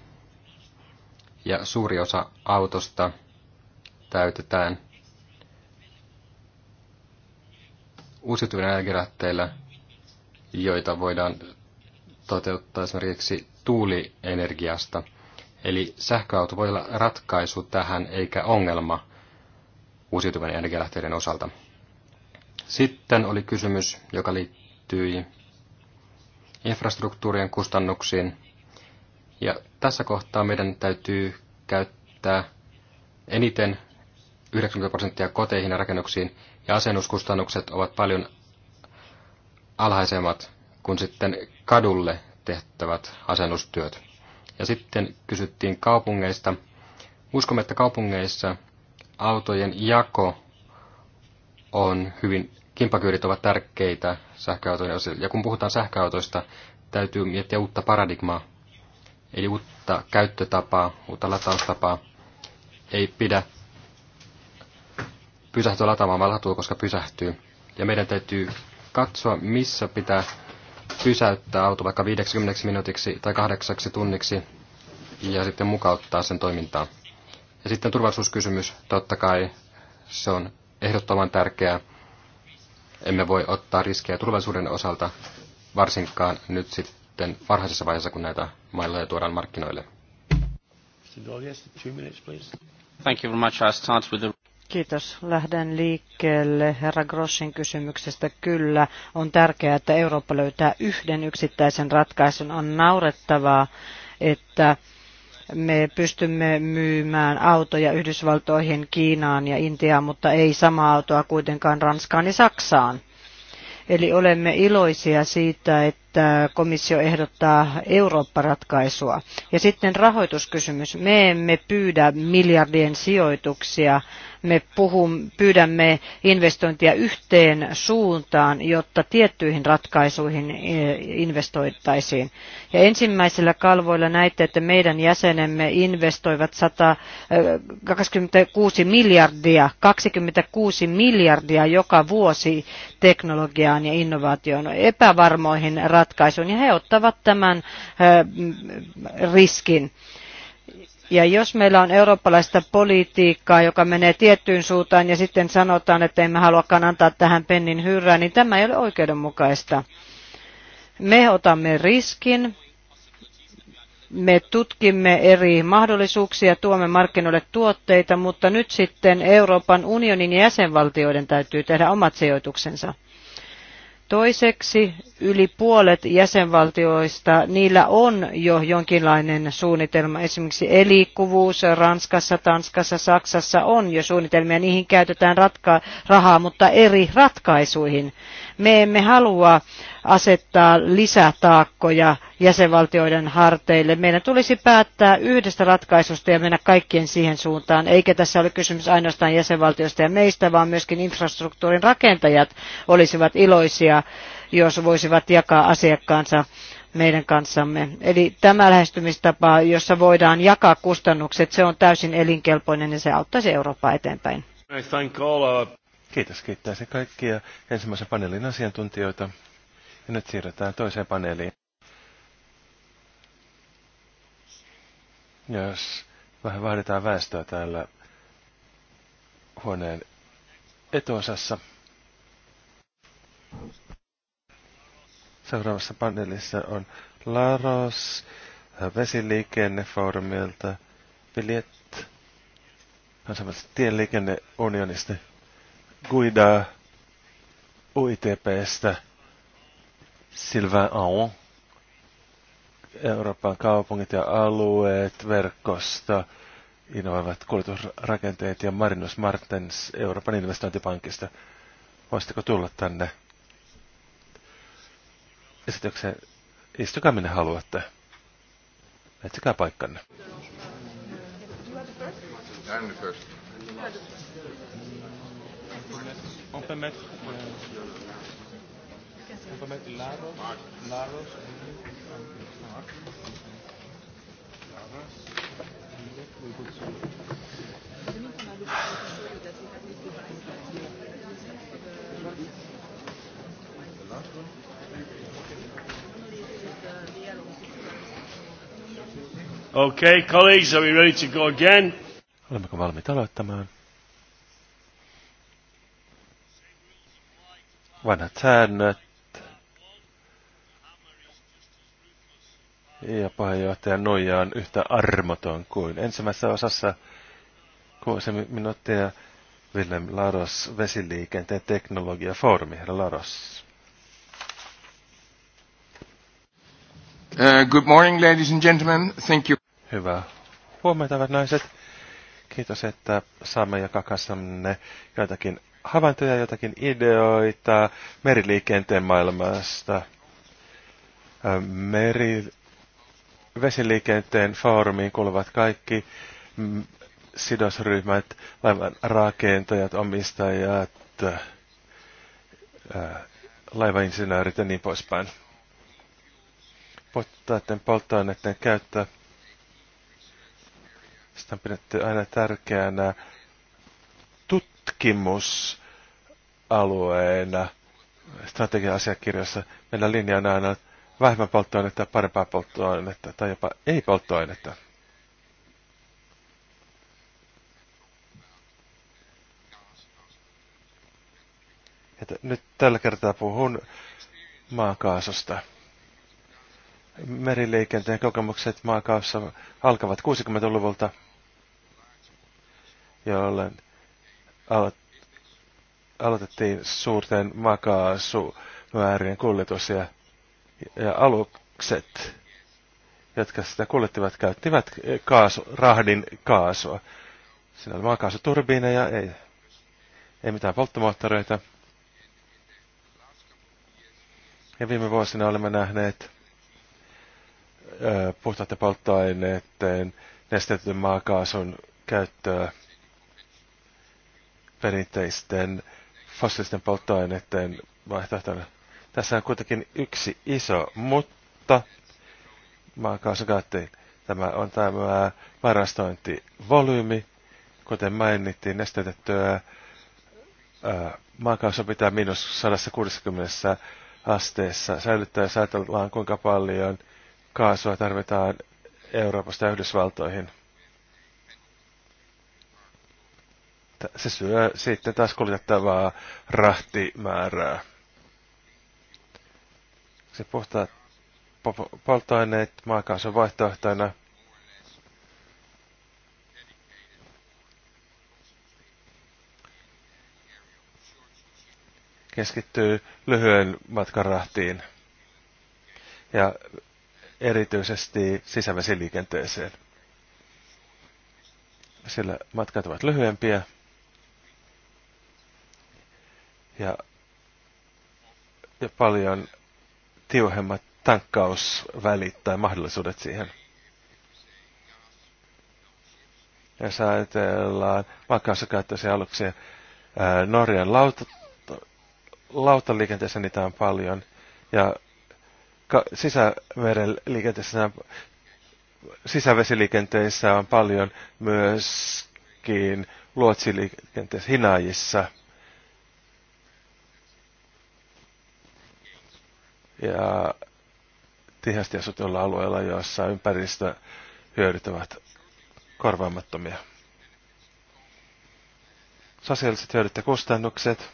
Ja suuri osa autosta täytetään uusiutuvilla energialähteillä, joita voidaan toteuttaa esimerkiksi tuulienergiasta. Eli sähköauto voi olla ratkaisu tähän eikä ongelma uusiutuvien energialähteiden osalta. Sitten oli kysymys, joka liittyi infrastruktuurien kustannuksiin. Ja tässä kohtaa meidän täytyy käyttää eniten 90 prosenttia koteihin ja rakennuksiin, ja asennuskustannukset ovat paljon alhaisemmat kuin sitten kadulle tehtävät asennustyöt. Ja sitten kysyttiin kaupungeista. Uskomme, että kaupungeissa autojen jako on hyvin Kimpakyydit ovat tärkeitä sähköautojen Ja kun puhutaan sähköautoista, täytyy miettiä uutta paradigmaa, eli uutta käyttötapaa, uutta lataustapaa. Ei pidä pysähtyä lataamaan, vaan latua, koska pysähtyy. Ja meidän täytyy katsoa, missä pitää pysäyttää auto vaikka 50 minuutiksi tai 8 tunniksi ja sitten mukauttaa sen toimintaa. Ja sitten turvallisuuskysymys, totta kai se on ehdottoman tärkeää. Emme voi ottaa riskejä turvallisuuden osalta, varsinkaan nyt sitten varhaisessa vaiheessa, kun näitä mailoja tuodaan markkinoille. Thank you very much. start with the... Kiitos. Lähden liikkeelle herra Grossin kysymyksestä. Kyllä, on tärkeää, että Eurooppa löytää yhden yksittäisen ratkaisun. On naurettavaa, että me pystymme myymään autoja Yhdysvaltoihin, Kiinaan ja Intiaan, mutta ei samaa autoa kuitenkaan Ranskaan ja Saksaan. Eli olemme iloisia siitä, että komissio ehdottaa Eurooppa-ratkaisua. Ja sitten rahoituskysymys. Me emme pyydä miljardien sijoituksia me puhum, pyydämme investointia yhteen suuntaan, jotta tiettyihin ratkaisuihin eh, investoittaisiin. Ja ensimmäisellä kalvoilla näitte, että meidän jäsenemme investoivat 126 eh, miljardia, 26 miljardia joka vuosi teknologiaan ja innovaatioon epävarmoihin ratkaisuihin, ja he ottavat tämän eh, riskin. Ja jos meillä on eurooppalaista politiikkaa, joka menee tiettyyn suuntaan ja sitten sanotaan, että emme haluakaan antaa tähän pennin hyrrää, niin tämä ei ole oikeudenmukaista. Me otamme riskin, me tutkimme eri mahdollisuuksia, tuomme markkinoille tuotteita, mutta nyt sitten Euroopan unionin jäsenvaltioiden täytyy tehdä omat sijoituksensa. Toiseksi yli puolet jäsenvaltioista, niillä on jo jonkinlainen suunnitelma. Esimerkiksi eliikkuvuus Ranskassa, Tanskassa, Saksassa on jo suunnitelmia. Niihin käytetään ratka- rahaa, mutta eri ratkaisuihin. Me emme halua asettaa lisätaakkoja jäsenvaltioiden harteille. Meidän tulisi päättää yhdestä ratkaisusta ja mennä kaikkien siihen suuntaan, eikä tässä ole kysymys ainoastaan jäsenvaltioista ja meistä, vaan myöskin infrastruktuurin rakentajat olisivat iloisia, jos voisivat jakaa asiakkaansa meidän kanssamme. Eli tämä lähestymistapa, jossa voidaan jakaa kustannukset, se on täysin elinkelpoinen ja se auttaisi Eurooppaa eteenpäin. Kiitos, se kaikkia ensimmäisen paneelin asiantuntijoita. Ja nyt siirrytään toiseen paneeliin. jos vähän vaaditaan väestöä täällä huoneen etuosassa. Seuraavassa paneelissa on Laros vesiliikennefoorumilta, Viljet kansainvälisestä tieliikenneunionista, Guida UITPstä, Sylvain Aon Euroopan kaupungit ja alueet verkosta, innoivat kuljetusrakenteet ja Marinus Martens Euroopan investointipankista. Voisitteko tulla tänne esitykseen? Istukaa minne haluatte. Etsikää paikkanne. I'm the euh, Laros, Laros, Okay, colleagues, are we ready to go again? Olemmeko valmiit aloittamaan? Vanhat säännöt ja puheenjohtaja Noja on yhtä armoton kuin ensimmäisessä osassa kuusi minuuttia Willem Laros vesiliikenteen teknologiafoorumi. Herra Laros. Uh, good morning, ladies and gentlemen. Thank you. Hyvää huomenta, hyvät naiset. Kiitos, että saamme jakaa kanssanne joitakin havaintoja, joitakin ideoita meriliikenteen maailmasta. Meri vesiliikenteen foorumiin kuuluvat kaikki mm, sidosryhmät, laivan rakentajat, omistajat, äh, laivainsinöörit ja niin poispäin. Polttoaineiden polttoaineiden käyttö. Sitä on pidetty aina tärkeänä tutkimusalueena strategia-asiakirjassa. Meidän linjana on aina, vähemmän polttoainetta, parempaa polttoainetta tai jopa ei polttoainetta. Että nyt tällä kertaa puhun maakaasusta. Meriliikenteen kokemukset maakaassa alkavat 60-luvulta, jolloin alo- aloitettiin suurten maakaasumäärien kuljetus ja ja alukset, jotka sitä kuljettivat, käyttivät kaasu, rahdin kaasua. Siinä oli maakaasuturbiineja, ei, ei mitään polttomoottoreita. Ja viime vuosina olemme nähneet puhtaat ja polttoaineiden nestetyn maakaasun käyttöä perinteisten fossiilisten polttoaineiden vaihtoehtona. Tässä on kuitenkin yksi iso mutta maakaasun kautta tämä on tämä varastointivolyymi, kuten mainittiin, nesteytettyä maakaasua pitää miinus 160 asteessa säilyttää, jos ajatellaan kuinka paljon kaasua tarvitaan Euroopasta ja Yhdysvaltoihin. Se syö sitten taas kuljettavaa rahtimäärää se puhtaat polttoaineet maakaasun vaihtoehtoina. keskittyy lyhyen matkan rahtiin ja erityisesti sisävesiliikenteeseen. Sillä matkat ovat lyhyempiä ja, ja paljon tiuhemmat tankkausvälit tai mahdollisuudet siihen. Jos ajatellaan vakaassa käyttöisiä aluksia, Norjan lauta, lautaliikenteessä niitä on paljon ja ka- sisämeren liikenteessä sisävesiliikenteessä on paljon myöskin luotsiliikenteessä Hinaajissa – ja tiheästi asutuilla alueilla, joissa ympäristö hyödyttävät korvaamattomia. Sosiaaliset hyödyt ja kustannukset.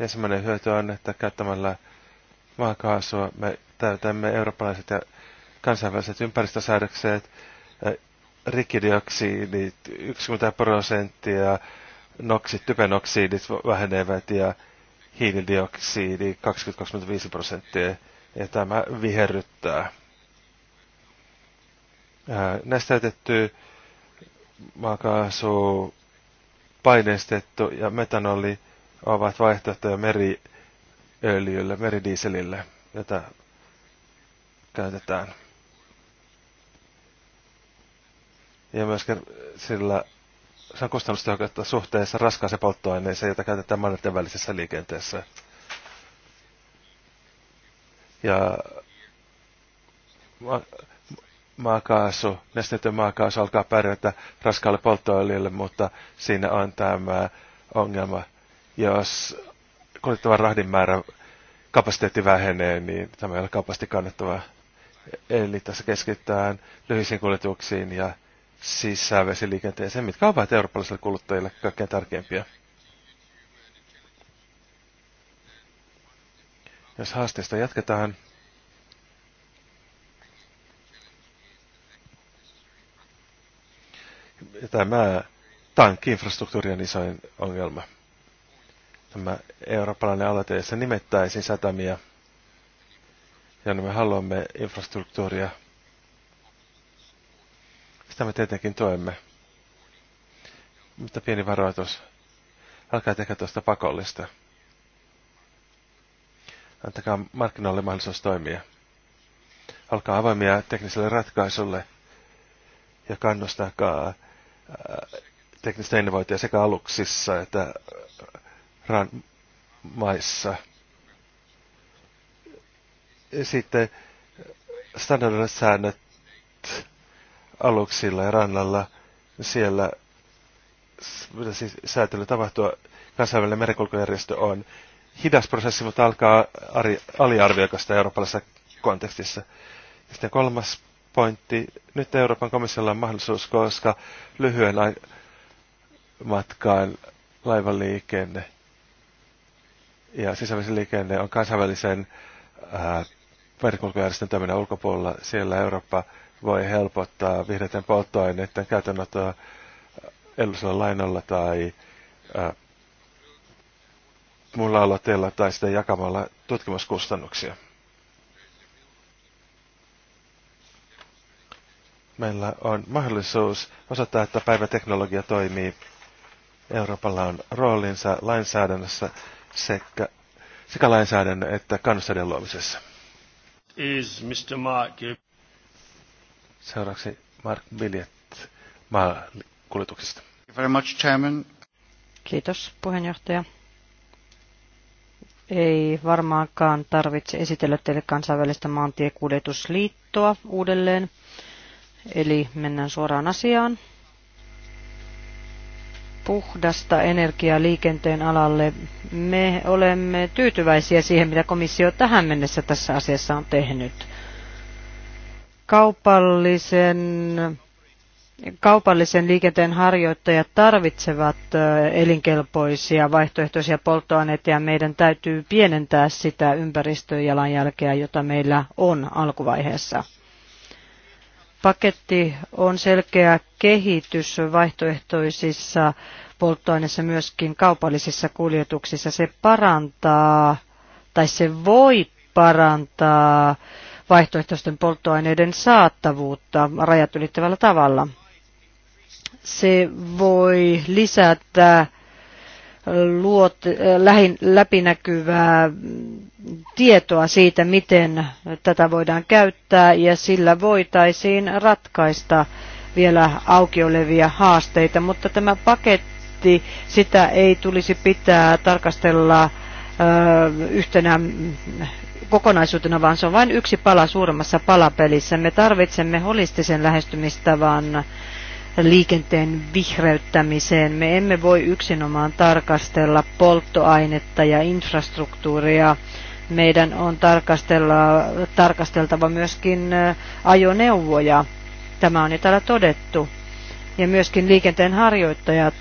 Ensimmäinen hyöty on, että käyttämällä maakaasua me täytämme eurooppalaiset ja kansainväliset ympäristösäädökset, rikkidioksidit 90 prosenttia, noksit, typenoksidit vähenevät ja hiilidioksidi 20-25 prosenttia, ja tämä viherryttää. Nästäytetty maakaasu, paineistettu ja metanoli ovat vaihtoehtoja meriöljylle, meridiiselille, jota käytetään. Ja myöskin sillä se on kustannustehokasta suhteessa raskaaseen polttoaineeseen, jota käytetään maiden välisessä liikenteessä. Ja ma- maakaasu, nestetty maakaasu alkaa pärjätä raskaalle polttoöljylle, mutta siinä on tämä ongelma. Jos kuljettavan rahdin määrä kapasiteetti vähenee, niin tämä ei ole kaupasti kannattavaa. Eli tässä keskitytään lyhyisiin kuljetuksiin ja sisävesiliikenteeseen, mitkä ovat eurooppalaisille kuluttajille kaikkein tärkeimpiä. Jos haasteesta jatketaan, tämä tankkiinfrastruktuuri on isoin ongelma. Tämä eurooppalainen aloite, jossa nimettäisiin satamia, ja me haluamme infrastruktuuria – sitä me tietenkin toimme. Mutta pieni varoitus. Älkää tehdä tuosta pakollista. Antakaa markkinoille mahdollisuus toimia. Olkaa avoimia tekniselle ratkaisulle ja kannustakaa äh, teknistä innovointia sekä aluksissa että äh, ran maissa. Sitten standardiset säännöt aluksilla ja rannalla. Siellä siis säätely tapahtua. Kansainvälinen merikulkujärjestö on hidas prosessi, mutta alkaa aliarvioikasta eurooppalaisessa kontekstissa. Ja sitten kolmas pointti. Nyt Euroopan komissiolla on mahdollisuus, koska lyhyen matkaan laivaliikenne ja liikenne on kansainvälisen merikulkujärjestön toiminnan ulkopuolella. Siellä Eurooppa voi helpottaa vihreiden polttoaineiden käytönottoa edullisella lainalla tai äh, muilla aloitteilla tai sitten jakamalla tutkimuskustannuksia. Meillä on mahdollisuus osoittaa, että päiväteknologia toimii. Euroopalla on roolinsa lainsäädännössä sekä, sekä lainsäädännön että kannustajien luomisessa. Is Mr. Mark. Seuraavaksi Mark Biljet maakuljetuksesta. Very much, Chairman. Kiitos puheenjohtaja. Ei varmaankaan tarvitse esitellä teille kansainvälistä maantiekuljetusliittoa uudelleen. Eli mennään suoraan asiaan. Puhdasta energiaa liikenteen alalle. Me olemme tyytyväisiä siihen, mitä komissio tähän mennessä tässä asiassa on tehnyt kaupallisen kaupallisen liikenteen harjoittajat tarvitsevat elinkelpoisia vaihtoehtoisia polttoaineita ja meidän täytyy pienentää sitä ympäristöjalanjälkeä, jota meillä on alkuvaiheessa. Paketti on selkeä kehitys vaihtoehtoisissa polttoaineissa myöskin kaupallisissa kuljetuksissa. Se parantaa tai se voi parantaa vaihtoehtoisten polttoaineiden saattavuutta rajat ylittävällä tavalla. Se voi lisätä luot, äh, lähin, läpinäkyvää tietoa siitä, miten tätä voidaan käyttää ja sillä voitaisiin ratkaista vielä auki olevia haasteita, mutta tämä paketti, sitä ei tulisi pitää tarkastella äh, yhtenä kokonaisuutena, vaan se on vain yksi pala suuremmassa palapelissä. Me tarvitsemme holistisen lähestymistavan liikenteen vihreyttämiseen. Me emme voi yksinomaan tarkastella polttoainetta ja infrastruktuuria. Meidän on tarkastella, tarkasteltava myöskin ajoneuvoja. Tämä on jo täällä todettu ja myöskin liikenteen harjoittajat,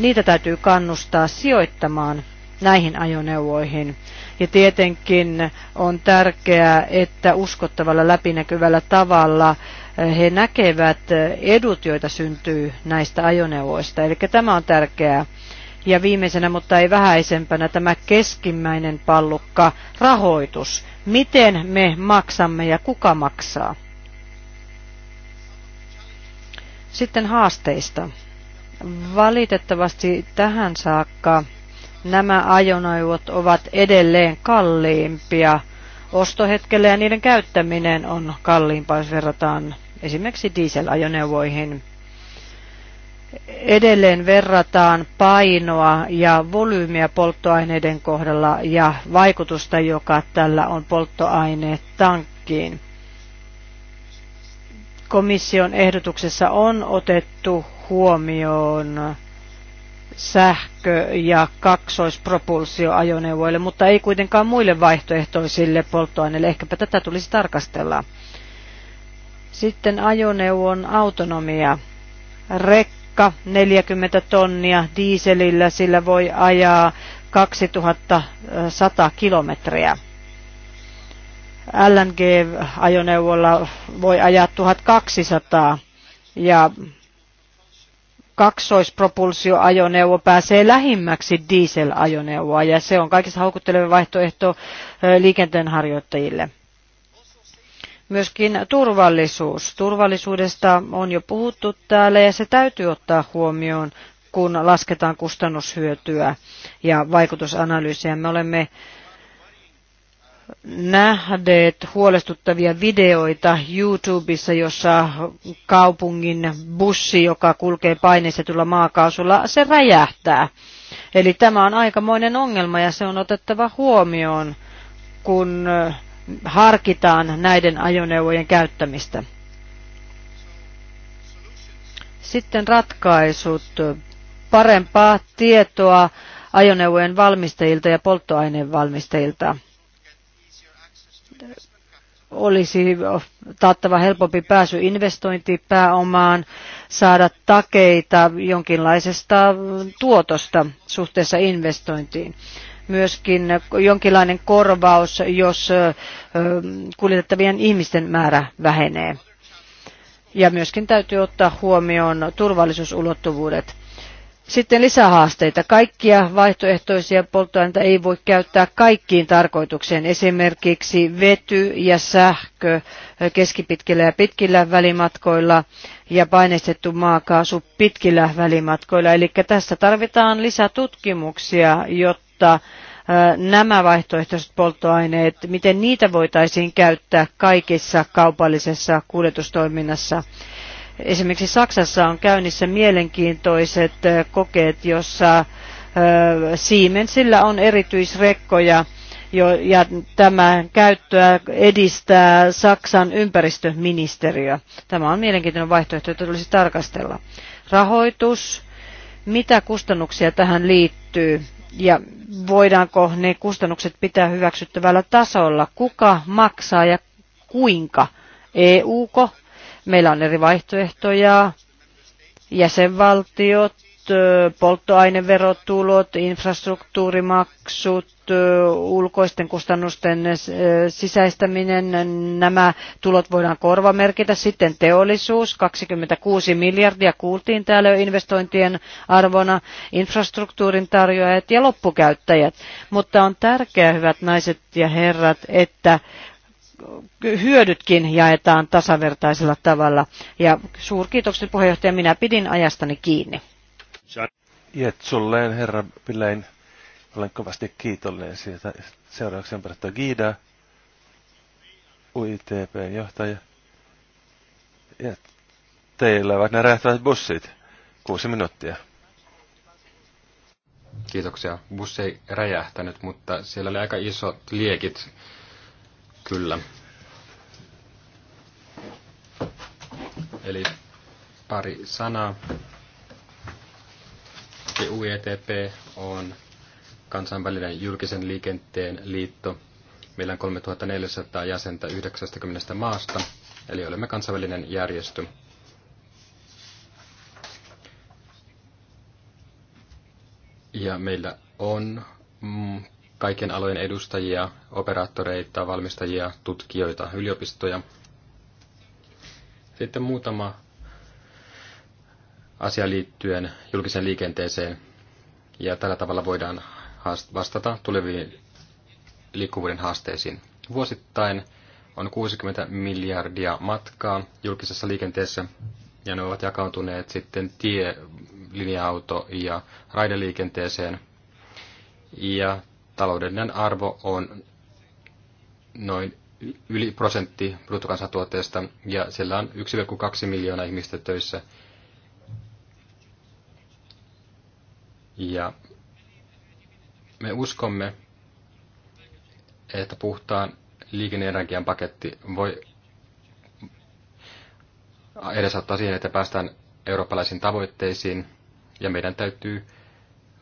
niitä täytyy kannustaa sijoittamaan näihin ajoneuvoihin. Ja tietenkin on tärkeää, että uskottavalla läpinäkyvällä tavalla eh, he näkevät eh, edut, joita syntyy näistä ajoneuvoista. Eli tämä on tärkeää. Ja viimeisenä, mutta ei vähäisempänä, tämä keskimmäinen pallukka, rahoitus. Miten me maksamme ja kuka maksaa? Sitten haasteista. Valitettavasti tähän saakka nämä ajoneuvot ovat edelleen kalliimpia ostohetkellä ja niiden käyttäminen on kalliimpaa, jos verrataan esimerkiksi dieselajoneuvoihin. Edelleen verrataan painoa ja volyymiä polttoaineiden kohdalla ja vaikutusta, joka tällä on polttoaineet tankkiin. Komission ehdotuksessa on otettu huomioon sähkö- ja kaksoispropulsioajoneuvoille, mutta ei kuitenkaan muille vaihtoehtoisille polttoaineille. Ehkäpä tätä tulisi tarkastella. Sitten ajoneuvon autonomia. Rekka 40 tonnia dieselillä, sillä voi ajaa 2100 kilometriä. LNG-ajoneuvolla voi ajaa 1200 ja kaksoispropulsioajoneuvo pääsee lähimmäksi dieselajoneuvoa ja se on kaikista houkutteleva vaihtoehto liikenteen harjoittajille. Myöskin turvallisuus. Turvallisuudesta on jo puhuttu täällä ja se täytyy ottaa huomioon, kun lasketaan kustannushyötyä ja vaikutusanalyysiä. Me olemme nähneet huolestuttavia videoita YouTubessa, jossa kaupungin bussi, joka kulkee paineistetulla maakaasulla, se räjähtää. Eli tämä on aikamoinen ongelma ja se on otettava huomioon, kun äh, harkitaan näiden ajoneuvojen käyttämistä. Sitten ratkaisut. Parempaa tietoa ajoneuvojen valmistajilta ja polttoaineen valmistajilta olisi taattava helpompi pääsy investointipääomaan, saada takeita jonkinlaisesta tuotosta suhteessa investointiin. Myöskin jonkinlainen korvaus, jos kuljetettavien ihmisten määrä vähenee. Ja myöskin täytyy ottaa huomioon turvallisuusulottuvuudet. Sitten lisähaasteita. Kaikkia vaihtoehtoisia polttoaineita ei voi käyttää kaikkiin tarkoituksiin. Esimerkiksi vety ja sähkö keskipitkillä ja pitkillä välimatkoilla ja paineistettu maakaasu pitkillä välimatkoilla. Eli tässä tarvitaan lisätutkimuksia, jotta nämä vaihtoehtoiset polttoaineet, miten niitä voitaisiin käyttää kaikissa kaupallisessa kuljetustoiminnassa Esimerkiksi Saksassa on käynnissä mielenkiintoiset kokeet, jossa Siemensillä on erityisrekkoja, ja tämä käyttöä edistää Saksan ympäristöministeriö. Tämä on mielenkiintoinen vaihtoehto, jota tulisi tarkastella. Rahoitus, mitä kustannuksia tähän liittyy ja voidaanko ne kustannukset pitää hyväksyttävällä tasolla, kuka maksaa ja kuinka, EU-ko Meillä on eri vaihtoehtoja, jäsenvaltiot, polttoaineverotulot, infrastruktuurimaksut, ulkoisten kustannusten sisäistäminen, nämä tulot voidaan korvamerkitä. Sitten teollisuus, 26 miljardia kuultiin täällä jo investointien arvona, infrastruktuurin tarjoajat ja loppukäyttäjät. Mutta on tärkeää, hyvät naiset ja herrat, että hyödytkin jaetaan tasavertaisella tavalla. Ja suurkiitokset puheenjohtaja, minä pidin ajastani kiinni. Jetsulleen herra Pilein, olen kovasti kiitollinen siitä. Seuraavaksi Umberto Gida, UITPn johtaja. Ja teillä ovat nämä räjähtävät bussit. Kuusi minuuttia. Kiitoksia. Bussi ei räjähtänyt, mutta siellä oli aika isot liekit kyllä. Eli pari sanaa. UETP on kansainvälinen julkisen liikenteen liitto. Meillä on 3400 jäsentä 90 maasta, eli olemme kansainvälinen järjestö. Ja meillä on mm, kaiken alojen edustajia, operaattoreita, valmistajia, tutkijoita, yliopistoja. Sitten muutama asia liittyen julkiseen liikenteeseen. Ja tällä tavalla voidaan vastata tuleviin liikkuvuuden haasteisiin. Vuosittain on 60 miljardia matkaa julkisessa liikenteessä ja ne ovat jakautuneet sitten tie, linja-auto ja raideliikenteeseen. Ja taloudellinen arvo on noin yli prosentti bruttokansantuotteesta ja siellä on 1,2 miljoonaa ihmistä töissä. Ja me uskomme, että puhtaan liikenneenergian paketti voi edesauttaa siihen, että päästään eurooppalaisiin tavoitteisiin ja meidän täytyy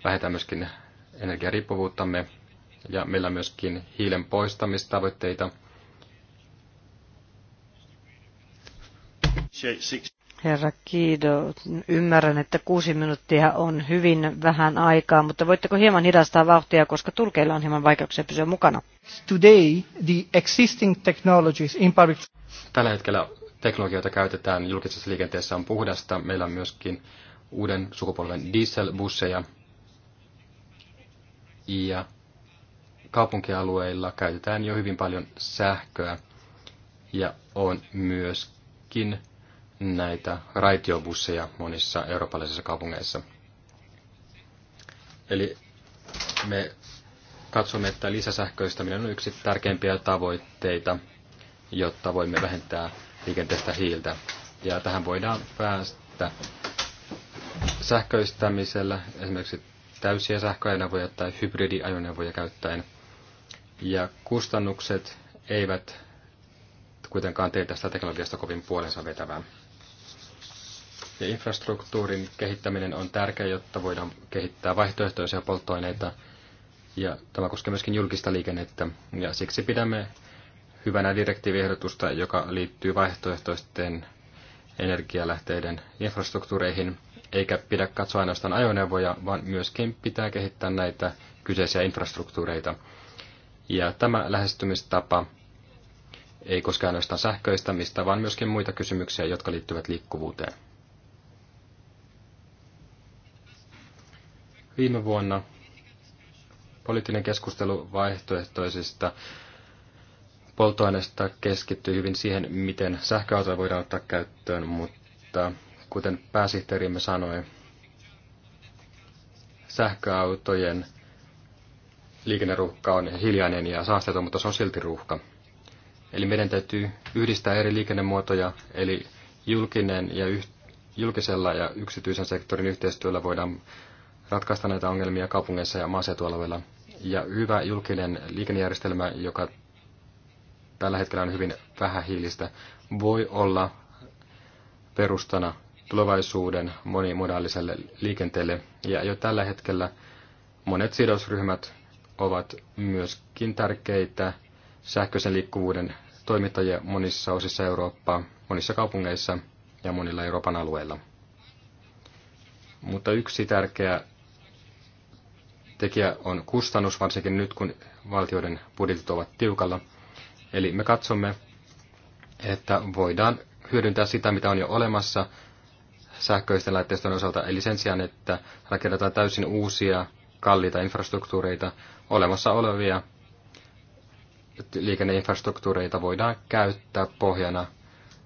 vähentää myöskin energiariippuvuuttamme ja meillä on myöskin hiilen poistamistavoitteita. Herra Kiido, ymmärrän, että kuusi minuuttia on hyvin vähän aikaa, mutta voitteko hieman hidastaa vauhtia, koska tulkeilla on hieman vaikeuksia pysyä mukana? Today, the existing technologies in public... Tällä hetkellä teknologioita käytetään julkisessa liikenteessä on puhdasta. Meillä on myöskin uuden sukupolven dieselbusseja. Ja kaupunkialueilla käytetään jo hyvin paljon sähköä ja on myöskin näitä raitiobusseja monissa eurooppalaisissa kaupungeissa. Eli me katsomme, että lisäsähköistäminen on yksi tärkeimpiä tavoitteita, jotta voimme vähentää liikenteestä hiiltä. Ja tähän voidaan päästä sähköistämisellä, esimerkiksi täysiä sähköajoneuvoja tai hybridiajoneuvoja käyttäen – ja kustannukset eivät kuitenkaan tee tästä teknologiasta kovin puolensa vetävää. Ja infrastruktuurin kehittäminen on tärkeä, jotta voidaan kehittää vaihtoehtoisia polttoaineita. Ja tämä koskee myöskin julkista liikennettä. Ja siksi pidämme hyvänä direktiiviehdotusta, joka liittyy vaihtoehtoisten energialähteiden infrastruktuureihin, eikä pidä katsoa ainoastaan ajoneuvoja, vaan myöskin pitää kehittää näitä kyseisiä infrastruktuureita. Ja tämä lähestymistapa ei koske ainoastaan sähköistämistä, vaan myöskin muita kysymyksiä, jotka liittyvät liikkuvuuteen. Viime vuonna poliittinen keskustelu vaihtoehtoisista polttoaineista keskittyi hyvin siihen, miten sähköautoja voidaan ottaa käyttöön, mutta kuten pääsihteerimme sanoi, sähköautojen liikenneruhka on hiljainen ja saasteeton, mutta se on silti ruuhka. Eli meidän täytyy yhdistää eri liikennemuotoja, eli julkinen ja yh, julkisella ja yksityisen sektorin yhteistyöllä voidaan ratkaista näitä ongelmia kaupungeissa ja maaseutualueilla. Ja hyvä julkinen liikennejärjestelmä, joka tällä hetkellä on hyvin vähähiilistä, voi olla perustana tulevaisuuden monimodaaliselle liikenteelle. Ja jo tällä hetkellä monet sidosryhmät ovat myöskin tärkeitä sähköisen liikkuvuuden toimittajia monissa osissa Eurooppaa, monissa kaupungeissa ja monilla Euroopan alueilla. Mutta yksi tärkeä tekijä on kustannus, varsinkin nyt kun valtioiden budjetit ovat tiukalla. Eli me katsomme, että voidaan hyödyntää sitä, mitä on jo olemassa sähköisten laitteiston osalta. Eli sen sijaan, että rakennetaan täysin uusia kalliita infrastruktuureita, olemassa olevia liikenneinfrastruktuureita voidaan käyttää pohjana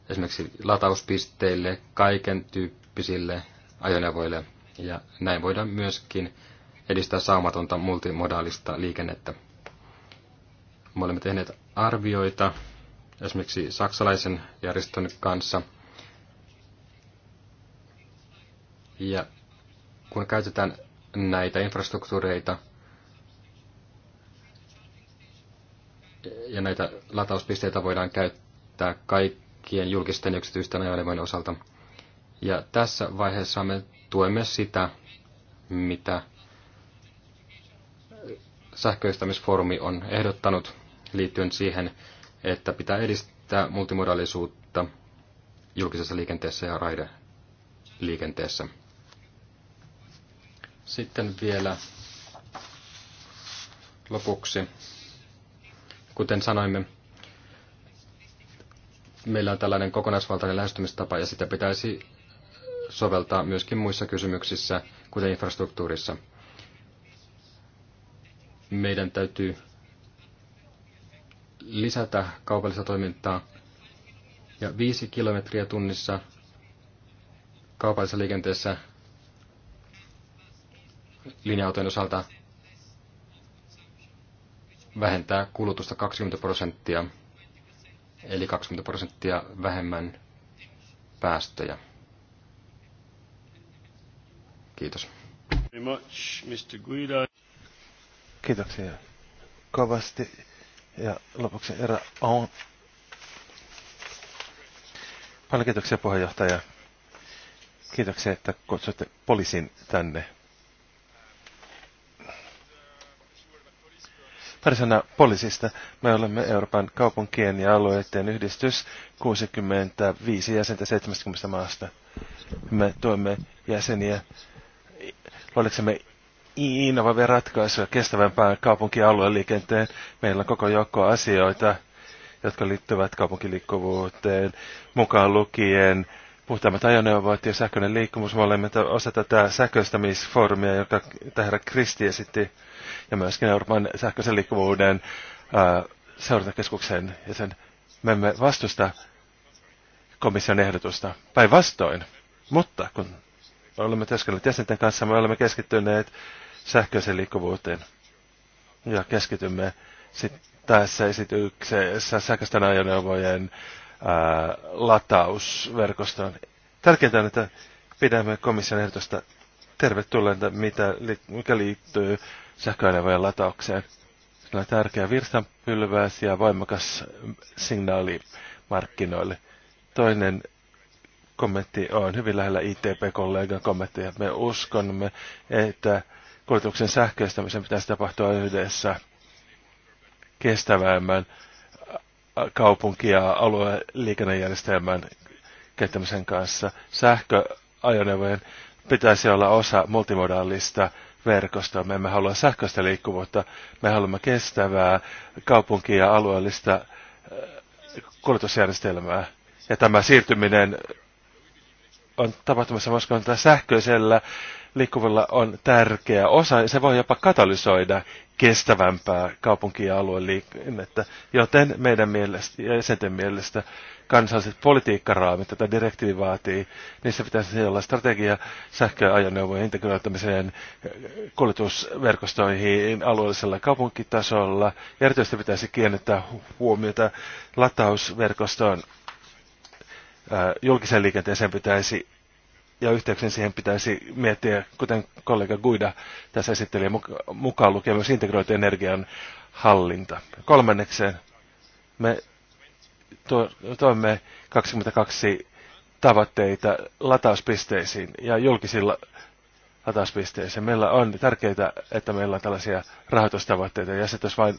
esimerkiksi latauspisteille, kaiken tyyppisille ajoneuvoille. Ja näin voidaan myöskin edistää saumatonta multimodaalista liikennettä. Me olemme tehneet arvioita esimerkiksi saksalaisen järjestön kanssa. Ja kun käytetään näitä infrastruktuureita ja näitä latauspisteitä voidaan käyttää kaikkien julkisten ja yksityisten ajoneuvojen osalta. Ja tässä vaiheessa me tuemme sitä, mitä sähköistämisfoorumi on ehdottanut liittyen siihen, että pitää edistää multimodaalisuutta julkisessa liikenteessä ja raideliikenteessä. liikenteessä. Sitten vielä lopuksi, kuten sanoimme, meillä on tällainen kokonaisvaltainen lähestymistapa ja sitä pitäisi soveltaa myöskin muissa kysymyksissä, kuten infrastruktuurissa. Meidän täytyy lisätä kaupallista toimintaa ja viisi kilometriä tunnissa kaupallisessa liikenteessä linja-autojen osalta vähentää kulutusta 20 prosenttia, eli 20 prosenttia vähemmän päästöjä. Kiitos. Kiitoksia kovasti. Ja lopuksi erä on. Paljon kiitoksia puheenjohtaja. Kiitoksia, että kutsutte poliisin tänne. Pari poliisista. Me olemme Euroopan kaupunkien ja alueiden yhdistys 65 jäsentä 70 maasta. Me tuemme jäseniä luodaksemme innovaavia ratkaisuja kestävämpään ja liikenteen. Meillä on koko joukko asioita, jotka liittyvät kaupunkiliikkuvuuteen, mukaan lukien puhtaammat ajoneuvot ja sähköinen liikkumus. Me olemme osa tätä sähköistämisfoorumia, joka tähän Kristi esitti ja myöskin Euroopan sähköisen liikkuvuuden seurantakeskuksen ja sen me emme vastusta komission ehdotusta. Päinvastoin. Mutta kun olemme työskennelleet jäsenten kanssa, me olemme keskittyneet sähköiseen liikkuvuuteen. Ja keskitymme sitten tässä esityksessä sähköisten ajoneuvojen ää, latausverkostoon. Tärkeintä on, että pidämme komission ehdotusta tervetulleena, mitä, mikä liittyy sähköajoneuvojen lataukseen. Sillä on tärkeä virstanpylväs ja voimakas signaali markkinoille. Toinen kommentti on hyvin lähellä ITP-kollegan kommentteja. Me uskomme, että kulutuksen sähköistämisen pitäisi tapahtua yhdessä kestävämmän kaupunki- ja alueliikennejärjestelmän käyttämisen kanssa. Sähköajoneuvojen pitäisi olla osa multimodaalista verkostoa. Me emme halua sähköistä liikkuvuutta, me haluamme kestävää kaupunkia ja alueellista äh, kulutusjärjestelmää. Ja tämä siirtyminen on tapahtumassa koska on sähköisellä liikkuvalla on tärkeä osa. Se voi jopa katalysoida kestävämpää kaupunkia ja liikennettä. joten meidän mielestä ja jäsenten mielestä kansalliset politiikkaraamit, tätä direktiivi vaatii, niissä pitäisi olla strategia sähköajoneuvojen integroittamiseen kuljetusverkostoihin alueellisella kaupunkitasolla. Ja erityisesti pitäisi kiinnittää huomiota latausverkostoon. Julkisen liikenteeseen pitäisi ja yhteyksien siihen pitäisi miettiä, kuten kollega Guida tässä esitteli, mukaan lukee myös integroitu energian hallinta. Kolmannekseen me toimme 22 tavoitteita latauspisteisiin ja julkisilla latauspisteisiin. Meillä on tärkeää, että meillä on tällaisia rahoitustavoitteita ja se vain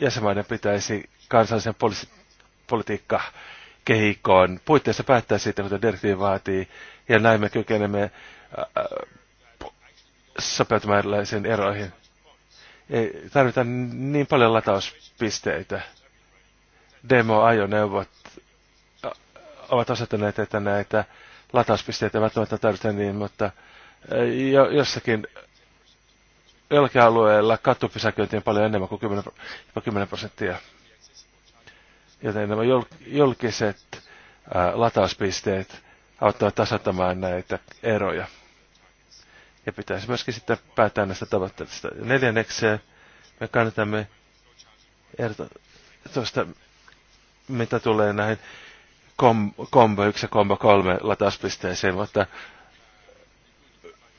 jäsenmaiden pitäisi kansallisen poliisi, politiikka kehikkoon puitteissa päättää siitä, mitä direktiivi vaatii, ja näin me kykenemme sopeutumaan erilaisiin eroihin. Ei tarvita niin paljon latauspisteitä demo-ajoneuvot ovat asettaneet, että näitä latauspisteitä ei välttämättä tarvitse niin, mutta jo, jossakin jollakin alueella on paljon enemmän kuin 10, jopa 10 prosenttia. Joten nämä julkiset ää, latauspisteet auttavat tasoittamaan näitä eroja. Ja pitäisi myöskin sitten päättää näistä tavoitteista. Neljänneksi me kannatamme ehdotusta mitä tulee näihin kom, kombo 1 ja kombo 3 latauspisteeseen, mutta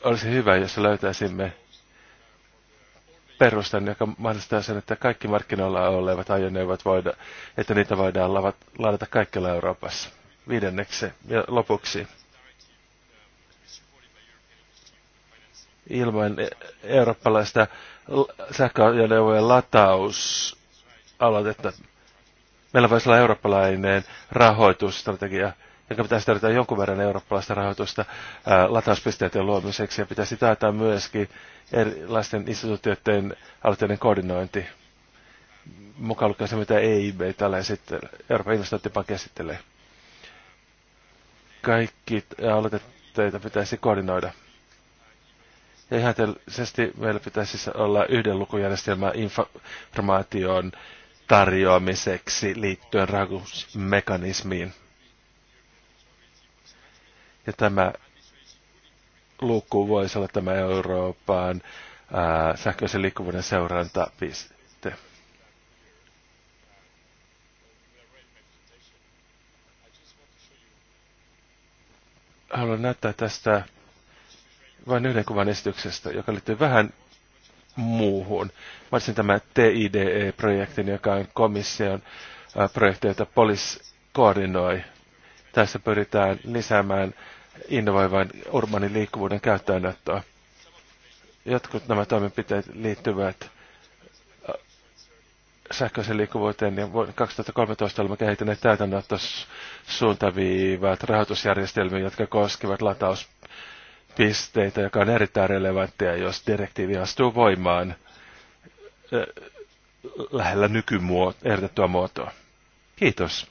olisi hyvä, jos löytäisimme perustan, joka mahdollistaa sen, että kaikki markkinoilla olevat ajoneuvot voida, että niitä voidaan ladata kaikkialla Euroopassa. Viidenneksi ja lopuksi. Ilman eurooppalaista sähköajoneuvojen latausaloitetta meillä voisi olla eurooppalainen rahoitusstrategia, jonka pitäisi tarjota jonkun verran eurooppalaista rahoitusta ää, latauspisteiden luomiseksi ja pitäisi taata myöskin erilaisten instituutioiden aloitteiden koordinointi mukaan lukien se, mitä EIB tällä esittele, Euroopan investointipankki esittelee. Kaikki aloitteita pitäisi koordinoida. Ja ihan meillä pitäisi olla yhden lukujärjestelmän informaation tarjoamiseksi liittyen rahoitusmekanismiin. Ja tämä luku voisi olla tämä Euroopan ää, sähköisen liikkuvuuden seurantapiste. Haluan näyttää tästä vain yhden kuvan esityksestä, joka liittyy vähän muuhun. Varsin tämä TIDE-projektin, joka on komission projekti, jota poliis koordinoi. Tässä pyritään lisäämään innovoivan urbanin liikkuvuuden käyttöönottoa. Jotkut nämä toimenpiteet liittyvät sähköisen liikkuvuuteen ja vuonna 2013 olemme kehittäneet täytännössä suuntaviivat rahoitusjärjestelmiä, jotka koskevat lataus pisteitä, joka on erittäin relevanttia, jos direktiivi astuu voimaan lähellä nykymuotoa, muotoa. Kiitos.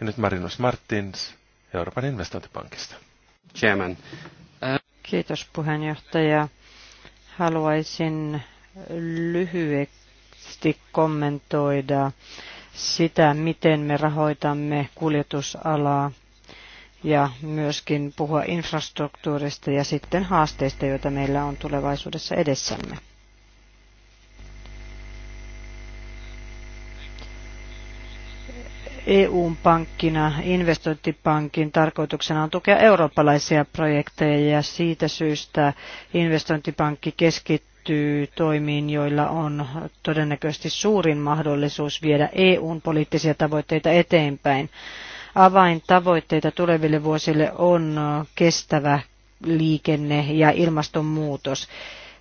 Ja nyt Marinus Martins Euroopan investointipankista. Chairman. Kiitos puheenjohtaja. Haluaisin lyhyesti kommentoida sitä, miten me rahoitamme kuljetusalaa ja myöskin puhua infrastruktuurista ja sitten haasteista, joita meillä on tulevaisuudessa edessämme. EU-pankkina, investointipankin tarkoituksena on tukea eurooppalaisia projekteja ja siitä syystä investointipankki keskittyy toimiin, joilla on todennäköisesti suurin mahdollisuus viedä EUn poliittisia tavoitteita eteenpäin avaintavoitteita tuleville vuosille on kestävä liikenne ja ilmastonmuutos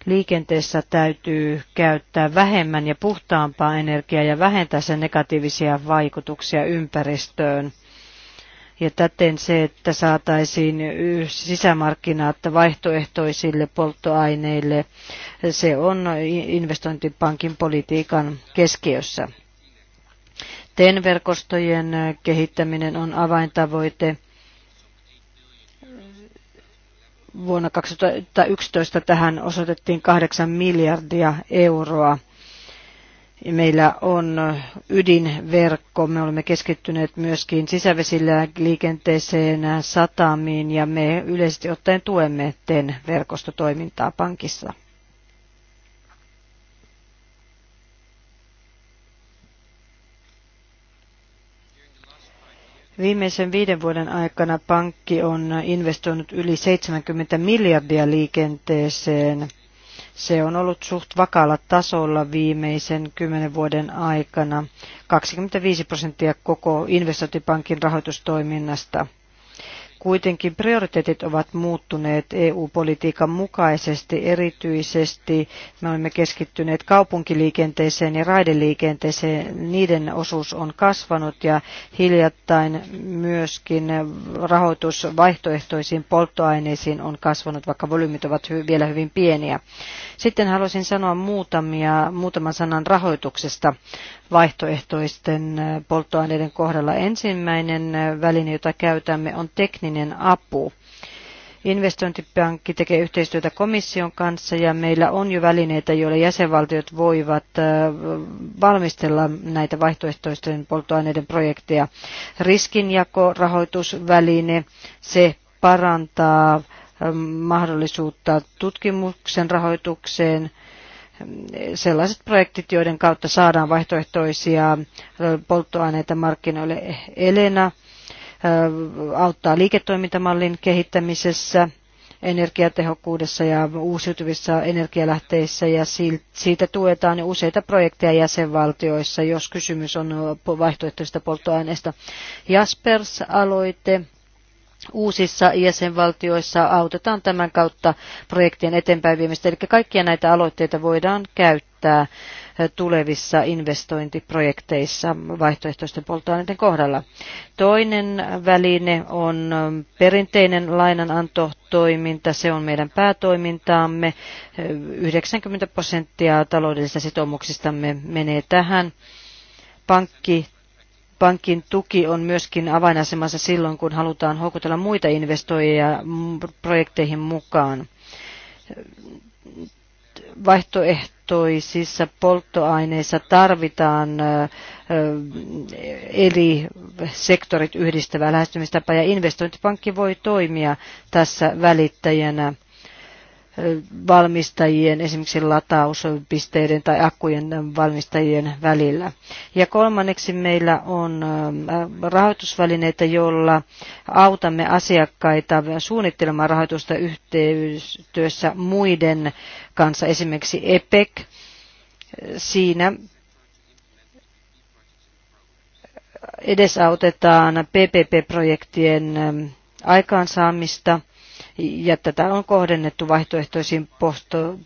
liikenteessä täytyy käyttää vähemmän ja puhtaampaa energiaa ja vähentää sen negatiivisia vaikutuksia ympäristöön. Ja täten se, että saataisiin sisämarkkinat vaihtoehtoisille polttoaineille, se on investointipankin politiikan keskiössä. TEN-verkostojen kehittäminen on avaintavoite. Vuonna 2011 tähän osoitettiin 8 miljardia euroa. Meillä on ydinverkko, me olemme keskittyneet myöskin sisävesillä liikenteeseen, satamiin ja me yleisesti ottaen tuemme TEN-verkostotoimintaa pankissa. Viimeisen viiden vuoden aikana pankki on investoinut yli 70 miljardia liikenteeseen. Se on ollut suht vakaalla tasolla viimeisen kymmenen vuoden aikana, 25 prosenttia koko investointipankin rahoitustoiminnasta. Kuitenkin prioriteetit ovat muuttuneet EU-politiikan mukaisesti. Erityisesti me olemme keskittyneet kaupunkiliikenteeseen ja raideliikenteeseen. Niiden osuus on kasvanut ja hiljattain myöskin rahoitus vaihtoehtoisiin polttoaineisiin on kasvanut, vaikka volyymit ovat vielä hyvin pieniä. Sitten haluaisin sanoa muutamia, muutaman sanan rahoituksesta vaihtoehtoisten polttoaineiden kohdalla. Ensimmäinen väline, jota käytämme, on tekninen apu. Investointipankki tekee yhteistyötä komission kanssa ja meillä on jo välineitä, joilla jäsenvaltiot voivat valmistella näitä vaihtoehtoisten polttoaineiden projekteja. Riskinjako, rahoitusväline, se parantaa mahdollisuutta tutkimuksen rahoitukseen, sellaiset projektit, joiden kautta saadaan vaihtoehtoisia polttoaineita markkinoille. Elena auttaa liiketoimintamallin kehittämisessä energiatehokkuudessa ja uusiutuvissa energialähteissä ja siitä tuetaan useita projekteja jäsenvaltioissa, jos kysymys on vaihtoehtoisista polttoaineista. Jaspers-aloite uusissa jäsenvaltioissa autetaan tämän kautta projektien eteenpäinviemistä. Eli kaikkia näitä aloitteita voidaan käyttää tulevissa investointiprojekteissa vaihtoehtoisten polttoaineiden kohdalla. Toinen väline on perinteinen lainananto-toiminta. Se on meidän päätoimintaamme. 90 prosenttia taloudellisista sitoumuksistamme menee tähän. Pankki pankin tuki on myöskin avainasemassa silloin, kun halutaan houkutella muita investoijia projekteihin mukaan. Vaihtoehtoisissa polttoaineissa tarvitaan eri sektorit yhdistävää lähestymistapa ja investointipankki voi toimia tässä välittäjänä valmistajien, esimerkiksi latauspisteiden tai akkujen valmistajien välillä. Ja kolmanneksi meillä on ähm, rahoitusvälineitä, joilla autamme asiakkaita suunnittelemaan rahoitusta yhteistyössä muiden kanssa, esimerkiksi EPEC. Siinä edesautetaan PPP-projektien ähm, aikaansaamista – ja tätä on kohdennettu vaihtoehtoisiin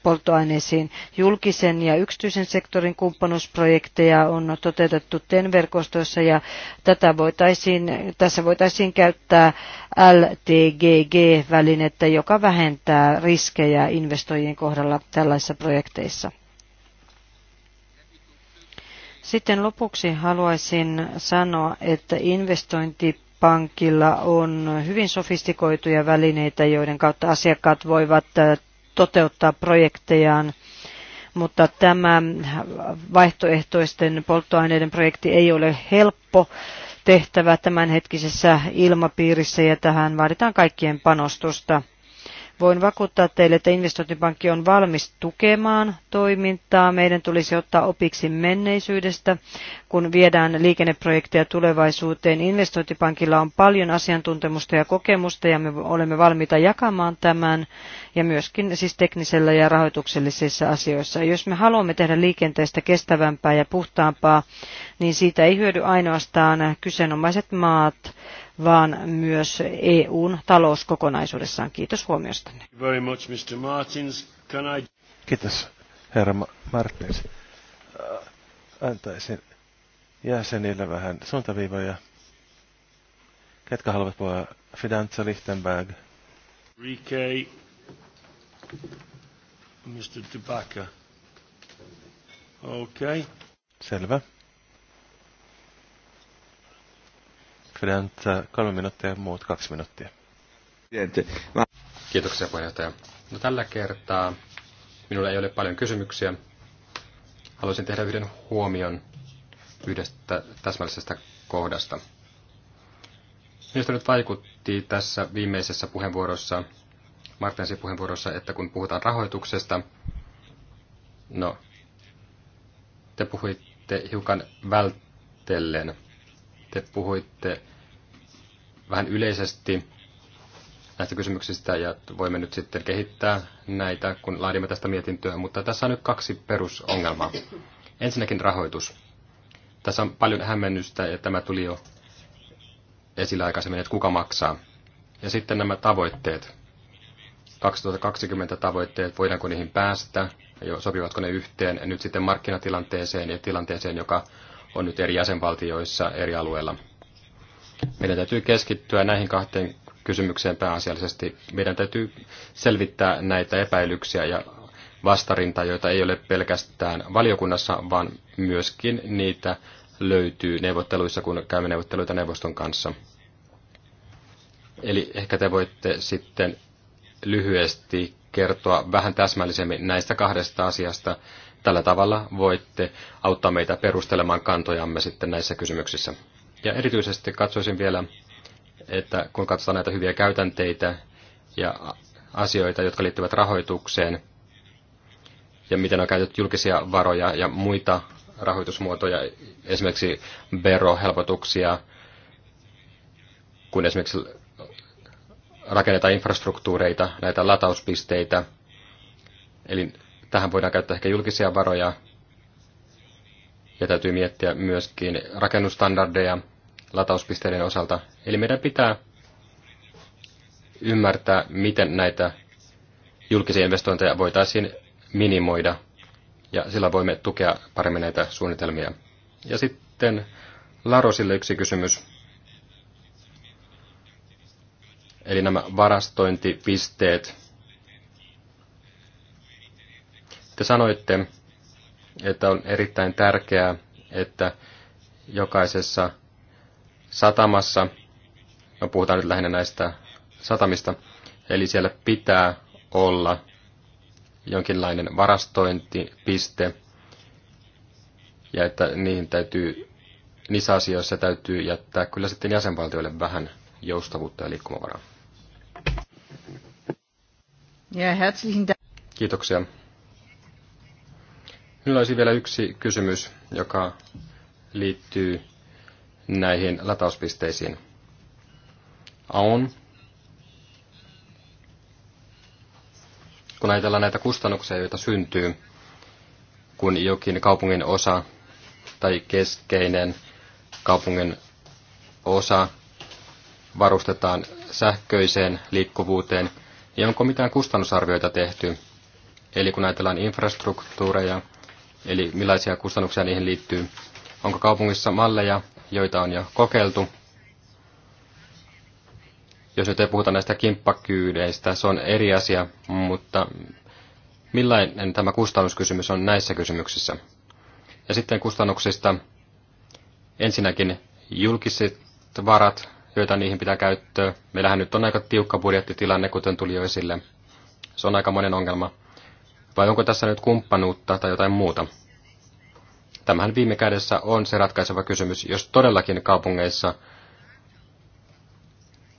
polttoaineisiin. Julkisen ja yksityisen sektorin kumppanuusprojekteja on toteutettu TEN-verkostoissa ja tätä voitaisiin, tässä voitaisiin käyttää LTGG-välinettä, joka vähentää riskejä investoijien kohdalla tällaisissa projekteissa. Sitten lopuksi haluaisin sanoa, että investointi pankilla on hyvin sofistikoituja välineitä, joiden kautta asiakkaat voivat äh, toteuttaa projektejaan, mutta tämä vaihtoehtoisten polttoaineiden projekti ei ole helppo tehtävä tämänhetkisessä ilmapiirissä ja tähän vaaditaan kaikkien panostusta. Voin vakuuttaa teille, että investointipankki on valmis tukemaan toimintaa. Meidän tulisi ottaa opiksi menneisyydestä, kun viedään liikenneprojekteja tulevaisuuteen. Investointipankilla on paljon asiantuntemusta ja kokemusta ja me olemme valmiita jakamaan tämän ja myöskin siis teknisellä ja rahoituksellisissa asioissa. Jos me haluamme tehdä liikenteestä kestävämpää ja puhtaampaa, niin siitä ei hyödy ainoastaan kyseenomaiset maat, vaan myös EUn talous kokonaisuudessaan. Kiitos huomiostanne. Very much, Mr. Martins. Can I... Kiitos, herra Martins. Äh, antaisin jäsenille vähän suuntaviivoja. Ketkä haluavat puhua? Fidanza Lichtenberg. Rike. Mr. Tobacco. Okei. Okay. Selvä. Kven kolme minuuttia ja muut kaksi minuuttia. Kiitoksia puheenjohtaja. No, tällä kertaa minulla ei ole paljon kysymyksiä. Haluaisin tehdä yhden huomion yhdestä täsmällisestä kohdasta. Minusta nyt vaikutti tässä viimeisessä puheenvuorossa, Martensin puheenvuorossa, että kun puhutaan rahoituksesta, no, te puhuitte hiukan välttellen te puhuitte vähän yleisesti näistä kysymyksistä ja voimme nyt sitten kehittää näitä, kun laadimme tästä mietintöä, mutta tässä on nyt kaksi perusongelmaa. Ensinnäkin rahoitus. Tässä on paljon hämmennystä ja tämä tuli jo esillä aikaisemmin, että kuka maksaa. Ja sitten nämä tavoitteet. 2020 tavoitteet, voidaanko niihin päästä, sopivatko ne yhteen nyt sitten markkinatilanteeseen ja tilanteeseen, joka on nyt eri jäsenvaltioissa eri alueilla. Meidän täytyy keskittyä näihin kahteen kysymykseen pääasiallisesti. Meidän täytyy selvittää näitä epäilyksiä ja vastarintaa, joita ei ole pelkästään valiokunnassa, vaan myöskin niitä löytyy neuvotteluissa, kun käymme neuvotteluita neuvoston kanssa. Eli ehkä te voitte sitten lyhyesti kertoa vähän täsmällisemmin näistä kahdesta asiasta, Tällä tavalla voitte auttaa meitä perustelemaan kantojamme sitten näissä kysymyksissä. Ja erityisesti katsoisin vielä, että kun katsotaan näitä hyviä käytänteitä ja asioita, jotka liittyvät rahoitukseen, ja miten on käytetty julkisia varoja ja muita rahoitusmuotoja, esimerkiksi verohelpotuksia, kun esimerkiksi rakennetaan infrastruktuureita, näitä latauspisteitä, eli Tähän voidaan käyttää ehkä julkisia varoja ja täytyy miettiä myöskin rakennustandardeja latauspisteiden osalta. Eli meidän pitää ymmärtää, miten näitä julkisia investointeja voitaisiin minimoida ja sillä voimme tukea paremmin näitä suunnitelmia. Ja sitten Larosille yksi kysymys. Eli nämä varastointipisteet Te sanoitte, että on erittäin tärkeää, että jokaisessa satamassa, no puhutaan nyt lähinnä näistä satamista, eli siellä pitää olla jonkinlainen varastointipiste, ja että niihin täytyy, niissä asioissa täytyy jättää kyllä sitten jäsenvaltioille vähän joustavuutta ja liikkumavaraa. Ja herzlichen Dank. Kiitoksia. Minulla olisi vielä yksi kysymys, joka liittyy näihin latauspisteisiin. Aun, Kun ajatellaan näitä kustannuksia, joita syntyy, kun jokin kaupungin osa tai keskeinen kaupungin osa varustetaan sähköiseen liikkuvuuteen, niin onko mitään kustannusarvioita tehty? Eli kun ajatellaan infrastruktuureja, eli millaisia kustannuksia niihin liittyy. Onko kaupungissa malleja, joita on jo kokeiltu? Jos nyt ei puhuta näistä kimppakyydeistä, se on eri asia, mutta millainen tämä kustannuskysymys on näissä kysymyksissä? Ja sitten kustannuksista ensinnäkin julkiset varat, joita niihin pitää käyttää Meillähän nyt on aika tiukka budjettitilanne, kuten tuli jo esille. Se on aika monen ongelma. Vai onko tässä nyt kumppanuutta tai jotain muuta? Tämähän viime kädessä on se ratkaiseva kysymys, jos todellakin kaupungeissa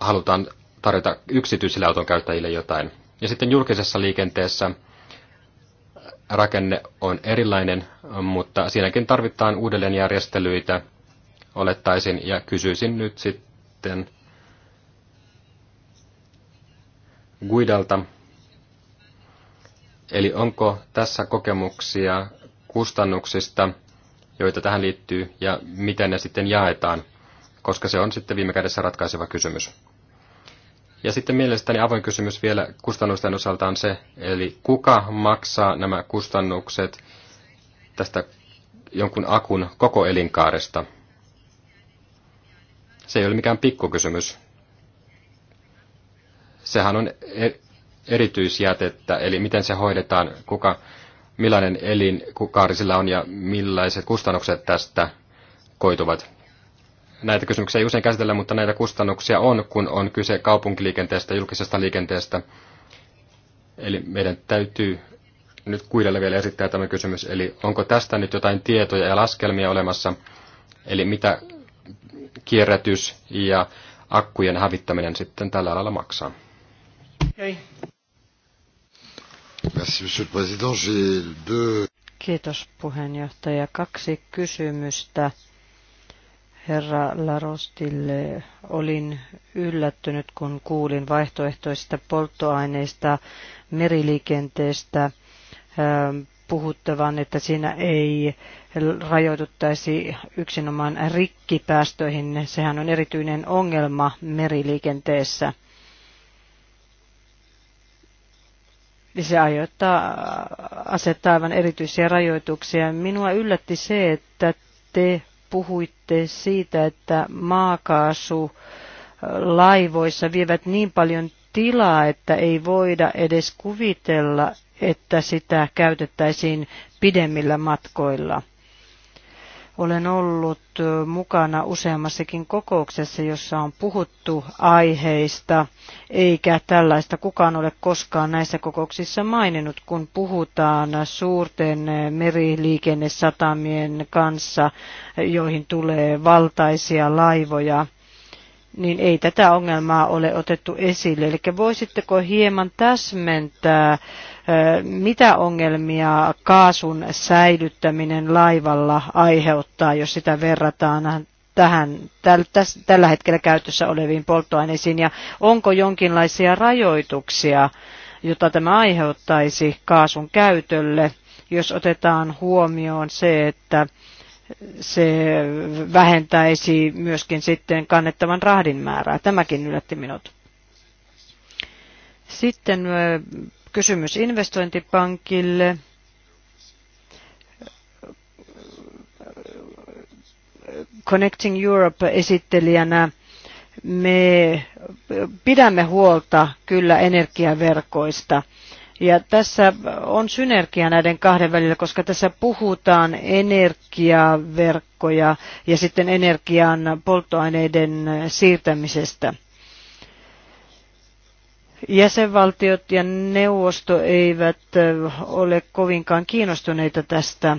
halutaan tarjota yksityisille auton käyttäjille jotain. Ja sitten julkisessa liikenteessä rakenne on erilainen, mutta siinäkin tarvitaan uudelleenjärjestelyitä, olettaisin, ja kysyisin nyt sitten Guidalta, Eli onko tässä kokemuksia kustannuksista, joita tähän liittyy, ja miten ne sitten jaetaan, koska se on sitten viime kädessä ratkaiseva kysymys. Ja sitten mielestäni avoin kysymys vielä kustannusten osalta on se, eli kuka maksaa nämä kustannukset tästä jonkun akun koko elinkaaresta. Se ei ole mikään pikkukysymys. Sehän on e- erityisjätettä, eli miten se hoidetaan, kuka, millainen elin kukaari sillä on ja millaiset kustannukset tästä koituvat. Näitä kysymyksiä ei usein käsitellä, mutta näitä kustannuksia on, kun on kyse kaupunkiliikenteestä, julkisesta liikenteestä. Eli meidän täytyy nyt kuidelle vielä esittää tämä kysymys, eli onko tästä nyt jotain tietoja ja laskelmia olemassa, eli mitä kierrätys ja akkujen hävittäminen sitten tällä alalla maksaa. Okay. Kiitos puheenjohtaja. Kaksi kysymystä herra Larostille. Olin yllättynyt, kun kuulin vaihtoehtoisista polttoaineista meriliikenteestä ähm, puhuttavan, että siinä ei rajoituttaisi yksinomaan rikkipäästöihin. Sehän on erityinen ongelma meriliikenteessä. Niin se aiheuttaa, asettaa aivan erityisiä rajoituksia. Minua yllätti se, että te puhuitte siitä, että maakaasu laivoissa vievät niin paljon tilaa, että ei voida edes kuvitella, että sitä käytettäisiin pidemmillä matkoilla. Olen ollut mukana useammassakin kokouksessa, jossa on puhuttu aiheista, eikä tällaista kukaan ole koskaan näissä kokouksissa maininnut, kun puhutaan suurten meriliikennesatamien kanssa, joihin tulee valtaisia laivoja – niin ei tätä ongelmaa ole otettu esille. Eli voisitteko hieman täsmentää, mitä ongelmia kaasun säilyttäminen laivalla aiheuttaa, jos sitä verrataan tähän täl, täs, tällä hetkellä käytössä oleviin polttoaineisiin, ja onko jonkinlaisia rajoituksia, jota tämä aiheuttaisi kaasun käytölle, jos otetaan huomioon se, että se vähentäisi myöskin sitten kannettavan rahdin määrää. Tämäkin yllätti minut. Sitten kysymys investointipankille. Connecting Europe-esittelijänä me pidämme huolta kyllä energiaverkoista – ja tässä on synergia näiden kahden välillä, koska tässä puhutaan energiaverkkoja ja sitten energian polttoaineiden siirtämisestä jäsenvaltiot ja neuvosto eivät ole kovinkaan kiinnostuneita tästä.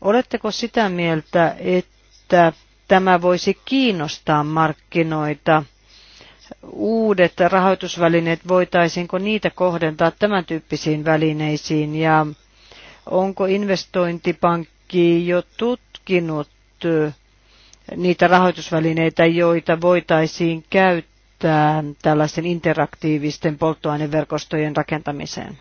Oletteko sitä mieltä, että tämä voisi kiinnostaa markkinoita uudet rahoitusvälineet, voitaisiinko niitä kohdentaa tämän tyyppisiin välineisiin ja onko investointipankki jo tutkinut niitä rahoitusvälineitä, joita voitaisiin käyttää tällaisten interaktiivisten polttoaineverkostojen rakentamiseen?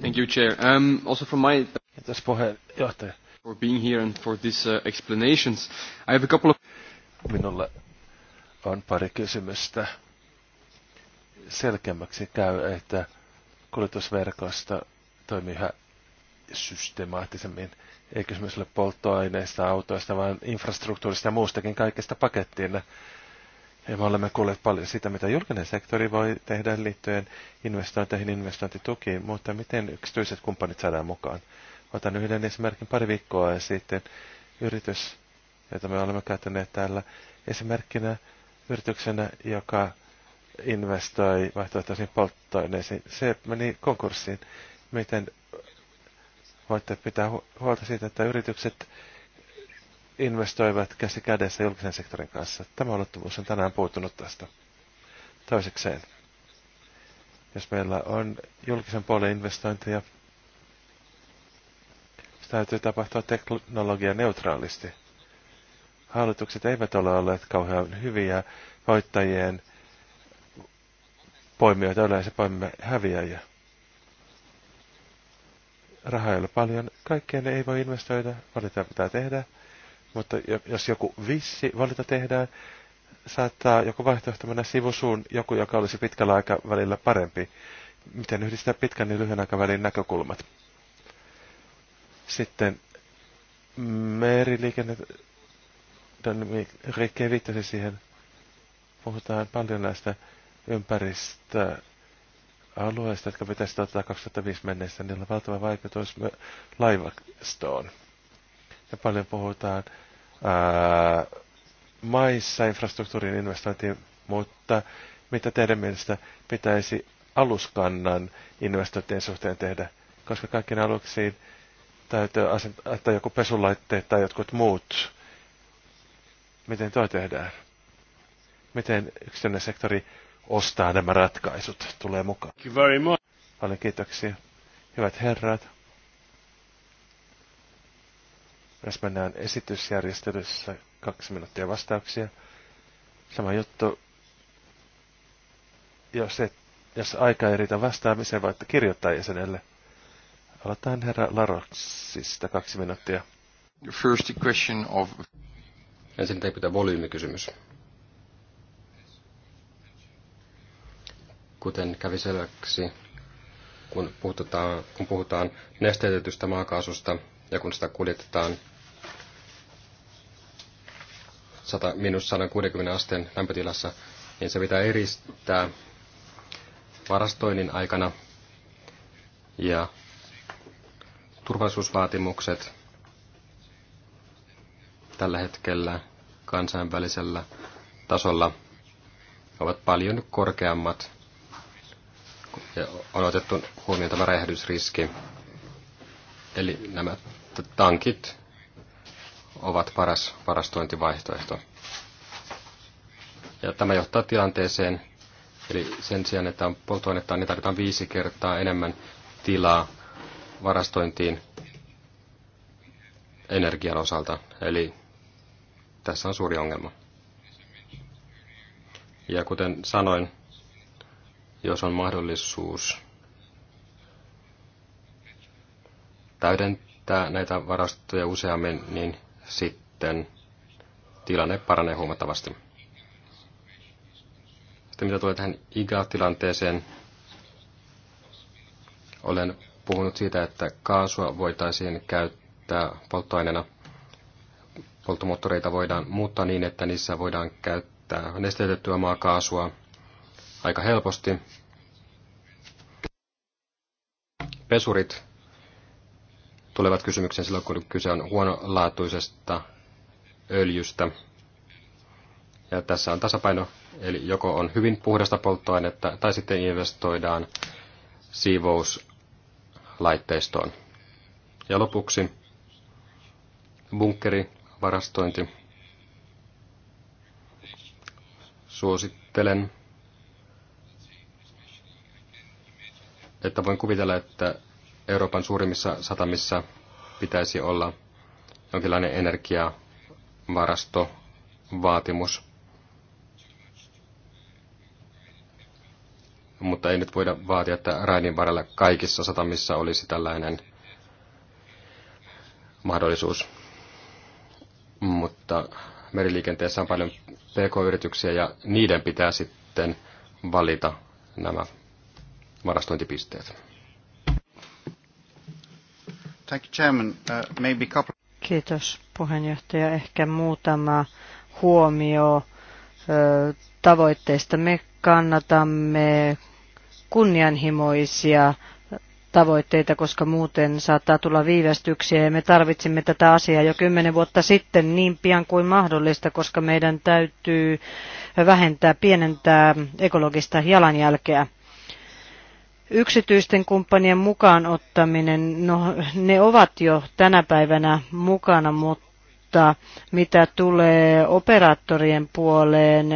Thank you, Chair. Um, also from my... Kiitos puheenjohtaja. For being here and for these uh, explanations. I have a couple of... Minulla on pari kysymystä. Selkeämmäksi käy, että kuljetusverkosta toimii yhä systemaattisemmin. Ei kysymys ole polttoaineista, autoista, vaan infrastruktuurista ja muustakin kaikesta pakettiin. Ja me olemme kuulleet paljon sitä, mitä julkinen sektori voi tehdä liittyen investointeihin, investointitukiin, mutta miten yksityiset kumppanit saadaan mukaan. Otan yhden esimerkin pari viikkoa ja sitten yritys, jota me olemme käyttäneet täällä esimerkkinä, yrityksenä, joka investoi vaihtoehtoisiin polttoaineisiin. Se meni konkurssiin. Miten voitte pitää huolta siitä, että yritykset investoivat käsi kädessä julkisen sektorin kanssa. Tämä ulottuvuus on tänään puuttunut tästä. Toisekseen, jos meillä on julkisen puolen investointeja, se täytyy tapahtua teknologia neutraalisti hallitukset eivät ole olleet kauhean hyviä voittajien poimijoita. Yleensä poimimme häviäjiä. Rahaa ei ole paljon. Kaikkeen ei voi investoida. Valita pitää tehdä. Mutta jos joku vissi valita tehdään, saattaa joku vaihtoehto mennä sivusuun, joku, joka olisi pitkällä aikavälillä parempi. Miten yhdistää pitkän ja lyhyen aikavälin näkökulmat? Sitten meriliikenne Rikke viittasi siihen, puhutaan paljon näistä ympäristöalueista, jotka pitäisi ottaa 2005 mennessä. Niillä on valtava vaikutus laivastoon. Ja paljon puhutaan ää, maissa infrastruktuurin investointiin, mutta mitä teidän mielestä pitäisi aluskannan investointien suhteen tehdä, koska kaikkiin aluksiin täytyy asentaa joku pesulaitteet tai jotkut muut Miten tuo tehdään? Miten yksityinen sektori ostaa nämä ratkaisut? Tulee mukaan. Thank you very much. Paljon kiitoksia. Hyvät herrat. Jos mennään esitysjärjestelyssä kaksi minuuttia vastauksia. Sama juttu. Jos, et, jos aika ei riitä vastaamiseen, voitte kirjoittaa jäsenelle. Aloitetaan herra Laroksista kaksi minuuttia. First question of... Ensinnäkin pitää volyymikysymys. Kuten kävi selväksi, kun puhutaan, kun puhutaan nesteytetystä maakaasusta ja kun sitä kuljetetaan 100, minus 160 asteen lämpötilassa, niin se pitää eristää varastoinnin aikana ja turvallisuusvaatimukset tällä hetkellä kansainvälisellä tasolla ovat paljon korkeammat ja on otettu huomioon tämä räjähdysriski. Eli nämä tankit ovat paras varastointivaihtoehto. Ja tämä johtaa tilanteeseen, eli sen sijaan, että on polttoainetta, niin tarvitaan viisi kertaa enemmän tilaa varastointiin energian osalta. Eli tässä on suuri ongelma. Ja kuten sanoin, jos on mahdollisuus täydentää näitä varastoja useammin, niin sitten tilanne paranee huomattavasti. Sitten mitä tulee tähän IGA-tilanteeseen, olen puhunut siitä, että kaasua voitaisiin käyttää polttoaineena – polttomoottoreita voidaan muuttaa niin, että niissä voidaan käyttää nesteytettyä maakaasua aika helposti. Pesurit tulevat kysymykseen silloin, kun kyse on huonolaatuisesta öljystä. Ja tässä on tasapaino, eli joko on hyvin puhdasta polttoainetta tai sitten investoidaan siivouslaitteistoon. Ja lopuksi bunkeri varastointi. Suosittelen, että voin kuvitella, että Euroopan suurimmissa satamissa pitäisi olla jonkinlainen energiavarastovaatimus, Mutta ei nyt voida vaatia, että Rainin varrella kaikissa satamissa olisi tällainen mahdollisuus mutta meriliikenteessä on paljon pk-yrityksiä ja niiden pitää sitten valita nämä varastointipisteet. Thank you, Chairman. Uh, maybe couple... Kiitos puheenjohtaja. Ehkä muutama huomio uh, tavoitteista. Me kannatamme kunnianhimoisia tavoitteita, koska muuten saattaa tulla viivästyksiä ja me tarvitsimme tätä asiaa jo kymmenen vuotta sitten niin pian kuin mahdollista, koska meidän täytyy vähentää, pienentää ekologista jalanjälkeä. Yksityisten kumppanien mukaan ottaminen, no ne ovat jo tänä päivänä mukana, mutta mutta mitä tulee operaattorien puoleen,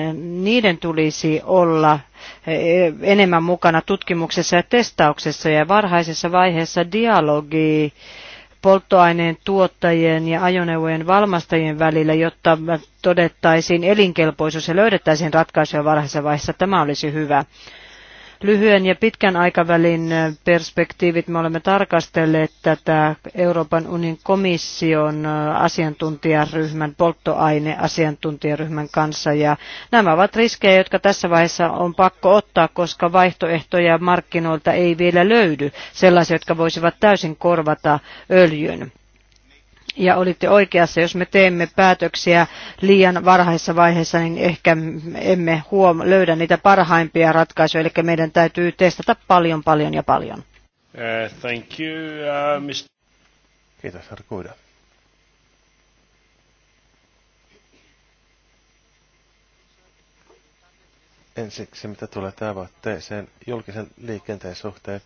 niiden tulisi olla eh, enemmän mukana tutkimuksessa ja testauksessa ja varhaisessa vaiheessa dialogi polttoaineen tuottajien ja ajoneuvojen valmastajien välillä, jotta todettaisiin elinkelpoisuus ja löydettäisiin ratkaisuja varhaisessa vaiheessa. Tämä olisi hyvä lyhyen ja pitkän aikavälin perspektiivit. Me olemme tarkastelleet tätä Euroopan unionin komission asiantuntijaryhmän, polttoaineasiantuntijaryhmän kanssa. Ja nämä ovat riskejä, jotka tässä vaiheessa on pakko ottaa, koska vaihtoehtoja markkinoilta ei vielä löydy, sellaisia, jotka voisivat täysin korvata öljyn ja olitte oikeassa, jos me teemme päätöksiä liian varhaisessa vaiheessa, niin ehkä emme huom- löydä niitä parhaimpia ratkaisuja, eli meidän täytyy testata paljon, paljon ja paljon. Uh, thank you, uh, eh, Mr. Kiitos, Arkuida. Ensiksi, mitä tulee tavoitteeseen julkisen liikenteen suhteen,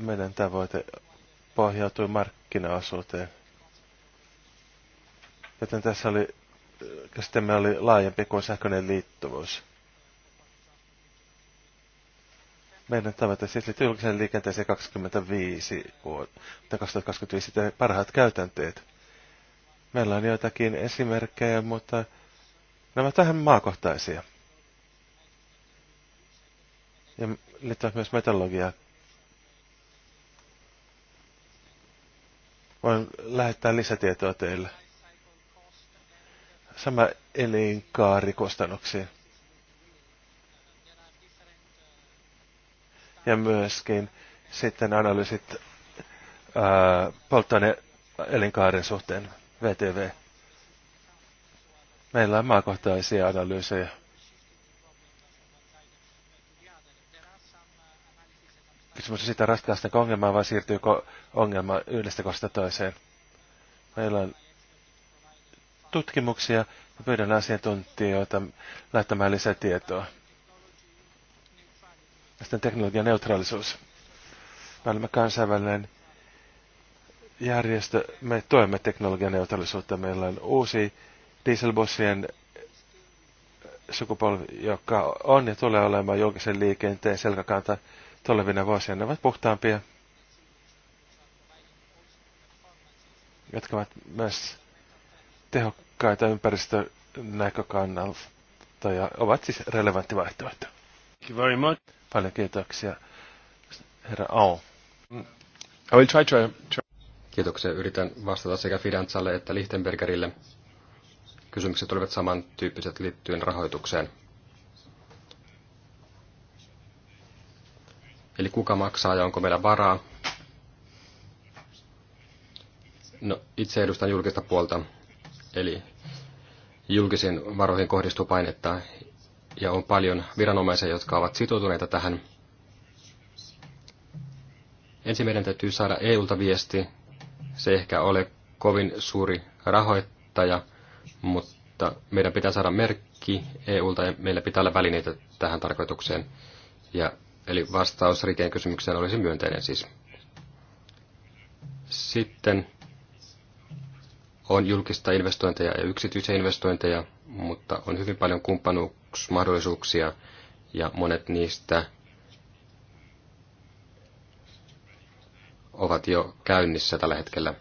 meidän tavoite pohjautui markkinaosuuteen Joten tässä oli, käsitemme oli laajempi kuin sähköinen liittuvuus. Meidän tavoite siis liittyy julkisen liikenteeseen 25 vuotta 2025 parhaat käytänteet. Meillä on joitakin esimerkkejä, mutta nämä tähän maakohtaisia. Ja liittyvät myös metallogiaa. Voin lähettää lisätietoa teille sama elinkaarikostannuksiin. Ja myöskin sitten analyysit ää, elinkaaren suhteen, VTV. Meillä on maakohtaisia analyysejä. Kysymys on siitä, ratkaistaanko ongelmaa vai siirtyykö ongelma yhdestä kohdasta toiseen. Meillä on tutkimuksia ja pyydän asiantuntijoita lähettämään lisätietoa. Ja sitten teknologian neutraalisuus. Me olemme kansainvälinen järjestö. Me tuemme teknologian neutraalisuutta. Meillä on uusi dieselbussien sukupolvi, joka on ja tulee olemaan julkisen liikenteen selkäkanta tulevina vuosina. Ne ovat puhtaampia, jotka ovat myös tehokkaita ympäristönäkökannalta ja ovat siis relevantti vaihtoehto. Thank you very much. Paljon kiitoksia, herra Ao. I will try to, try. Kiitoksia. Yritän vastata sekä Fidanzalle että Lichtenbergerille. Kysymykset olivat samantyyppiset liittyen rahoitukseen. Eli kuka maksaa ja onko meillä varaa? No, itse edustan julkista puolta Eli julkisiin varoihin kohdistuu painetta ja on paljon viranomaisia, jotka ovat sitoutuneita tähän. Ensin meidän täytyy saada EUlta viesti. Se ei ehkä ole kovin suuri rahoittaja, mutta meidän pitää saada merkki EUlta ja meillä pitää olla välineitä tähän tarkoitukseen. Ja, eli vastaus Rikeen kysymykseen olisi myönteinen siis. Sitten on julkista investointeja ja yksityisiä investointeja, mutta on hyvin paljon kumppanuusmahdollisuuksia ja monet niistä ovat jo käynnissä tällä hetkellä.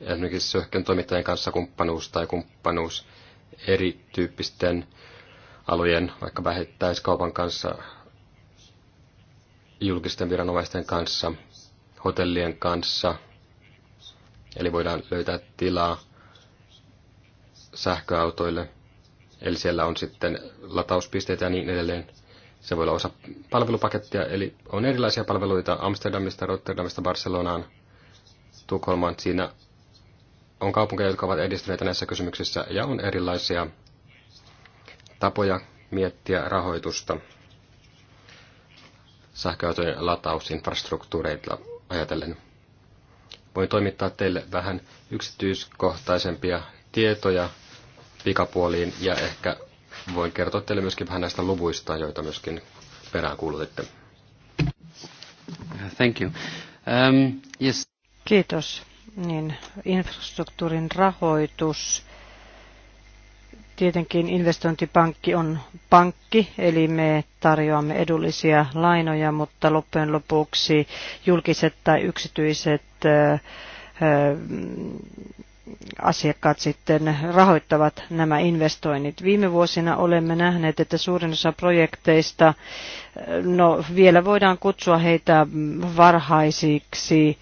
Esimerkiksi sähkön toimittajien kanssa kumppanuus tai kumppanuus erityyppisten alojen, vaikka vähittäiskaupan kanssa, julkisten viranomaisten kanssa, hotellien kanssa, Eli voidaan löytää tilaa sähköautoille. Eli siellä on sitten latauspisteitä ja niin edelleen. Se voi olla osa palvelupakettia, eli on erilaisia palveluita Amsterdamista, Rotterdamista, Barcelonaan, Tukholmaan. Siinä on kaupunkeja, jotka ovat edistyneitä näissä kysymyksissä ja on erilaisia tapoja miettiä rahoitusta sähköautojen latausinfrastruktuureilla ajatellen. Voin toimittaa teille vähän yksityiskohtaisempia tietoja pikapuoliin ja ehkä voin kertoa teille myöskin vähän näistä luvuista, joita myöskin kuulutitte. Thank you. Um, yes. Kiitos. Niin, infrastruktuurin rahoitus tietenkin investointipankki on pankki, eli me tarjoamme edullisia lainoja, mutta loppujen lopuksi julkiset tai yksityiset asiakkaat sitten rahoittavat nämä investoinnit. Viime vuosina olemme nähneet, että suurin osa projekteista, no vielä voidaan kutsua heitä varhaisiksi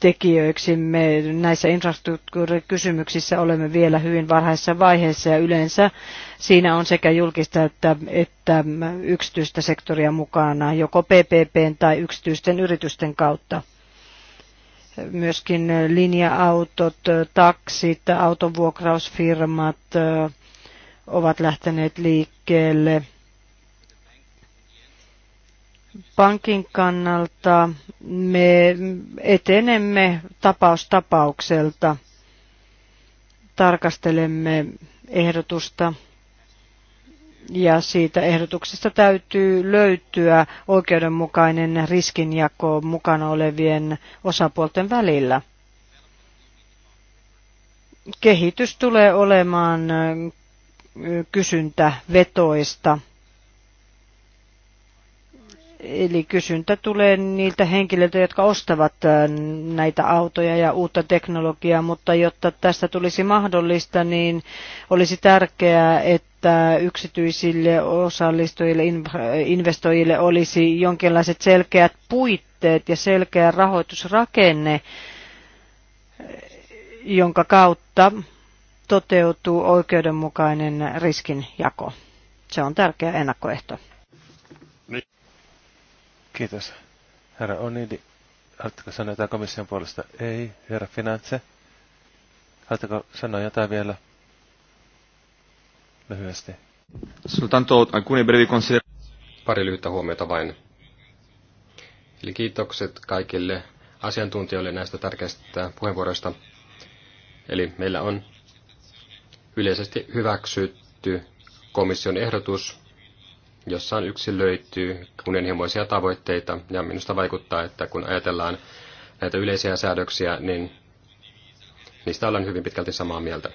tekijöiksimme. Näissä infrastruktuurikysymyksissä olemme vielä hyvin varhaisessa vaiheessa ja yleensä siinä on sekä julkista että, että yksityistä sektoria mukana, joko PPPn tai yksityisten yritysten kautta. Myöskin linja-autot, taksit, autovuokrausfirmat ovat lähteneet liikkeelle – pankin kannalta me etenemme tapaustapaukselta. Tarkastelemme ehdotusta ja siitä ehdotuksesta täytyy löytyä oikeudenmukainen riskinjako mukana olevien osapuolten välillä. Kehitys tulee olemaan kysyntävetoista. vetoista Eli kysyntä tulee niiltä henkilöiltä, jotka ostavat näitä autoja ja uutta teknologiaa, mutta jotta tästä tulisi mahdollista, niin olisi tärkeää, että yksityisille osallistujille, investoijille olisi jonkinlaiset selkeät puitteet ja selkeä rahoitusrakenne, jonka kautta toteutuu oikeudenmukainen riskinjako. Se on tärkeä ennakkoehto. Niin. Kiitos. Herra Onidi, haluatteko sanoa jotain komission puolesta? Ei. Herra Finance, haluatteko sanoa jotain vielä? Lyhyesti. Pari lyhyttä huomiota vain. Eli kiitokset kaikille asiantuntijoille näistä tärkeistä puheenvuoroista. Eli meillä on yleisesti hyväksytty komission ehdotus jossain yksi löytyy kunnianhimoisia tavoitteita, ja minusta vaikuttaa, että kun ajatellaan näitä yleisiä säädöksiä, niin niistä ollaan hyvin pitkälti samaa mieltä.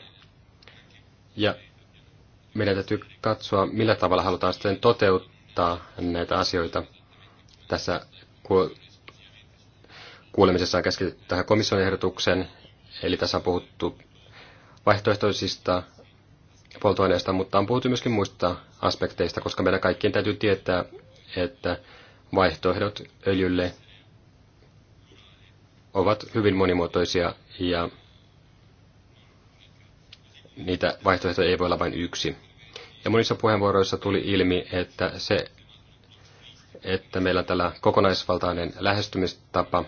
Ja meidän täytyy katsoa, millä tavalla halutaan sitten toteuttaa näitä asioita. Tässä kuulemisessa on keskitytty tähän komission ehdotuksen, eli tässä on puhuttu vaihtoehtoisista polttoaineesta, mutta on puhuttu myöskin muista aspekteista, koska meidän kaikkien täytyy tietää, että vaihtoehdot öljylle ovat hyvin monimuotoisia ja niitä vaihtoehtoja ei voi olla vain yksi. Ja monissa puheenvuoroissa tuli ilmi, että se, että meillä on tällä kokonaisvaltainen lähestymistapa,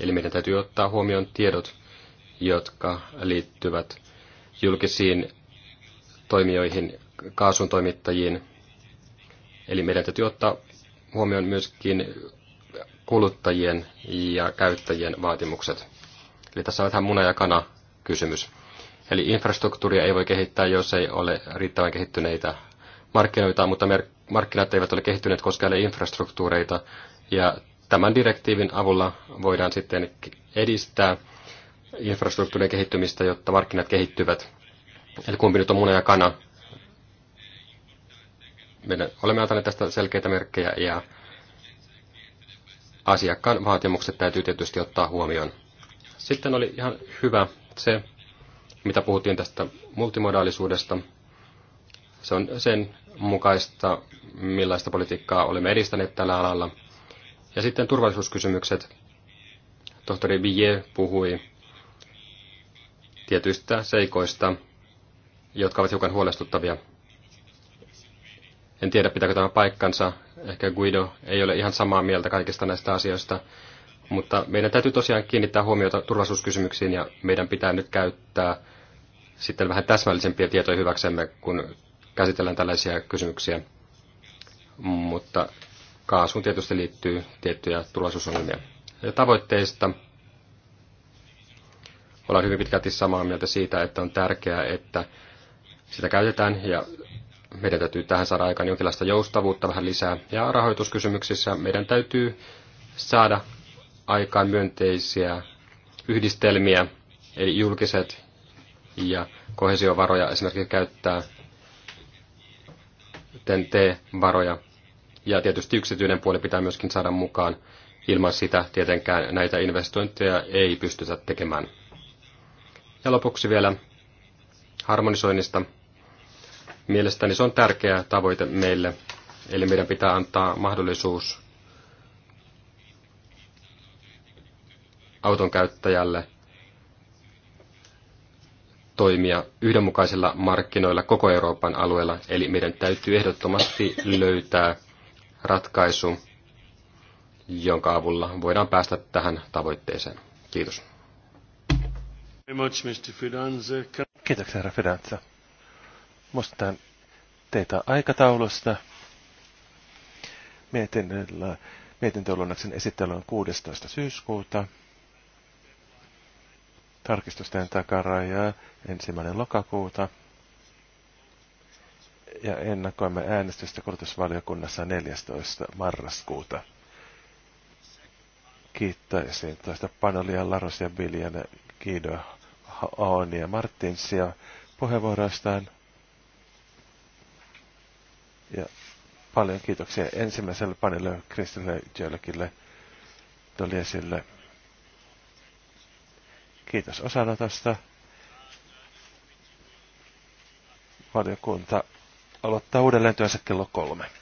eli meidän täytyy ottaa huomioon tiedot, jotka liittyvät julkisiin toimijoihin, kaasun toimittajiin. Eli meidän täytyy ottaa huomioon myöskin kuluttajien ja käyttäjien vaatimukset. Eli tässä on vähän muna ja kana kysymys. Eli infrastruktuuria ei voi kehittää, jos ei ole riittävän kehittyneitä markkinoita, mutta markkinat eivät ole kehittyneet koskaan infrastruktuureita. Ja tämän direktiivin avulla voidaan sitten edistää infrastruktuurin kehittymistä, jotta markkinat kehittyvät. Eli kumpi nyt on muna ja kana? Meidän olemme antaneet tästä selkeitä merkkejä ja asiakkaan vaatimukset täytyy tietysti ottaa huomioon. Sitten oli ihan hyvä se, mitä puhuttiin tästä multimodaalisuudesta. Se on sen mukaista, millaista politiikkaa olemme edistäneet tällä alalla. Ja sitten turvallisuuskysymykset. Tohtori Villiers puhui tietyistä seikoista, jotka ovat hiukan huolestuttavia. En tiedä, pitääkö tämä paikkansa. Ehkä Guido ei ole ihan samaa mieltä kaikista näistä asioista. Mutta meidän täytyy tosiaan kiinnittää huomiota turvallisuuskysymyksiin ja meidän pitää nyt käyttää sitten vähän täsmällisempiä tietoja hyväksemme, kun käsitellään tällaisia kysymyksiä. Mutta kaasuun tietysti liittyy tiettyjä turvallisuusongelmia. Ja tavoitteista ollaan hyvin pitkälti samaa mieltä siitä, että on tärkeää, että sitä käytetään ja meidän täytyy tähän saada aikaan jonkinlaista joustavuutta vähän lisää. Ja rahoituskysymyksissä meidän täytyy saada aikaan myönteisiä yhdistelmiä, eli julkiset ja kohesiovaroja esimerkiksi käyttää tnt varoja Ja tietysti yksityinen puoli pitää myöskin saada mukaan. Ilman sitä tietenkään näitä investointeja ei pystytä tekemään. Ja lopuksi vielä harmonisoinnista. Mielestäni se on tärkeä tavoite meille, eli meidän pitää antaa mahdollisuus auton käyttäjälle toimia yhdenmukaisilla markkinoilla koko Euroopan alueella, eli meidän täytyy ehdottomasti löytää ratkaisu, jonka avulla voidaan päästä tähän tavoitteeseen. Kiitos. Kiitoksia, herra Fidanza. Muistetaan teitä aikataulusta. mietintöluonnoksen esittely on 16. syyskuuta. Tarkistusten takaraja ensimmäinen lokakuuta. Ja ennakoimme äänestystä kulutusvaliokunnassa 14. marraskuuta. Kiittäisin tästä Panolia, Larosia, Biljana, Aoni ja Martinsia puheenvuoroistaan. Ja paljon kiitoksia ensimmäiselle panille Kristille Jölkille Toliesille. Kiitos osanotosta. Valiokunta aloittaa uudelleen työnsä kello kolme.